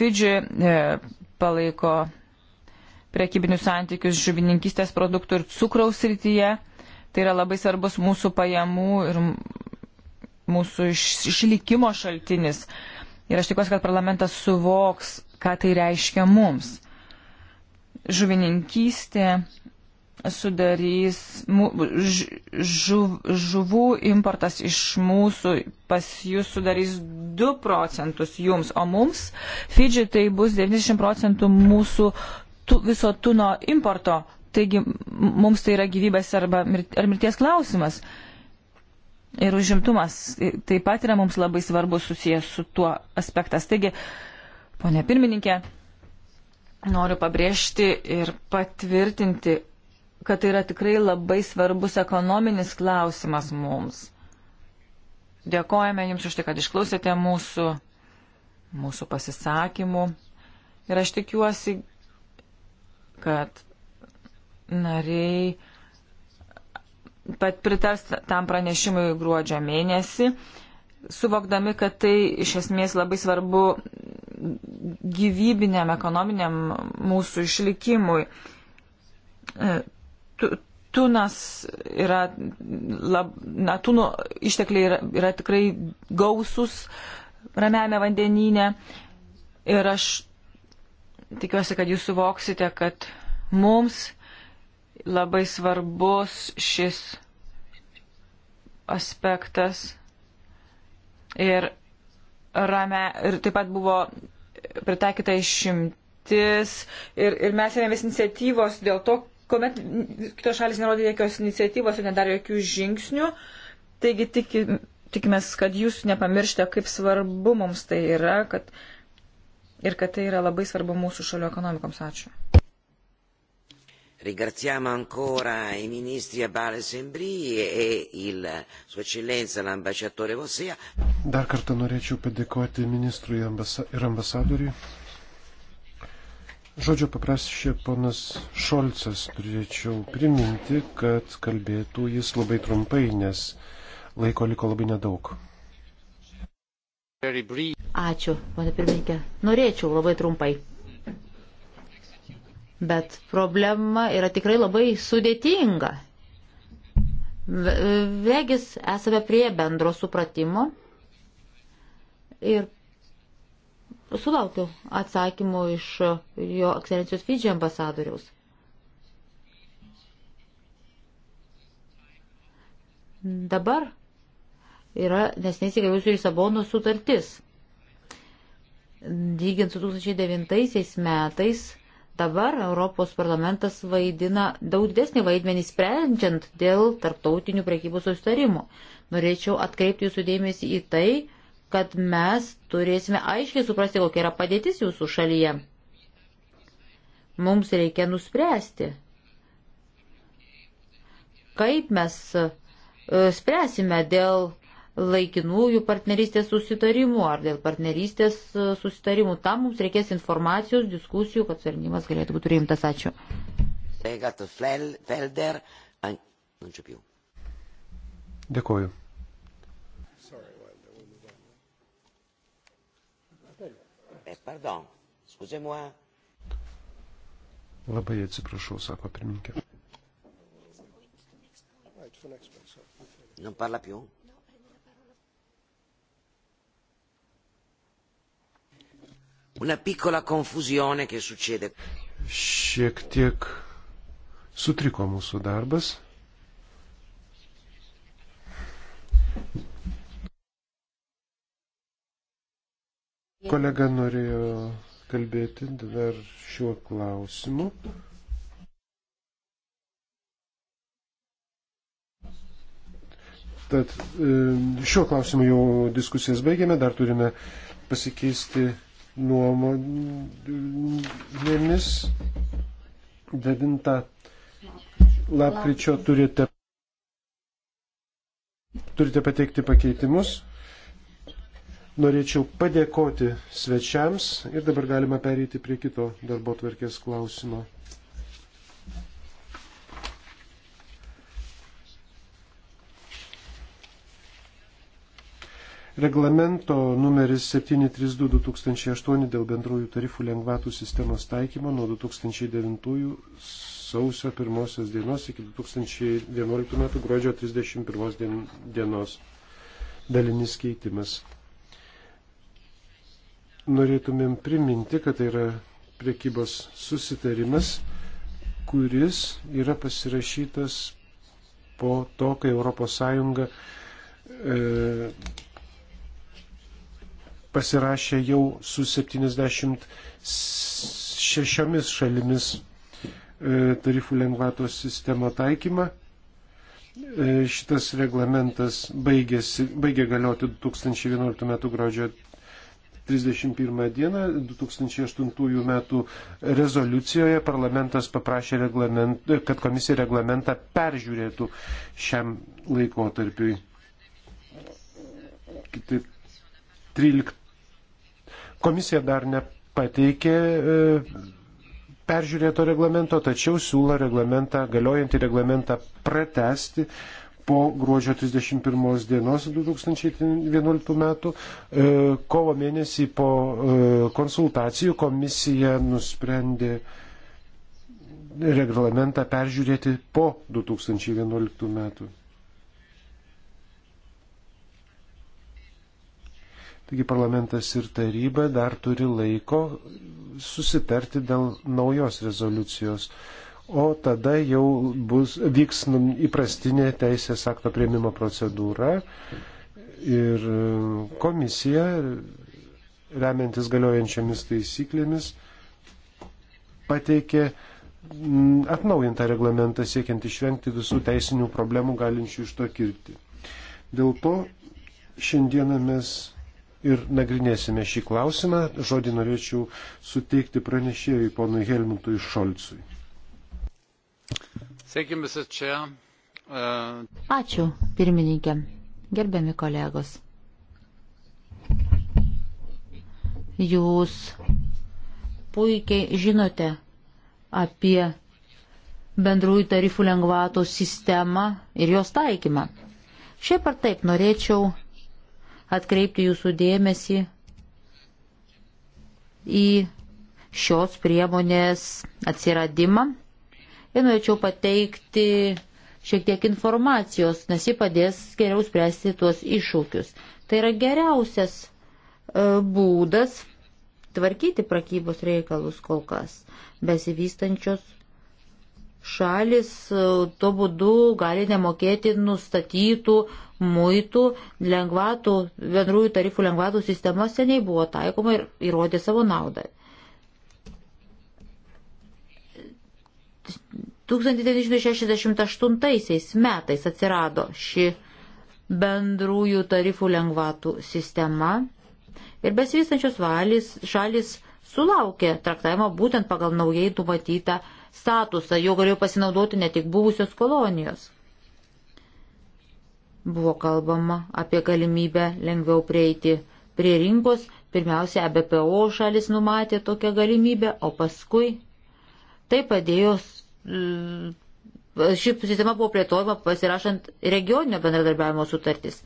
Fidži uh, palaiko prekybinius santykius žuvininkystės produktų ir cukraus rytyje. Tai yra labai svarbus mūsų pajamų ir mūsų išlikimo šaltinis. Ir aš tikiuosi, kad parlamentas suvoks, ką tai reiškia mums. Žuvininkystė sudarys žuv, žuvų importas iš mūsų pas jūs sudarys 2 procentus jums, o mums Fidži tai bus 90 procentų mūsų tu, viso tuno importo. Taigi mums tai yra gyvybės arba mirt, ar mirties klausimas ir užimtumas taip pat yra mums labai svarbus susijęs su tuo aspektas. Taigi, ponė pirmininkė, noriu pabrėžti ir patvirtinti, kad tai yra tikrai labai svarbus ekonominis klausimas mums. Dėkojame Jums už tai, kad išklausėte mūsų, mūsų pasisakymų. Ir aš tikiuosi, kad nariai pat pritars tam pranešimui gruodžio mėnesį, suvokdami, kad tai iš esmės labai svarbu gyvybiniam, ekonominiam mūsų išlikimui. E, tunas yra, lab, na, tunų ištekliai yra, yra tikrai gausus ramiame vandenyne ir aš tikiuosi, kad jūs suvoksite, kad mums labai svarbus šis aspektas. Ir, rame, ir taip pat buvo pritaikyta išimtis. Ir, ir mes ėmėmės iniciatyvos dėl to, kuomet kitos šalis nerodė jokios iniciatyvos ir nedarė jokių žingsnių. Taigi tiki, tikimės, kad jūs nepamirštė, kaip svarbu mums tai yra kad, ir kad tai yra labai svarbu mūsų šalių ekonomikoms. Ačiū. Ringraziamo ancora i ministri Abale e Sembri e, e il Sua Eccellenza l'ambasciatore Vosea. Dar kartą norėčiau padėkoti ministrui ambasa ir er ambasadoriui. Žodžio paprašė ponas Šolcas, turėčiau priminti, kad kalbėtų jis e labai trumpai, nes laiko liko labai nedaug. Ačiū, mane pirmininkė. Norėčiau labai trumpai bet problema yra tikrai labai sudėtinga. Vėgis esame prie bendro supratimo ir sulaukiu atsakymų iš jo ekscelencijos Fidži ambasadoriaus. Dabar yra nesneįsigalėjusi Lisabono sutartis. Lygint su 2009 metais Dabar Europos parlamentas vaidina daug didesnį vaidmenį sprendžiant dėl tarptautinių prekybos sustarimų. Norėčiau atkreipti jūsų dėmesį į tai, kad mes turėsime aiškiai suprasti, kokia yra padėtis jūsų šalyje. Mums reikia nuspręsti, kaip mes e, spręsime dėl laikinųjų partnerystės susitarimų ar dėl partnerystės e, susitarimų. Tam mums reikės informacijos, diskusijų, kad sprendimas galėtų būti rimtas. Ačiū. Dėkuoju. Eh, pardon, excusez-moi. Labai atsiprašau, sako pirmininkė. Non parla più? una piccola confusione che succede. Šiek tiek sutriko mūsų darbas. Kolega norėjo kalbėti dar šiuo klausimu. Tad e, šiuo klausimu jau diskusijas baigėme, dar turime pasikeisti nuomonėmis. 9 lapkričio turite, turite pateikti pakeitimus. Norėčiau padėkoti svečiams ir dabar galima pereiti prie kito darbo tvarkės klausimo. reglamento numeris 732-2008 dėl bendrųjų tarifų lengvatų sistemos taikymo nuo 2009 sausio 1 dienos iki 2011 m. gruodžio 31 dienos dalinis keitimas. Norėtumėm priminti, kad tai yra priekybos susitarimas, kuris yra pasirašytas po to, kai ES e, pasirašė jau su 76 šalimis e, tarifų lengvatos sistemo taikymą. E, šitas reglamentas baigėsi, baigė galioti 2011 m. gruodžio 31 dieną 2008 metų rezoliucijoje parlamentas paprašė, kad komisija reglamentą peržiūrėtų šiam laikotarpiui. Kitaip, 13 Komisija dar nepateikė e, peržiūrėto reglamento, tačiau siūlo reglamentą, galiojantį reglamentą pratesti po gruodžio 31 dienos 2011 metų. E, kovo mėnesį po e, konsultacijų komisija nusprendė reglamentą peržiūrėti po 2011 metų. Taigi parlamentas ir taryba dar turi laiko susitarti dėl naujos rezoliucijos, o tada jau bus, vyks nu, įprastinė teisės akto prieimimo procedūra ir komisija, remiantis galiojančiamis taisyklėmis, pateikė mm, atnaujintą reglamentą siekiant išvengti visų teisinių problemų galinčių iš to kirti. Dėl to šiandieną mes ir nagrinėsime šį klausimą. Žodį norėčiau suteikti pranešėjui ponui Helmutui Šolcui. Uh, Ačiū, pirmininkė. Gerbiami kolegos. Jūs puikiai žinote apie bendrųjų tarifų lengvatų sistemą ir jos taikymą. Šiaip ar taip norėčiau atkreipti jūsų dėmesį į šios priemonės atsiradimą ir norėčiau pateikti šiek tiek informacijos, nes ji padės geriau spręsti tuos iššūkius. Tai yra geriausias e, būdas tvarkyti prekybos reikalus kol kas besivystančios šalis e, tuo būdu gali nemokėti nustatytų muitų lengvatų, bendrųjų tarifų lengvatų sistema seniai buvo taikoma ir įrodė savo naudą. 1968 metais atsirado ši bendrųjų tarifų lengvatų sistema ir besivystančios šalis sulaukė traktavimo būtent pagal naujai numatytą uh, statusą, jo galėjo pasinaudoti ne tik buvusios kolonijos. Buvo kalbama apie galimybę lengviau prieiti prie rinkos, pirmiausia, ABPO šalis numatė tokią galimybę, o paskui tai padėjo, ši sistema buvo plėtojama pasirašant regioninio bendradarbiavimo sutartis.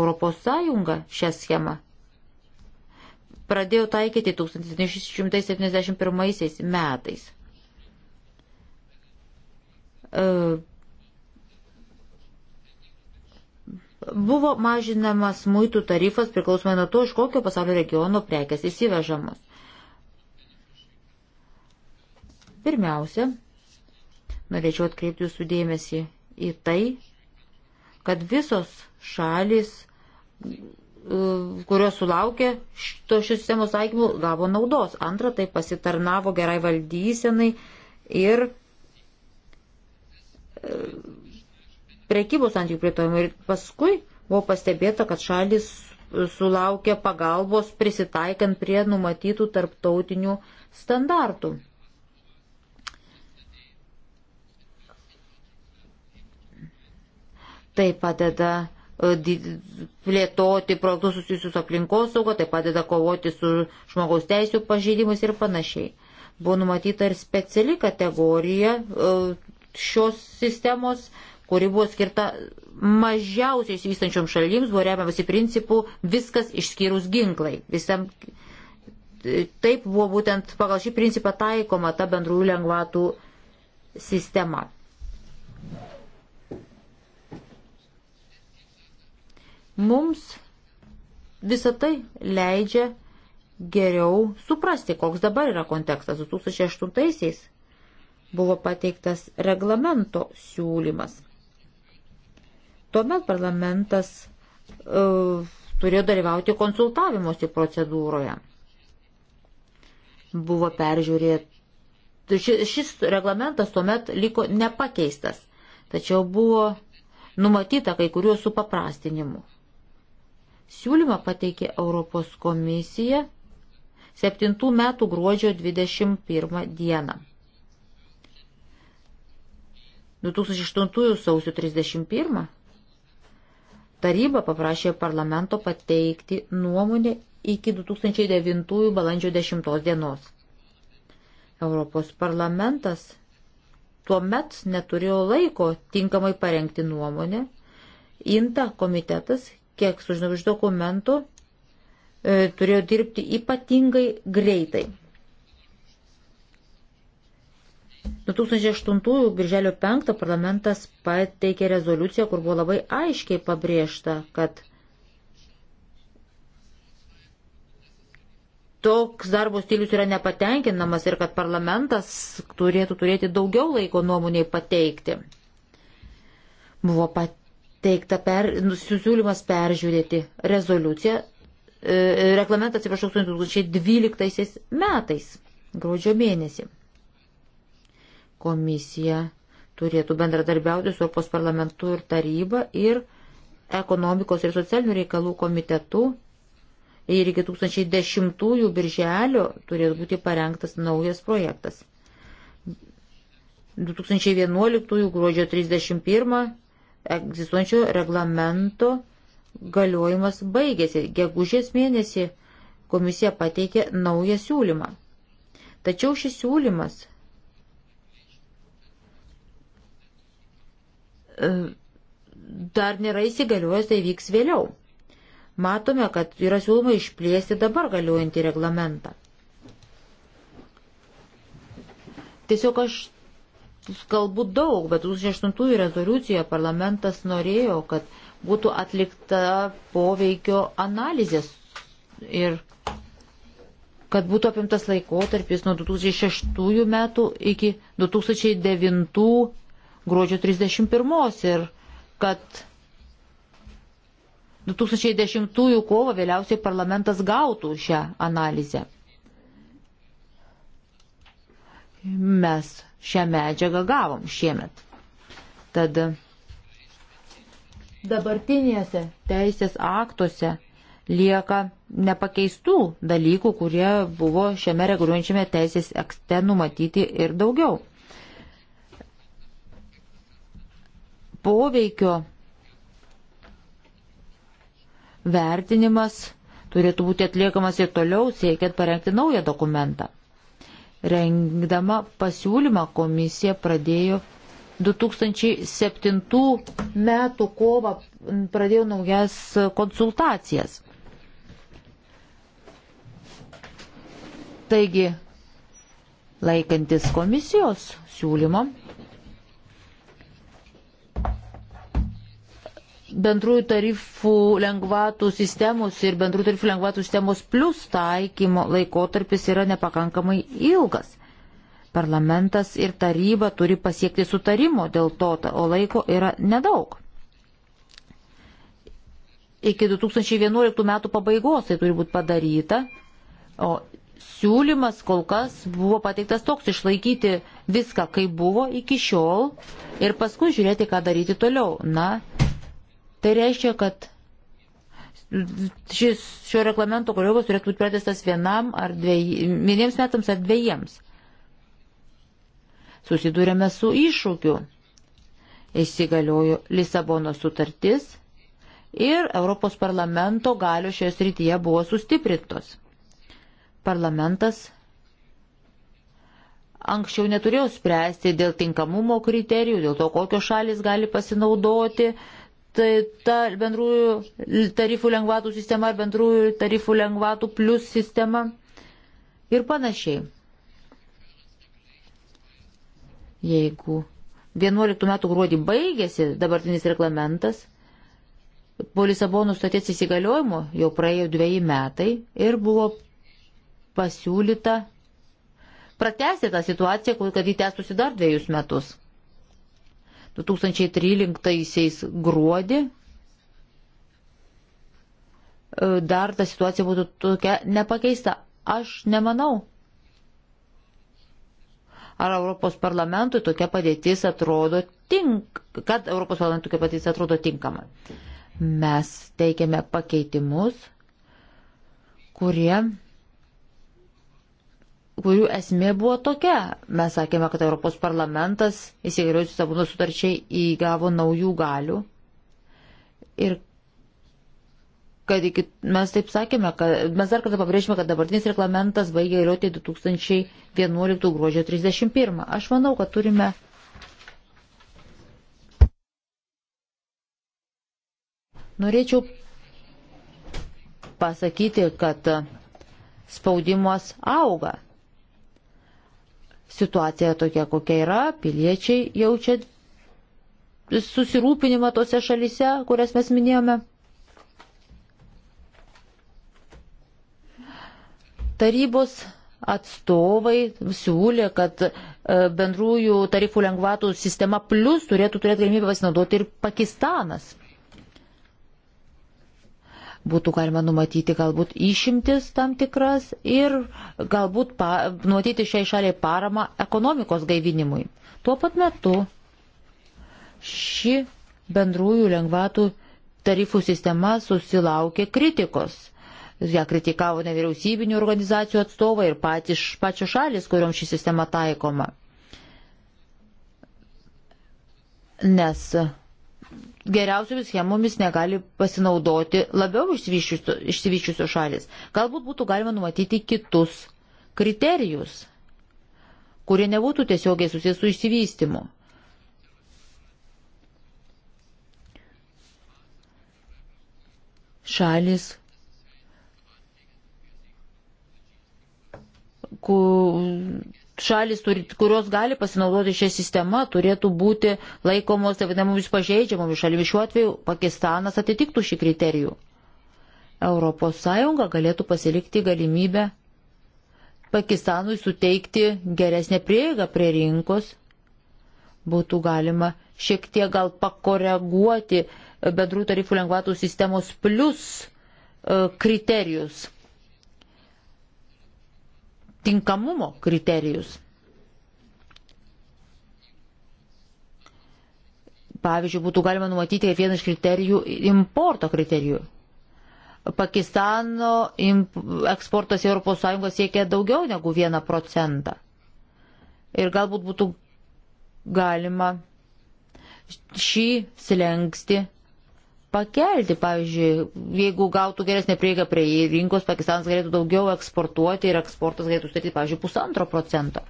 Europos Sąjunga šią schemą pradėjo taikyti 1971 metais. E, buvo mažinamas muitų tarifas priklausomai nuo to, iš kokio pasaulio regiono prekes įsivežamos. Pirmiausia, norėčiau atkreipti jūsų dėmesį į tai, kad visos šalis, e, kurios sulaukė to šios sistemos taikymų, gavo naudos. Antra, tai pasitarnavo gerai valdysenai ir prekybos santykių plėtojimo ir paskui buvo pastebėta, kad šalis sulaukė pagalbos prisitaikant prie numatytų tarptautinių standartų. Tai padeda e, plėtoti projektus susijusius aplinkos saugo, tai padeda kovoti su žmogaus teisų pažeidimais ir panašiai. Buvo numatyta ir speciali kategorija e, šios sistemos, kuri buvo skirta mažiausiai išsivystančiom šalims, buvo remiamasi principu viskas išskyrus ginklai. Visam, taip buvo būtent pagal šį principą taikoma ta bendrųjų lengvatų sistema. Mums visą tai leidžia geriau suprasti, koks dabar yra kontekstas 2008-aisiais buvo pateiktas reglamento siūlymas. Tuomet parlamentas uh, turėjo dalyvauti konsultavimuose procedūroje. Buvo peržiūrėt. Šis, šis reglamentas tuomet liko nepakeistas, tačiau buvo numatyta kai kuriuo supaprastinimu. Siūlymą pateikė Europos komisija 7 metų gruodžio 21 dieną. 2008 sausio 31 taryba paprašė parlamento pateikti nuomonę iki 2009 balandžio 10 dienos. Europos parlamentas tuo met neturėjo laiko tinkamai parengti nuomonę. Inta komitetas, kiek sužinau iš dokumentų, e, turėjo dirbti ypatingai greitai. 2008 birželio 5 parlamentas pateikė rezoliuciją, kur buvo labai aiškiai pabrėžta, kad toks darbo stilius yra nepatenkinamas ir kad parlamentas turėtų turėti daugiau laiko nuomoniai pateikti. Buvo pateikta per, susiūlymas nu, peržiūrėti rezoliuciją, e, e reglamentą atsiprašau, 2012 metais, gruodžio mėnesį. Komisija turėtų bendradarbiauti su Europos parlamentu ir taryba ir ekonomikos ir socialinių reikalų komitetu. Ir iki 2010 birželio turėtų būti parengtas naujas projektas. 2011 gruodžio 31 egzistuojančio reglamento galiojimas baigėsi. Gegužės mėnesį komisija pateikė naują siūlymą. Tačiau šis siūlymas E, dar nėra įsigaliojęs, tai vyks vėliau. Matome, kad yra siūloma išplėsti dabar galiojantį reglamentą. Tiesiog aš kalbu daug, bet 2008 rezoliucijoje parlamentas norėjo, kad būtų atlikta poveikio analizės ir kad būtų apimtas laikotarpis nuo 2006 metų iki 2009 gruodžio 31 ir kad 2010 kovo vėliausiai parlamentas gautų šią analizę. Mes šią medžiagą gavom šiemet. Tad dabartinėse teisės aktuose lieka nepakeistų dalykų, kurie buvo šiame reguliuojančiame teisės akte numatyti ir daugiau. poveikio vertinimas turėtų būti atliekamas ir toliau siekiant parengti naują dokumentą. Rengdama pasiūlymą komisija pradėjo 2007 metų kovą pradėjo naujas konsultacijas. Taigi, laikantis komisijos siūlymo, bendrųjų tarifų lengvatų sistemos ir bendrųjų tarifų lengvatų sistemos plus taikymo laikotarpis yra nepakankamai ilgas. Parlamentas ir taryba turi pasiekti sutarimo dėl to, o laiko yra nedaug. Iki 2011 metų pabaigos tai turi būti padaryta, o siūlymas kol kas buvo pateiktas toks išlaikyti viską, kaip buvo iki šiol ir paskui žiūrėti, ką daryti toliau. Na, Tai reiškia, kad šis, šio reglamento kolegos turėtų būti pratestas vienam ar dviejiems, vieniems metams ar dviejiems. Susidūrėme su iššūkiu. Įsigaliojo Lisabono sutartis ir Europos parlamento galio šioje srityje buvo sustiprintos. Parlamentas anksčiau neturėjo spręsti dėl tinkamumo kriterijų, dėl to, kokios šalis gali pasinaudoti uh, tai ta bendrųjų tarifų lengvatų sistema, bendrųjų tarifų lengvatų plus sistema ir panašiai. Jeigu 11 metų gruodį baigėsi dabartinis reglamentas, po Lisabonų statės įsigaliojimo jau praėjo dviejai metai ir buvo pasiūlyta pratesti tą situaciją, kad jį tęstusi dar dviejus metus. 2013 gruodį e, dar ta situacija būtų tokia nepakeista. Aš nemanau. Ar Europos parlamentui tokia padėtis atrodo tink, kad Europos parlamentui tokia padėtis atrodo tinkama. Mes teikiame pakeitimus, kurie kurių esmė buvo tokia. Mes sakėme, kad Europos parlamentas įsigaliojus Lisabono sutarčiai įgavo naujų galių. Ir kad iki, mes taip sakėme, kad mes dar kartą pabrėžime, kad dabartinis reglamentas baigė galioti 2011 gruodžio 31. Aš manau, kad turime. Norėčiau pasakyti, kad spaudimas auga situacija tokia, kokia yra, piliečiai jaučia susirūpinimą tose šalise, kurias mes minėjome. Tarybos atstovai siūlė, kad e, bendrųjų tarifų lengvatų sistema plus turėtų turėti galimybę pasinaudoti ir Pakistanas būtų galima numatyti galbūt išimtis tam tikras ir galbūt pa, numatyti šiai šaliai paramą ekonomikos gaivinimui. Tuo pat metu ši bendrųjų lengvatų tarifų sistema susilaukė kritikos. Ja kritikavo nevyriausybinių organizacijų atstovai ir patys, pačios šalis, kuriuom ši sistema taikoma. Nes geriausiomis schemomis negali pasinaudoti labiau išsivyščiusios šalis. Galbūt būtų galima numatyti kitus kriterijus, kurie nebūtų tiesiogiai susijęs su išsivystimu. Šalis, kur šalis, turi, kurios gali pasinaudoti šią sistemą, turėtų būti laikomos, taip vadinamomis, pažeidžiamomis šalimis. Šiuo atveju Pakistanas atitiktų šį kriterijų. ES galėtų pasilikti galimybę Pakistanui suteikti geresnę prieigą prie rinkos. Būtų galima šiek tiek gal pakoreguoti bendrų tarifų lengvatų sistemos plus e, kriterijus tinkamumo kriterijus. Pavyzdžiui, būtų galima numatyti kaip vieną iš kriterijų importo kriterijų. Pakistano eksportas į ES siekia daugiau negu 1 procentą. Ir galbūt būtų galima šį slengsti pakelti. Pavyzdžiui, jeigu gautų geresnę prieigą prie rinkos, Pakistanas galėtų daugiau eksportuoti ir eksportas galėtų sudaryti, pavyzdžiui, pusantro procento.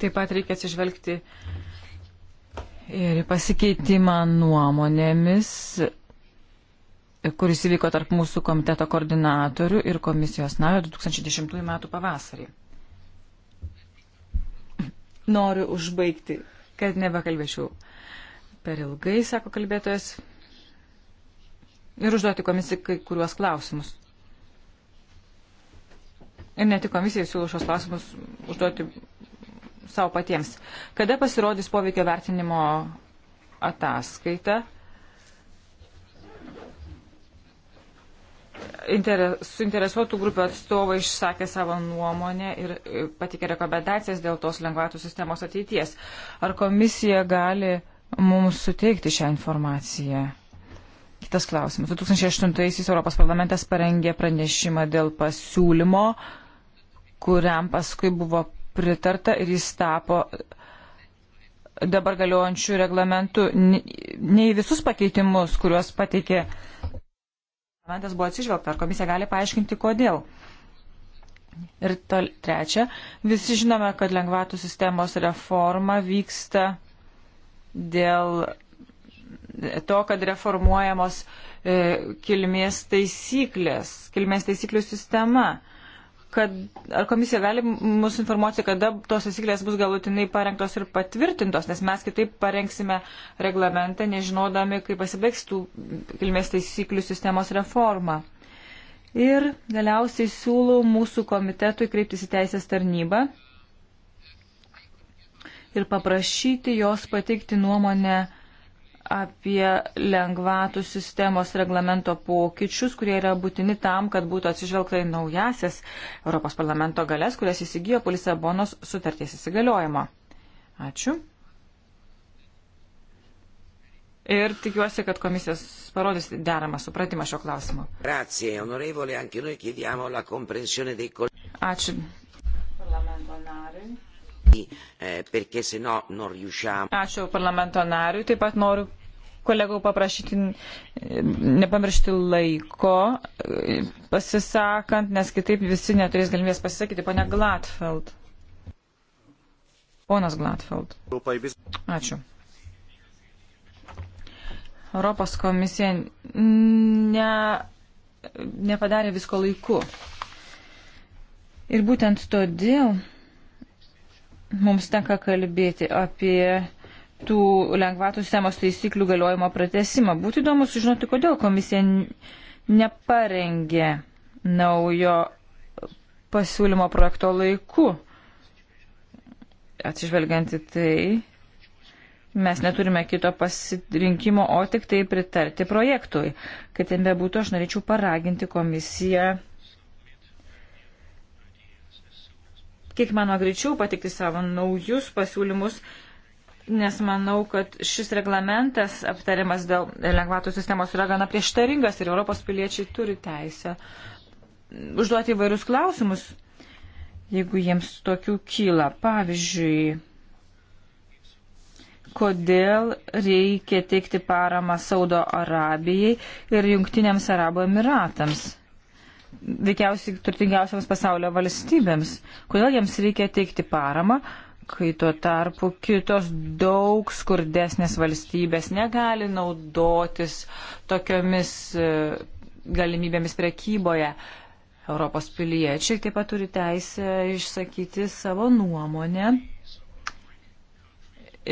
Taip pat reikia atsižvelgti ir pasikeitimą nuomonėmis, kuris įvyko tarp mūsų komiteto koordinatorių ir komisijos nario 2010 m. pavasarį. Noriu užbaigti, kad nebekalbėčiau per ilgai, sako kalbėtojas ir užduoti komisijai kai kuriuos klausimus. Ir ne tik komisijai siūlau šios klausimus užduoti savo patiems. Kada pasirodys poveikio vertinimo ataskaita? Suinteresuotų grupių atstovai išsakė savo nuomonę ir patikė rekomendacijas dėl tos lengvatų sistemos ateities. Ar komisija gali mums suteikti šią informaciją? Kitas klausimas. 2008-aisiais Europos parlamentas parengė pranešimą dėl pasiūlymo, kuriam paskui buvo pritarta ir jis tapo dabar galiojančių reglamentų. Ne į visus pakeitimus, kuriuos pateikė parlamentas, buvo atsižvelgta. Ar komisija gali paaiškinti, kodėl? Ir tol, trečia, visi žinome, kad lengvatų sistemos reforma vyksta dėl to, kad reformuojamos e, kilmės taisyklės, kilmės taisyklių sistema. Kad, ar komisija gali mus informuoti, kada tos taisyklės bus galutinai parengtos ir patvirtintos, nes mes kitaip parengsime reglamentą, nežinodami, kaip pasibaigs tų kilmės taisyklių sistemos reforma. Ir galiausiai siūlau mūsų komitetui kreiptis į teisės tarnybą ir paprašyti jos pateikti nuomonę apie lengvatų sistemos reglamento pokyčius, kurie yra būtini tam, kad būtų atsižvelgta į naujasias Europos parlamento galės, kurias įsigijo po Lisabonos sutarties įsigaliojimo. Ačiū. Ir tikiuosi, kad komisijos parodys deramą supratimą šio klausimo. Ačiū. Parlamento nariui. Eh, Ačiū parlamento nariui, taip pat noriu kolegų paprašyti nepamiršti laiko e, pasisakant, nes kitaip visi neturės galimybės pasisakyti. Pone Glatfeld. Ponas Glatfeld. Ačiū. Europos komisija ne, nepadarė visko laiku. Ir būtent todėl mums tenka kalbėti apie tų lengvatų sistemos taisyklių galiojimo pratesimą. Būtų įdomu sužinoti, kodėl komisija neparengė naujo pasiūlymo projekto laiku. Atsižvelgiant į tai, mes neturime kito pasirinkimo, o tik tai pritarti projektui. Kad ten bebūtų, aš norėčiau paraginti komisiją kiek mano greičiau patikti savo naujus pasiūlymus nes manau, kad šis reglamentas aptariamas dėl lengvatų sistemos yra gana prieštaringas ir Europos piliečiai turi teisę užduoti įvairius klausimus, jeigu jiems tokių kyla. Pavyzdžiui, kodėl reikia teikti paramą Saudo Arabijai ir Jungtinėms Arabų Emiratams, veikiausiai turtingiausiams pasaulio valstybėms. Kodėl jiems reikia teikti paramą, kai tuo tarpu kitos daug skurdesnės valstybės negali naudotis tokiomis e, galimybėmis prekyboje. Europos piliečiai taip pat turi teisę išsakyti savo nuomonę.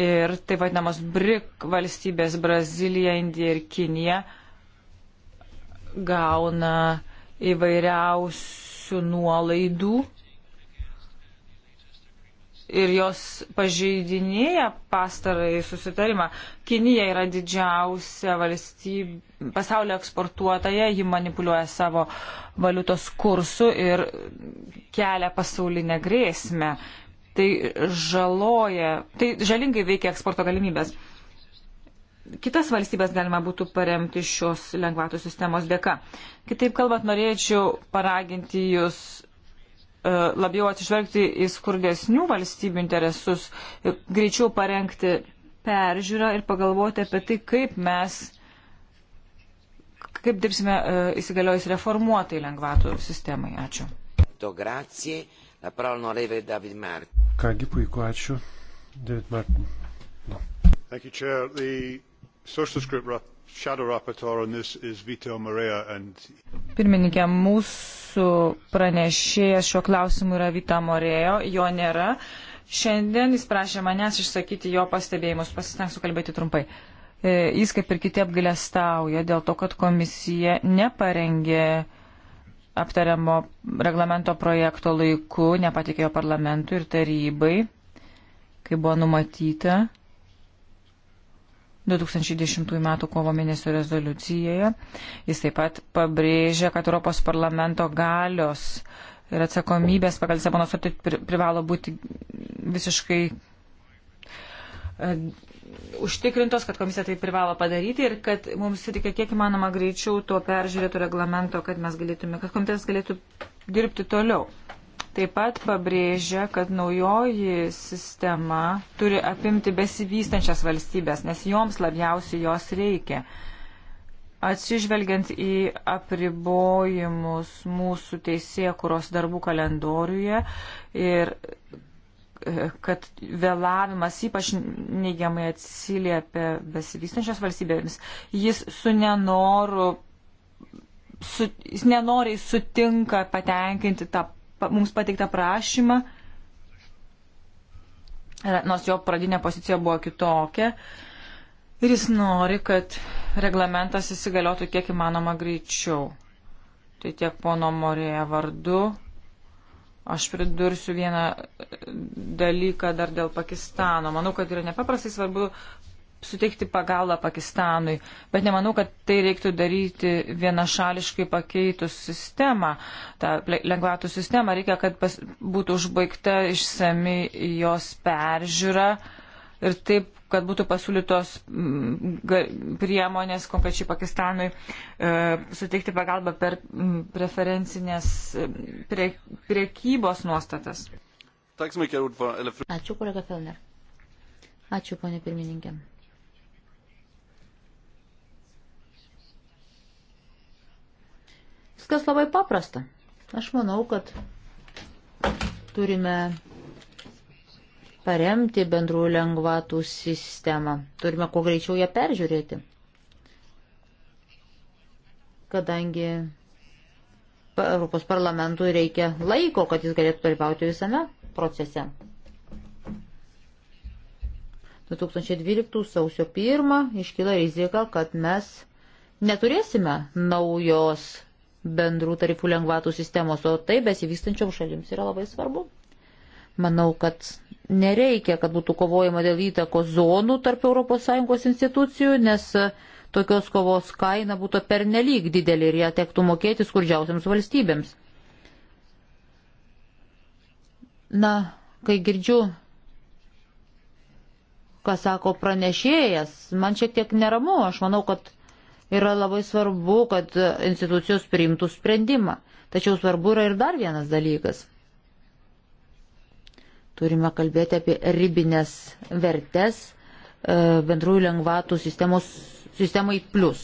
Ir taip vadinamos BRIC valstybės Brazilija, Indija ir Kinija gauna įvairiausių nuolaidų ir jos pažeidinėja pastarąjį susitarimą. Kinija yra didžiausia valstybė, pasaulio eksportuotoja, ji manipuliuoja savo valiutos kursu ir kelia pasaulinę grėsmę. Tai žaloja, tai žalingai veikia eksporto galimybės. Kitas valstybės galima būtų paremti šios lengvatų sistemos dėka. Kitaip kalbant, norėčiau paraginti jūs E, labiau atsižvelgti į skurdesnių valstybių interesus, e, greičiau parengti peržiūrą ir pagalvoti apie tai, kaip mes, kaip dirbsime e, įsigaliojus reformuotai lengvatų sistemai. Ačiū. Kągi puiku, ačiū. David Martin. No. Thank you, Chair. The Socialist Group And... Pirmininkė, mūsų pranešėjas šiuo klausimu yra Vita Morėjo, jo nėra. Šiandien jis prašė manęs išsakyti jo pastebėjimus, pasistengsiu kalbėti trumpai. E, jis kaip ir kiti apgalėstauja dėl to, kad komisija neparengė aptariamo reglamento projekto laiku, nepatikėjo parlamentui ir tarybai, kai buvo numatyta. 2010 m. kovo mėnesio rezoliucijoje. Jis taip pat pabrėžia, kad Europos parlamento galios ir atsakomybės pagal Lisabono sutartį privalo būti visiškai e, užtikrintos, kad komisija tai privalo padaryti ir kad mums reikia kiek įmanoma greičiau to peržiūrėto reglamento, kad mes galėtume, kad komitetas galėtų dirbti toliau taip pat pabrėžia, kad naujoji sistema turi apimti besivystančias valstybės, nes joms labiausiai jos reikia. Atsižvelgiant į apribojimus mūsų teisėkuros darbų kalendoriuje ir e, kad vėlavimas ypač neigiamai atsiliepia besivystančios valstybėmis, jis su nenoru, su, jis nenoriai sutinka patenkinti tą mums pateiktą prašymą, e, nors jo pradinė pozicija buvo kitokia. Ir jis nori, kad reglamentas įsigaliotų kiek įmanoma greičiau. Tai tiek pono Morėje vardu. Aš pridursiu vieną dalyką dar dėl Pakistano. Manau, kad yra nepaprastai svarbu suteikti pagalbą Pakistanui, bet nemanau, kad tai reiktų daryti vienašališkai pakeitus sistemą, tą lengvatų sistemą. Reikia, kad pas, būtų užbaigta išsami jos peržiūra ir taip, kad būtų pasiūlytos mm, priemonės konkrečiai Pakistanui e, suteikti pagalbą per mm, preferencinės e, prie, priekybos nuostatas. Ačiū, kolega Felner. Ačiū, ponė pirmininkė. Viskas labai paprasta. Aš manau, kad turime paremti bendrų lengvatų sistemą. Turime kuo greičiau ją peržiūrėti. Kadangi Europos parlamentui reikia laiko, kad jis galėtų dalyvauti visame procese. 2012 sausio 1 iškyla rizika, kad mes neturėsime naujos bendrų tarifų lengvatų sistemos, o tai besivystančiom šalims yra labai svarbu. Manau, kad nereikia, kad būtų kovojama dėl įtako zonų tarp ES institucijų, nes tokios kovos kaina būtų pernelyg didelė ir ją tektų mokėti skurdžiausiams valstybėms. Na, kai girdžiu, ką sako pranešėjas, man šiek tiek neramu, aš manau, kad yra labai svarbu, kad institucijos priimtų sprendimą. Tačiau svarbu yra ir dar vienas dalykas. Turime kalbėti apie ribinės vertes e, bendrųjų lengvatų sistemos, sistemai plus.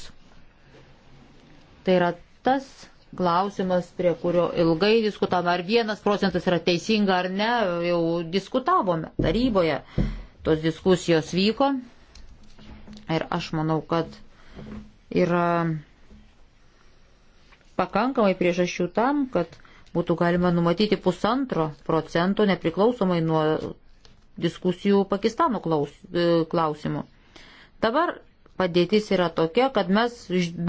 Tai yra tas klausimas, prie kurio ilgai diskutavome, ar vienas procentas yra teisinga ar ne, jau diskutavome taryboje, tos diskusijos vyko. Ir aš manau, kad yra pakankamai priežasčių tam, kad būtų galima numatyti pusantro procento nepriklausomai nuo diskusijų Pakistano klaus, e, klausimų. Dabar padėtis yra tokia, kad mes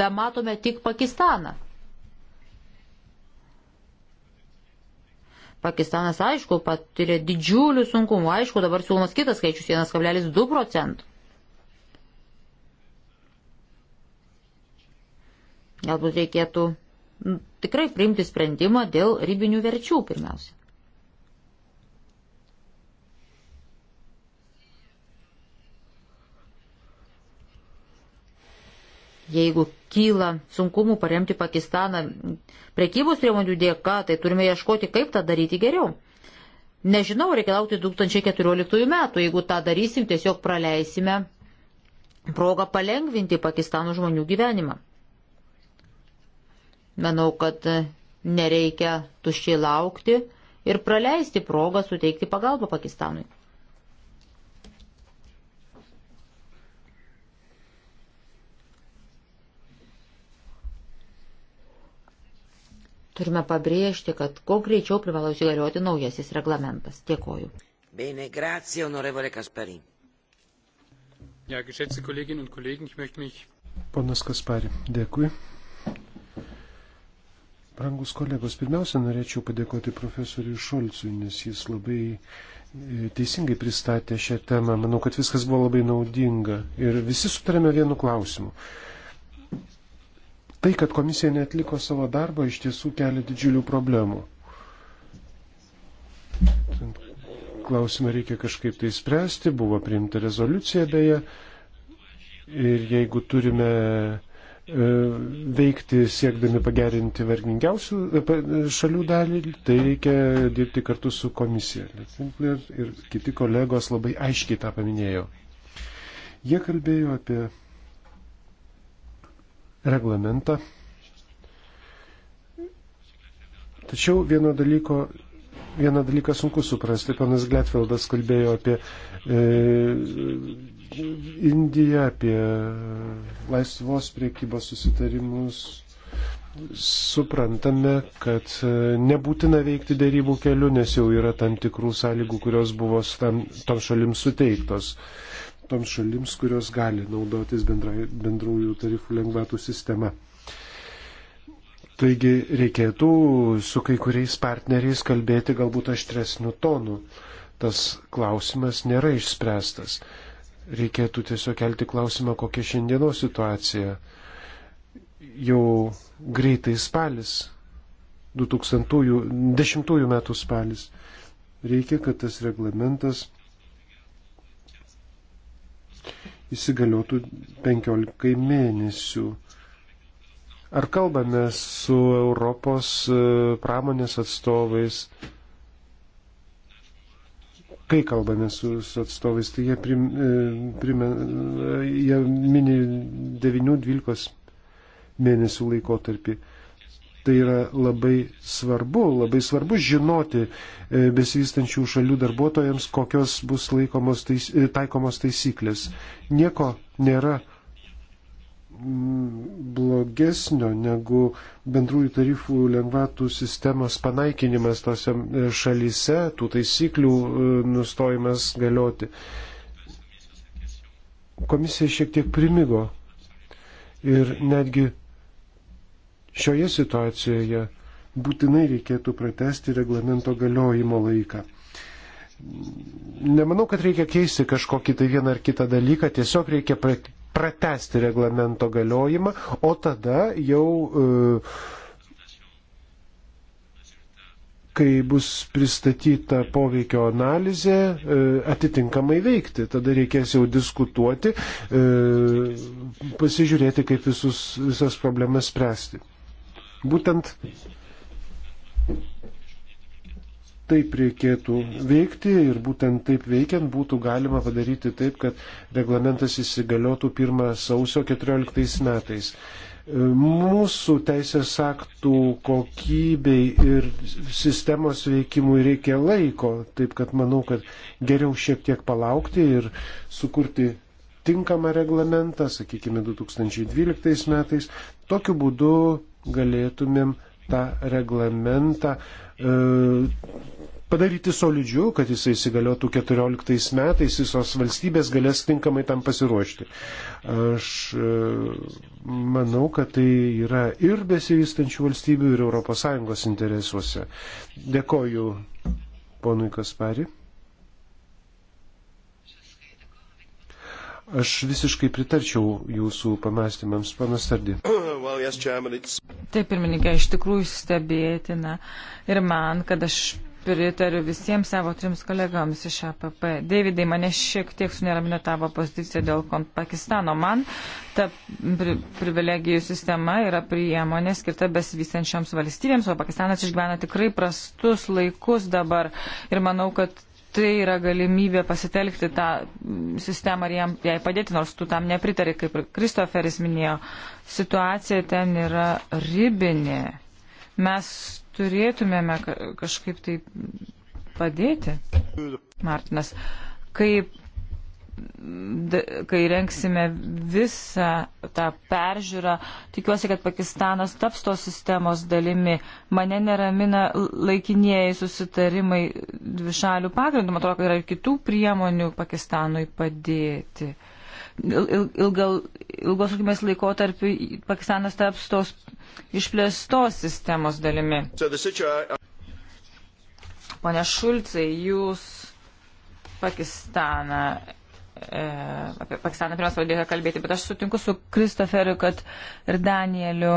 be matome tik Pakistaną. Pakistanas, aišku, patiria didžiulių sunkumų. Aišku, dabar siūlomas kitas skaičius - 1,2 procentų. Galbūt reikėtų tikrai priimti sprendimą dėl ribinių verčių pirmiausia. Jeigu kyla sunkumų paremti Pakistaną prekybos priemonių dėka, tai turime ieškoti, kaip tą daryti geriau. Nežinau, reikia laukti 2014 metų. Jeigu tą darysim, tiesiog praleisime progą palengvinti Pakistano žmonių gyvenimą. Manau, kad nereikia tuščiai laukti ir praleisti progą suteikti pagalbą Pakistanui. Turime pabrėžti, kad kuo greičiau privalo įsigalioti naujasis reglamentas. Dėkoju. Bene, grazie, onorevole Kaspari. Ja, geschätzte Kolleginnen und Kollegen, ich möchte mich. Ponas Kaspari, dėkui. Brangus kolegos, pirmiausia, norėčiau padėkoti profesoriui Šolcui, nes jis labai e, teisingai pristatė šią temą. Manau, kad viskas buvo labai naudinga ir visi sutarėme vienu klausimu. Tai, kad komisija netliko savo darbo, iš tiesų kelia didžiulių problemų. Klausimą reikia kažkaip tai spręsti, buvo priimta rezoliucija beje. Ir jeigu turime E, veikti siekdami pagerinti vargingiausių e, šalių dalį, tai reikia dirbti kartu su komisija. Ir kiti kolegos labai aiškiai tą paminėjo. Jie kalbėjo apie reglamentą. Tačiau vieno dalyko, vieną dalyką sunku suprasti. Panas Gletfeldas kalbėjo apie e, Indiją, apie laisvos priekybos susitarimus. Suprantame, kad e, nebūtina veikti dėrybų keliu, nes jau yra tam tikrų sąlygų, kurios buvo tam, tom šalims suteiktos. Tom šalims, kurios gali naudotis bendra, bendrųjų tarifų lengvatų sistema. Taigi reikėtų su kai kuriais partneriais kalbėti galbūt aštresniu tonu. Tas klausimas nėra išspręstas reikėtų tiesiog kelti klausimą, kokia šiandienos situacija. Jau greitai spalis, 2010 metų spalis. Reikia, kad tas reglamentas įsigaliotų 15 mėnesių. Ar kalbame su Europos e, pramonės atstovais, kai kalbame su, su atstovais, tai jie, prim, e, prime, jie mini 9-12 mėnesių laikotarpį. Tai yra labai svarbu, labai svarbu žinoti e, besivystančių šalių darbuotojams, kokios bus laikomos tais, e, taikomos taisyklės. Nieko nėra blogesnio negu bendrųjų tarifų lengvatų sistemos panaikinimas tose e, šalyse, tų taisyklių e, nustojimas galioti. Komisija šiek tiek primigo ir netgi šioje situacijoje būtinai reikėtų pratesti reglamento galiojimo laiką. Nemanau, kad reikia keisti kažkokį tai vieną ar kitą dalyką, tiesiog reikia pratesti reglamento galiojimą, o tada jau e, kai bus pristatyta poveikio analizė, e, atitinkamai veikti. Tada reikės jau diskutuoti, e, pasižiūrėti, kaip visus, visas problemas spręsti. Būtent taip reikėtų veikti ir būtent taip veikiant būtų galima padaryti taip, kad reglamentas įsigaliotų 1 sausio 14 metais. Mūsų teisės aktų kokybei ir sistemos veikimui reikia laiko, taip kad manau, kad geriau šiek tiek palaukti ir sukurti tinkamą reglamentą, sakykime, 2012 metais. Tokiu būdu galėtumėm tą reglamentą uh, E, padaryti solidžiu, kad jisai įsigaliotų 14 metais, visos valstybės galės tinkamai tam pasiruošti. Aš e, manau, kad tai yra ir besivystančių valstybių, ir ES interesuose. Dėkoju ponui Kaspari. Aš visiškai pritarčiau jūsų pamastymams, panas Sardi. Taip, pirmininkė, iš tikrųjų stebėtina ir man, kad aš pritariu visiems savo trims kolegams iš APP. Davidai, mane šiek tiek suneramino tavo pozicija dėl Pakistano. Man ta pri privilegijų sistema yra priemonė skirta besivystančioms valstybėms, o Pakistanas išgyvena tikrai prastus laikus dabar. Ir manau, kad tai yra galimybė pasitelkti tą sistemą ir jam, jai padėti, nors tu tam nepritari, kaip ir Kristoferis minėjo, situacija ten yra ribinė. Mes turėtumėme kažkaip tai padėti. Martinas, kaip kai renksime visą tą peržiūrą, tikiuosi, kad Pakistanas taps tos sistemos dalimi. Mane neramina laikinieji susitarimai dvišalių pagrindų, matau, kad yra ir kitų priemonių Pakistanui padėti. Ilgal, ilgos trukmės laikotarpiu Pakistanas taps tos išplėstos sistemos dalimi. Pone Šulcai, jūs Pakistaną E, apie Pakistaną pirmiausia pradėjote kalbėti, bet aš sutinku su Kristoferiu kad ir Danieliu,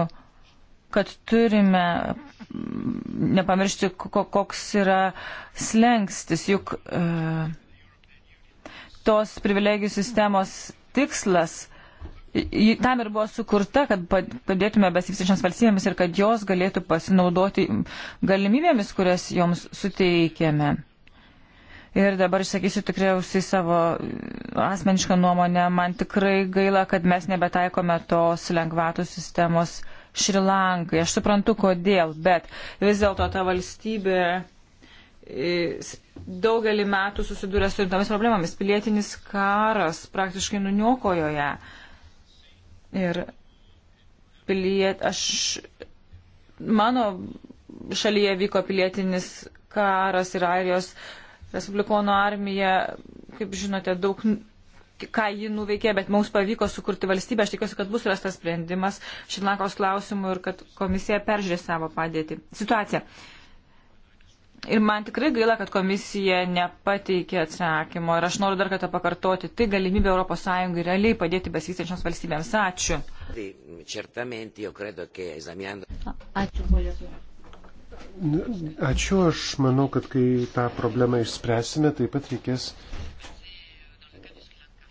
kad turime nepamiršti, koks yra slengstis, juk e, tos privilegijų sistemos tikslas tam ir buvo sukurta, kad padėtume besivystančiams valstybėms ir kad jos galėtų pasinaudoti galimybėmis, kurias joms suteikėme. Ir dabar išsakysiu tikriausiai savo asmenišką nuomonę. Man tikrai gaila, kad mes nebetaikome tos lengvatų sistemos Šrilankai. Aš suprantu, kodėl, bet vis dėlto ta valstybė e, daugelį metų susidūrė su rimtomis problemomis. Pilietinis karas praktiškai nuniokojo ją. Ir piliet, aš, mano šalyje vyko pilietinis karas ir airijos Respublikonų armija, kaip žinote, daug ką ji nuveikė, bet mums pavyko sukurti valstybę. Aš tikiuosi, kad bus rastas sprendimas Šrilankos klausimų ir kad komisija peržiūrės savo padėtį. Situaciją. Ir man tikrai gaila, kad komisija nepateikė atsakymo. Ir aš noriu dar kartą pakartoti, tai galimybė ES realiai padėti besivystančioms valstybėms. Ačiū. Ačiū, kolegos. Ačiū, aš manau, kad kai tą problemą išspręsime, taip pat reikės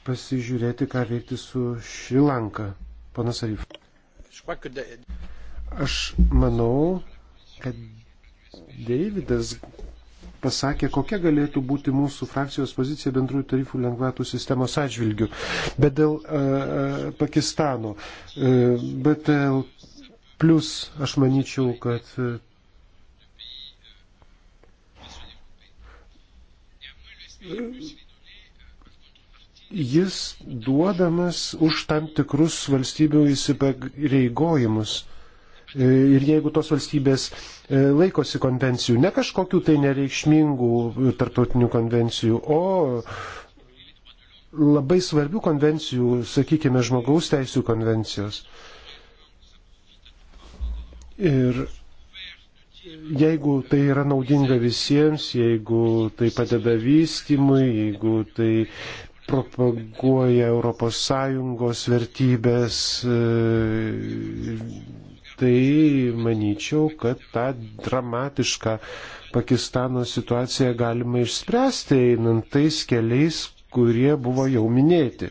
pasižiūrėti, ką veikti su Šrilanka. Panas Arif. Aš manau, kad Deividas pasakė, kokia galėtų būti mūsų frakcijos pozicija bendrųjų tarifų lengvatų sistemos atžvilgių. Bet dėl uh, Pakistano, uh, e, BTL plus, aš manyčiau, kad uh, jis duodamas už tam tikrus valstybių įsipareigojimus. E, ir jeigu tos valstybės e, laikosi konvencijų, ne kažkokių tai nereikšmingų tartutinių konvencijų, o labai svarbių konvencijų, sakykime, žmogaus teisų konvencijos. Ir jeigu tai yra naudinga visiems, jeigu tai padeda vystimui, jeigu tai propaguoja ES vertybės, e, tai manyčiau, kad tą dramatišką Pakistano situaciją galima išspręsti einant tais keliais, kurie buvo jau minėti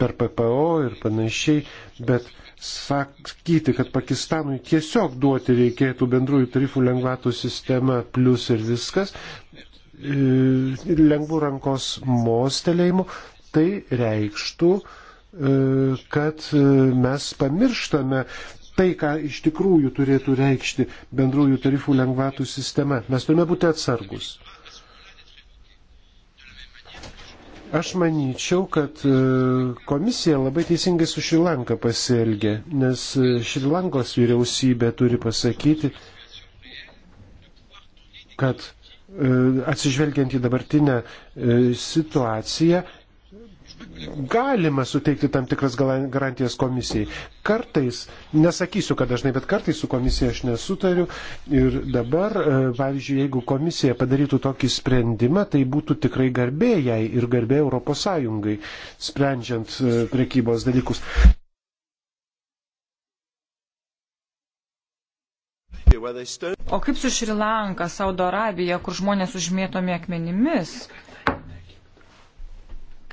per PPO ir panašiai, bet sakyti, kad Pakistanui tiesiog duoti reikėtų bendrųjų tarifų lengvatų sistema plus ir viskas, e, lengvų rankos mostelėjimu, tai reikštų, e, kad e, mes pamirštame tai, ką iš tikrųjų turėtų reikšti bendrųjų tarifų lengvatų sistema. Mes turime būti atsargus. Aš manyčiau, kad e, komisija labai teisingai su Šrilanka pasielgė, nes e, Šrilankos vyriausybė turi pasakyti, kad e, atsižvelgiant į dabartinę situaciją, galima suteikti tam tikras garantijas komisijai. Kartais, nesakysiu, kad dažnai, bet kartais su komisija aš nesutariu. Ir dabar, e, pavyzdžiui, jeigu komisija padarytų tokį sprendimą, tai būtų tikrai garbė jai ir garbė Europos Sąjungai, sprendžiant e, prekybos dalykus. O kaip su Šrilanka, Saudo Arabija, kur žmonės užmėtomi akmenimis?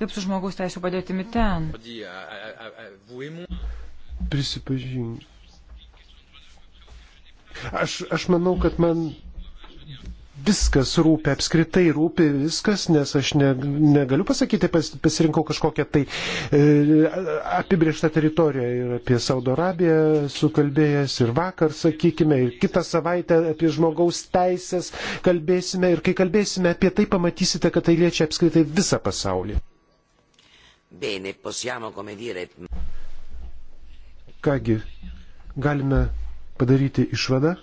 Kaip su žmogaus teisų padėtimi ten? Prisipažinsiu. Aš, aš manau, kad man viskas rūpi, apskritai rūpi viskas, nes aš ne, negaliu pasakyti, pas, pasirinkau kažkokią tai e, apibrieštą teritoriją ir apie Saudo Arabiją sukalbėjęs ir vakar, sakykime, ir kitą savaitę apie žmogaus teisės kalbėsime ir kai kalbėsime apie tai, pamatysite, kad tai liečia apskritai visą pasaulį. Bene, possiamo, come dire. Kągi, galime padaryti išvadą,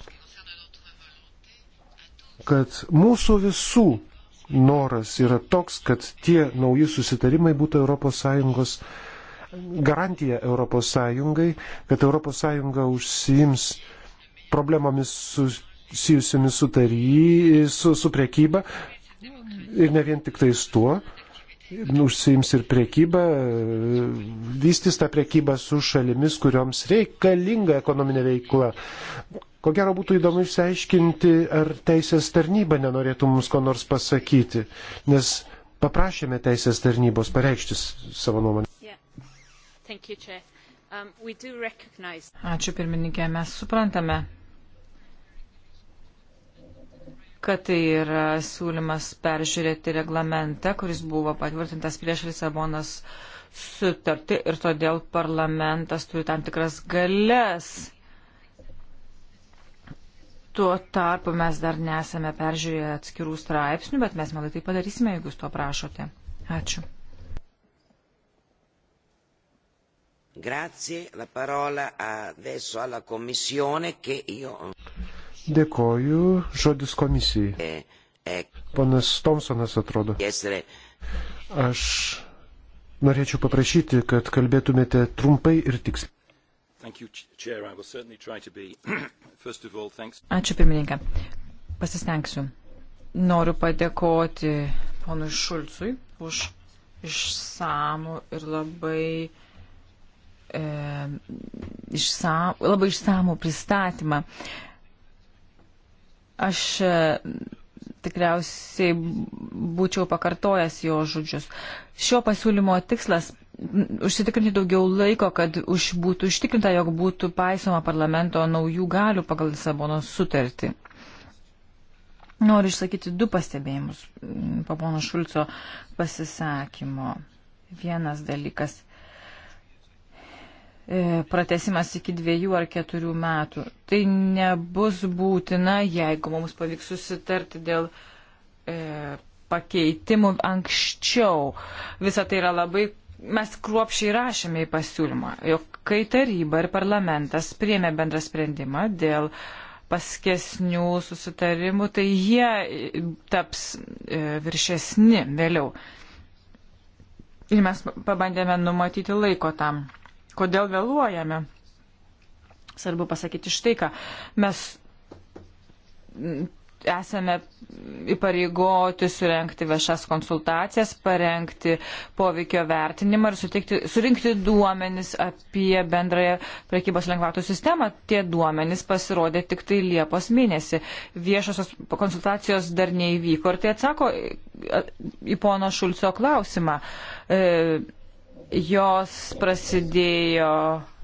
kad mūsų visų noras yra toks, kad tie nauji susitarimai būtų ES garantija ES, kad ES užsiims problemomis susijusiamis su, su, su priekyba ir ne vien tik tais tuo, Nu, užsiims ir priekybą, vystys tą priekybą su šalimis, kurioms reikalinga ekonominė veikla. Ko gero būtų įdomu išsiaiškinti, ar teisės tarnyba nenorėtų mums ko nors pasakyti, nes paprašėme teisės tarnybos pareikšti savo nuomonę. Yeah. You, um, Ačiū pirmininkė, mes suprantame kad tai yra siūlymas peržiūrėti reglamentą, kuris buvo patvirtintas prieš Lisabonas sutartį ir todėl parlamentas turi tam tikras galės. Tuo tarpu mes dar nesame peržiūrėję atskirų straipsnių, bet mes melai tai padarysime, jeigu jūs to prašote. Ačiū. Grazie, la parola adesso alla Commissione che io. Dėkoju. Žodis komisijai. E, e, Ponas Tomsonas atrodo. Aš norėčiau paprašyti, kad kalbėtumėte trumpai ir tiksliai. Ačiū pirmininkė. Pasistengsiu. Noriu padėkoti ponui Šulcui už išsamų ir labai, e, išsam, labai išsamų pristatymą. E, Aš e, tikriausiai būčiau pakartojęs jo žodžius. Šio pasiūlymo tikslas - užsitikrinti daugiau laiko, kad už būtų užtikrinta, jog būtų paisoma parlamento naujų galių pagal Lisabono sutartį. Noriu išsakyti du pastebėjimus po pono Šulco pasisakymo. Vienas dalykas E, pratesimas iki dviejų ar keturių metų. Tai nebus būtina, jeigu mums pavyks susitarti dėl e, pakeitimų anksčiau. Visą tai yra labai. Mes kruopšiai rašėme į pasiūlymą, jog kai taryba ir parlamentas priemė bendrą sprendimą dėl paskesnių susitarimų, tai jie taps e, viršesni vėliau. Ir mes pabandėme numatyti laiko tam kodėl vėluojame. Svarbu pasakyti štai ką. Mes esame įpareigoti surenkti viešas konsultacijas, parengti poveikio vertinimą ir sutikti, surinkti duomenis apie bendrąją prekybos lengvatų sistemą. Tie duomenis pasirodė tik tai Liepos mėnesį. Viešosios konsultacijos dar neįvyko ir tai atsako į pono Šulco klausimą. E, Jos prasidėjo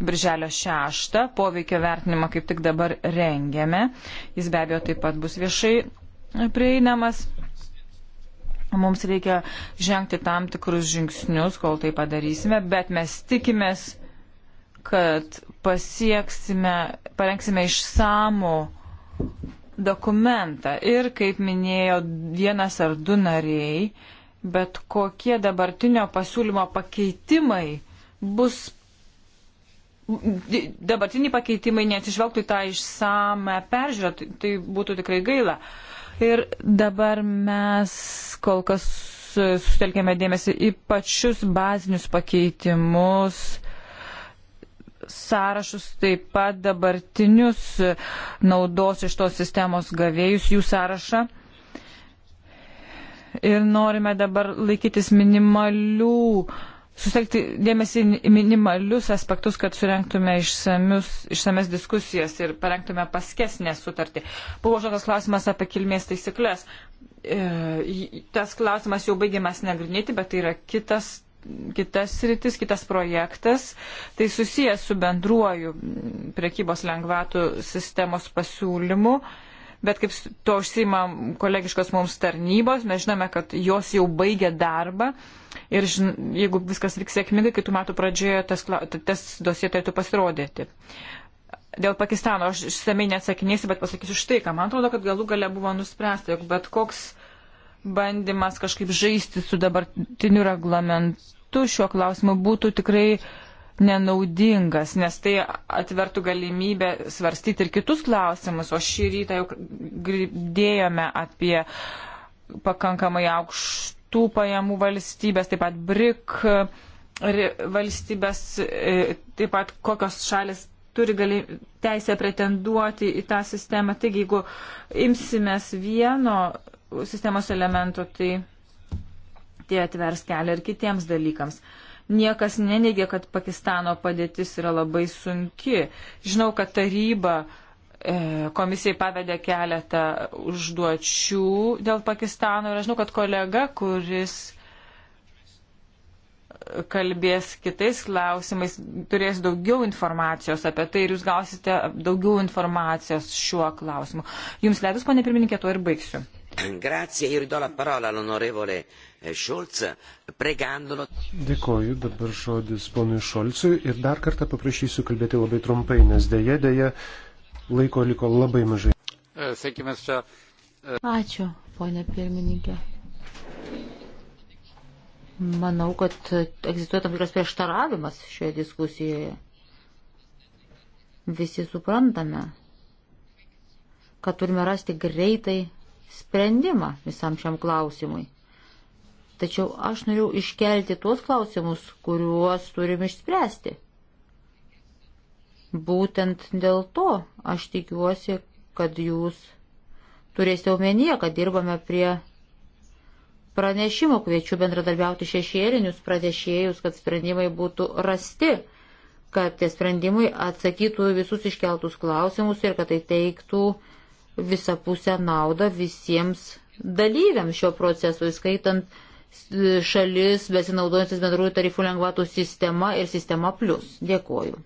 birželio 6, poveikio vertinimą kaip tik dabar rengiame. Jis be abejo taip pat bus viešai prieinamas. Mums reikia žengti tam tikrus žingsnius, kol tai padarysime, bet mes tikimės, kad pasieksime, parengsime išsamų dokumentą. Ir, kaip minėjo vienas ar du nariai, bet kokie dabartinio pasiūlymo pakeitimai bus. Dabartiniai pakeitimai neatsižvelgtų į tą išsamę peržiūrą, tai, tai būtų tikrai gaila. Ir dabar mes kol kas sutelkėme dėmesį į pačius bazinius pakeitimus, sąrašus taip pat dabartinius naudos iš tos sistemos gavėjus, jų sąrašą ir norime dabar laikytis minimalių, susekti dėmesį į minimalius aspektus, kad surenktume išsamius, išsames diskusijas ir parengtume paskesnę sutartį. Buvo žodas klausimas apie kilmės taisyklės. E, tas klausimas jau baigiamas nagrinėti, bet tai yra kitas. Kitas rytis, kitas projektas, tai susijęs su bendruoju prekybos lengvatų sistemos pasiūlymu. E, bet kaip to užsima kolegiškos mums tarnybos, mes žinome, kad jos jau baigė darbą ir žin, jeigu viskas vyks sėkmingai, kitų metų pradžioje tas, tas dosie turėtų pasirodyti. Dėl Pakistano aš išsamei neatsakinėsiu, bet pasakysiu štai ką. Man atrodo, kad galų gale buvo nuspręsta, jog bet koks bandymas kažkaip žaisti su dabartiniu reglamentu šiuo klausimu būtų tikrai uh, nenaudingas, nes tai atvertų galimybę svarstyti ir kitus klausimus, o šį rytą jau girdėjome apie pakankamai aukštų pajamų valstybės, taip pat BRIC e, valstybės, e, taip pat kokios šalis turi gali, teisę pretenduoti į tą sistemą. Taigi, jeigu imsimės vieno sistemos elemento, tai tai atvers kelią ir kitiems dalykams. Uh, Niekas neneigia, kad Pakistano padėtis yra labai sunki. Žinau, kad taryba e, komisijai pavedė keletą užduočių dėl Pakistano ir aš žinau, kad kolega, kuris kalbės kitais klausimais, turės daugiau informacijos apie tai ir jūs gausite daugiau informacijos šiuo klausimu. Jums leidus, ponė pirmininkė, tuo ir baigsiu. Grazie, io ridò la parola all'onorevole Šulc, eh, pregandolo. Dėkoju, dabar žodis ponui Šolcui ir dar kartą paprašysiu kalbėti labai trumpai, nes dėje, dėje laiko liko labai mažai. Eh, Sėkime eh, čia. Ačiū, ponė pirmininkė. Manau, kad egzistuoja tam tikras prieštaravimas šioje diskusijoje. Visi suprantame, kad turime rasti greitai sprendimą visam šiam klausimui. Tačiau aš norėjau iškelti tuos klausimus, kuriuos turim išspręsti. Būtent dėl to aš tikiuosi, kad jūs turėsite omenyje, kad dirbame prie pranešimo, kviečiu bendradarbiauti šešėlinius pranešėjus, kad sprendimai būtų rasti, kad tie sprendimai atsakytų visus iškeltus klausimus ir kad tai teiktų visapusę naudą visiems dalyviams šio proceso, įskaitant šalis besinaudojantis bendrųjų tarifų lengvatų sistema ir sistema plus. Dėkuoju.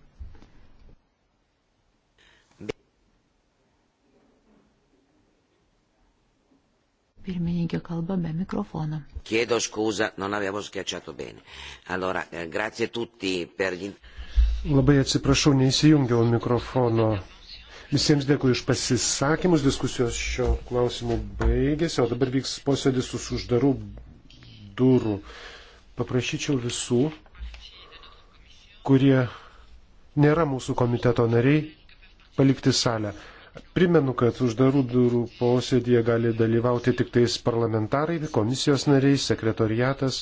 Pirmininkė kalba be mikrofono. Chiedo scusa, non avevo schiacciato bene. Allora, eh, grazie tutti per gli... Labai atsiprašau, neįsijungiau mikrofono. Visiems dėkui iš pasisakymus, diskusijos šio klausimu baigėsi, o dabar vyks posėdis už uždarų durų. Paprašyčiau visų, kurie nėra mūsų komiteto nariai, palikti salę. Primenu, kad uždarų durų posėdėje gali dalyvauti tik tais parlamentarai, komisijos nariai, sekretoriatas,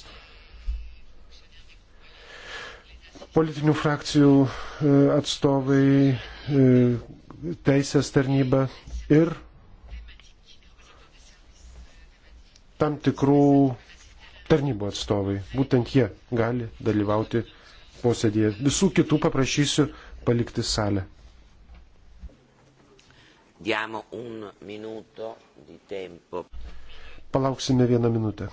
politinių frakcijų e, atstovai, e, teisės tarnyba ir tam tikrų tarnybų atstovai. Būtent jie gali dalyvauti posėdėje. Visų kitų paprašysiu palikti salę. Palauksime vieną minutę.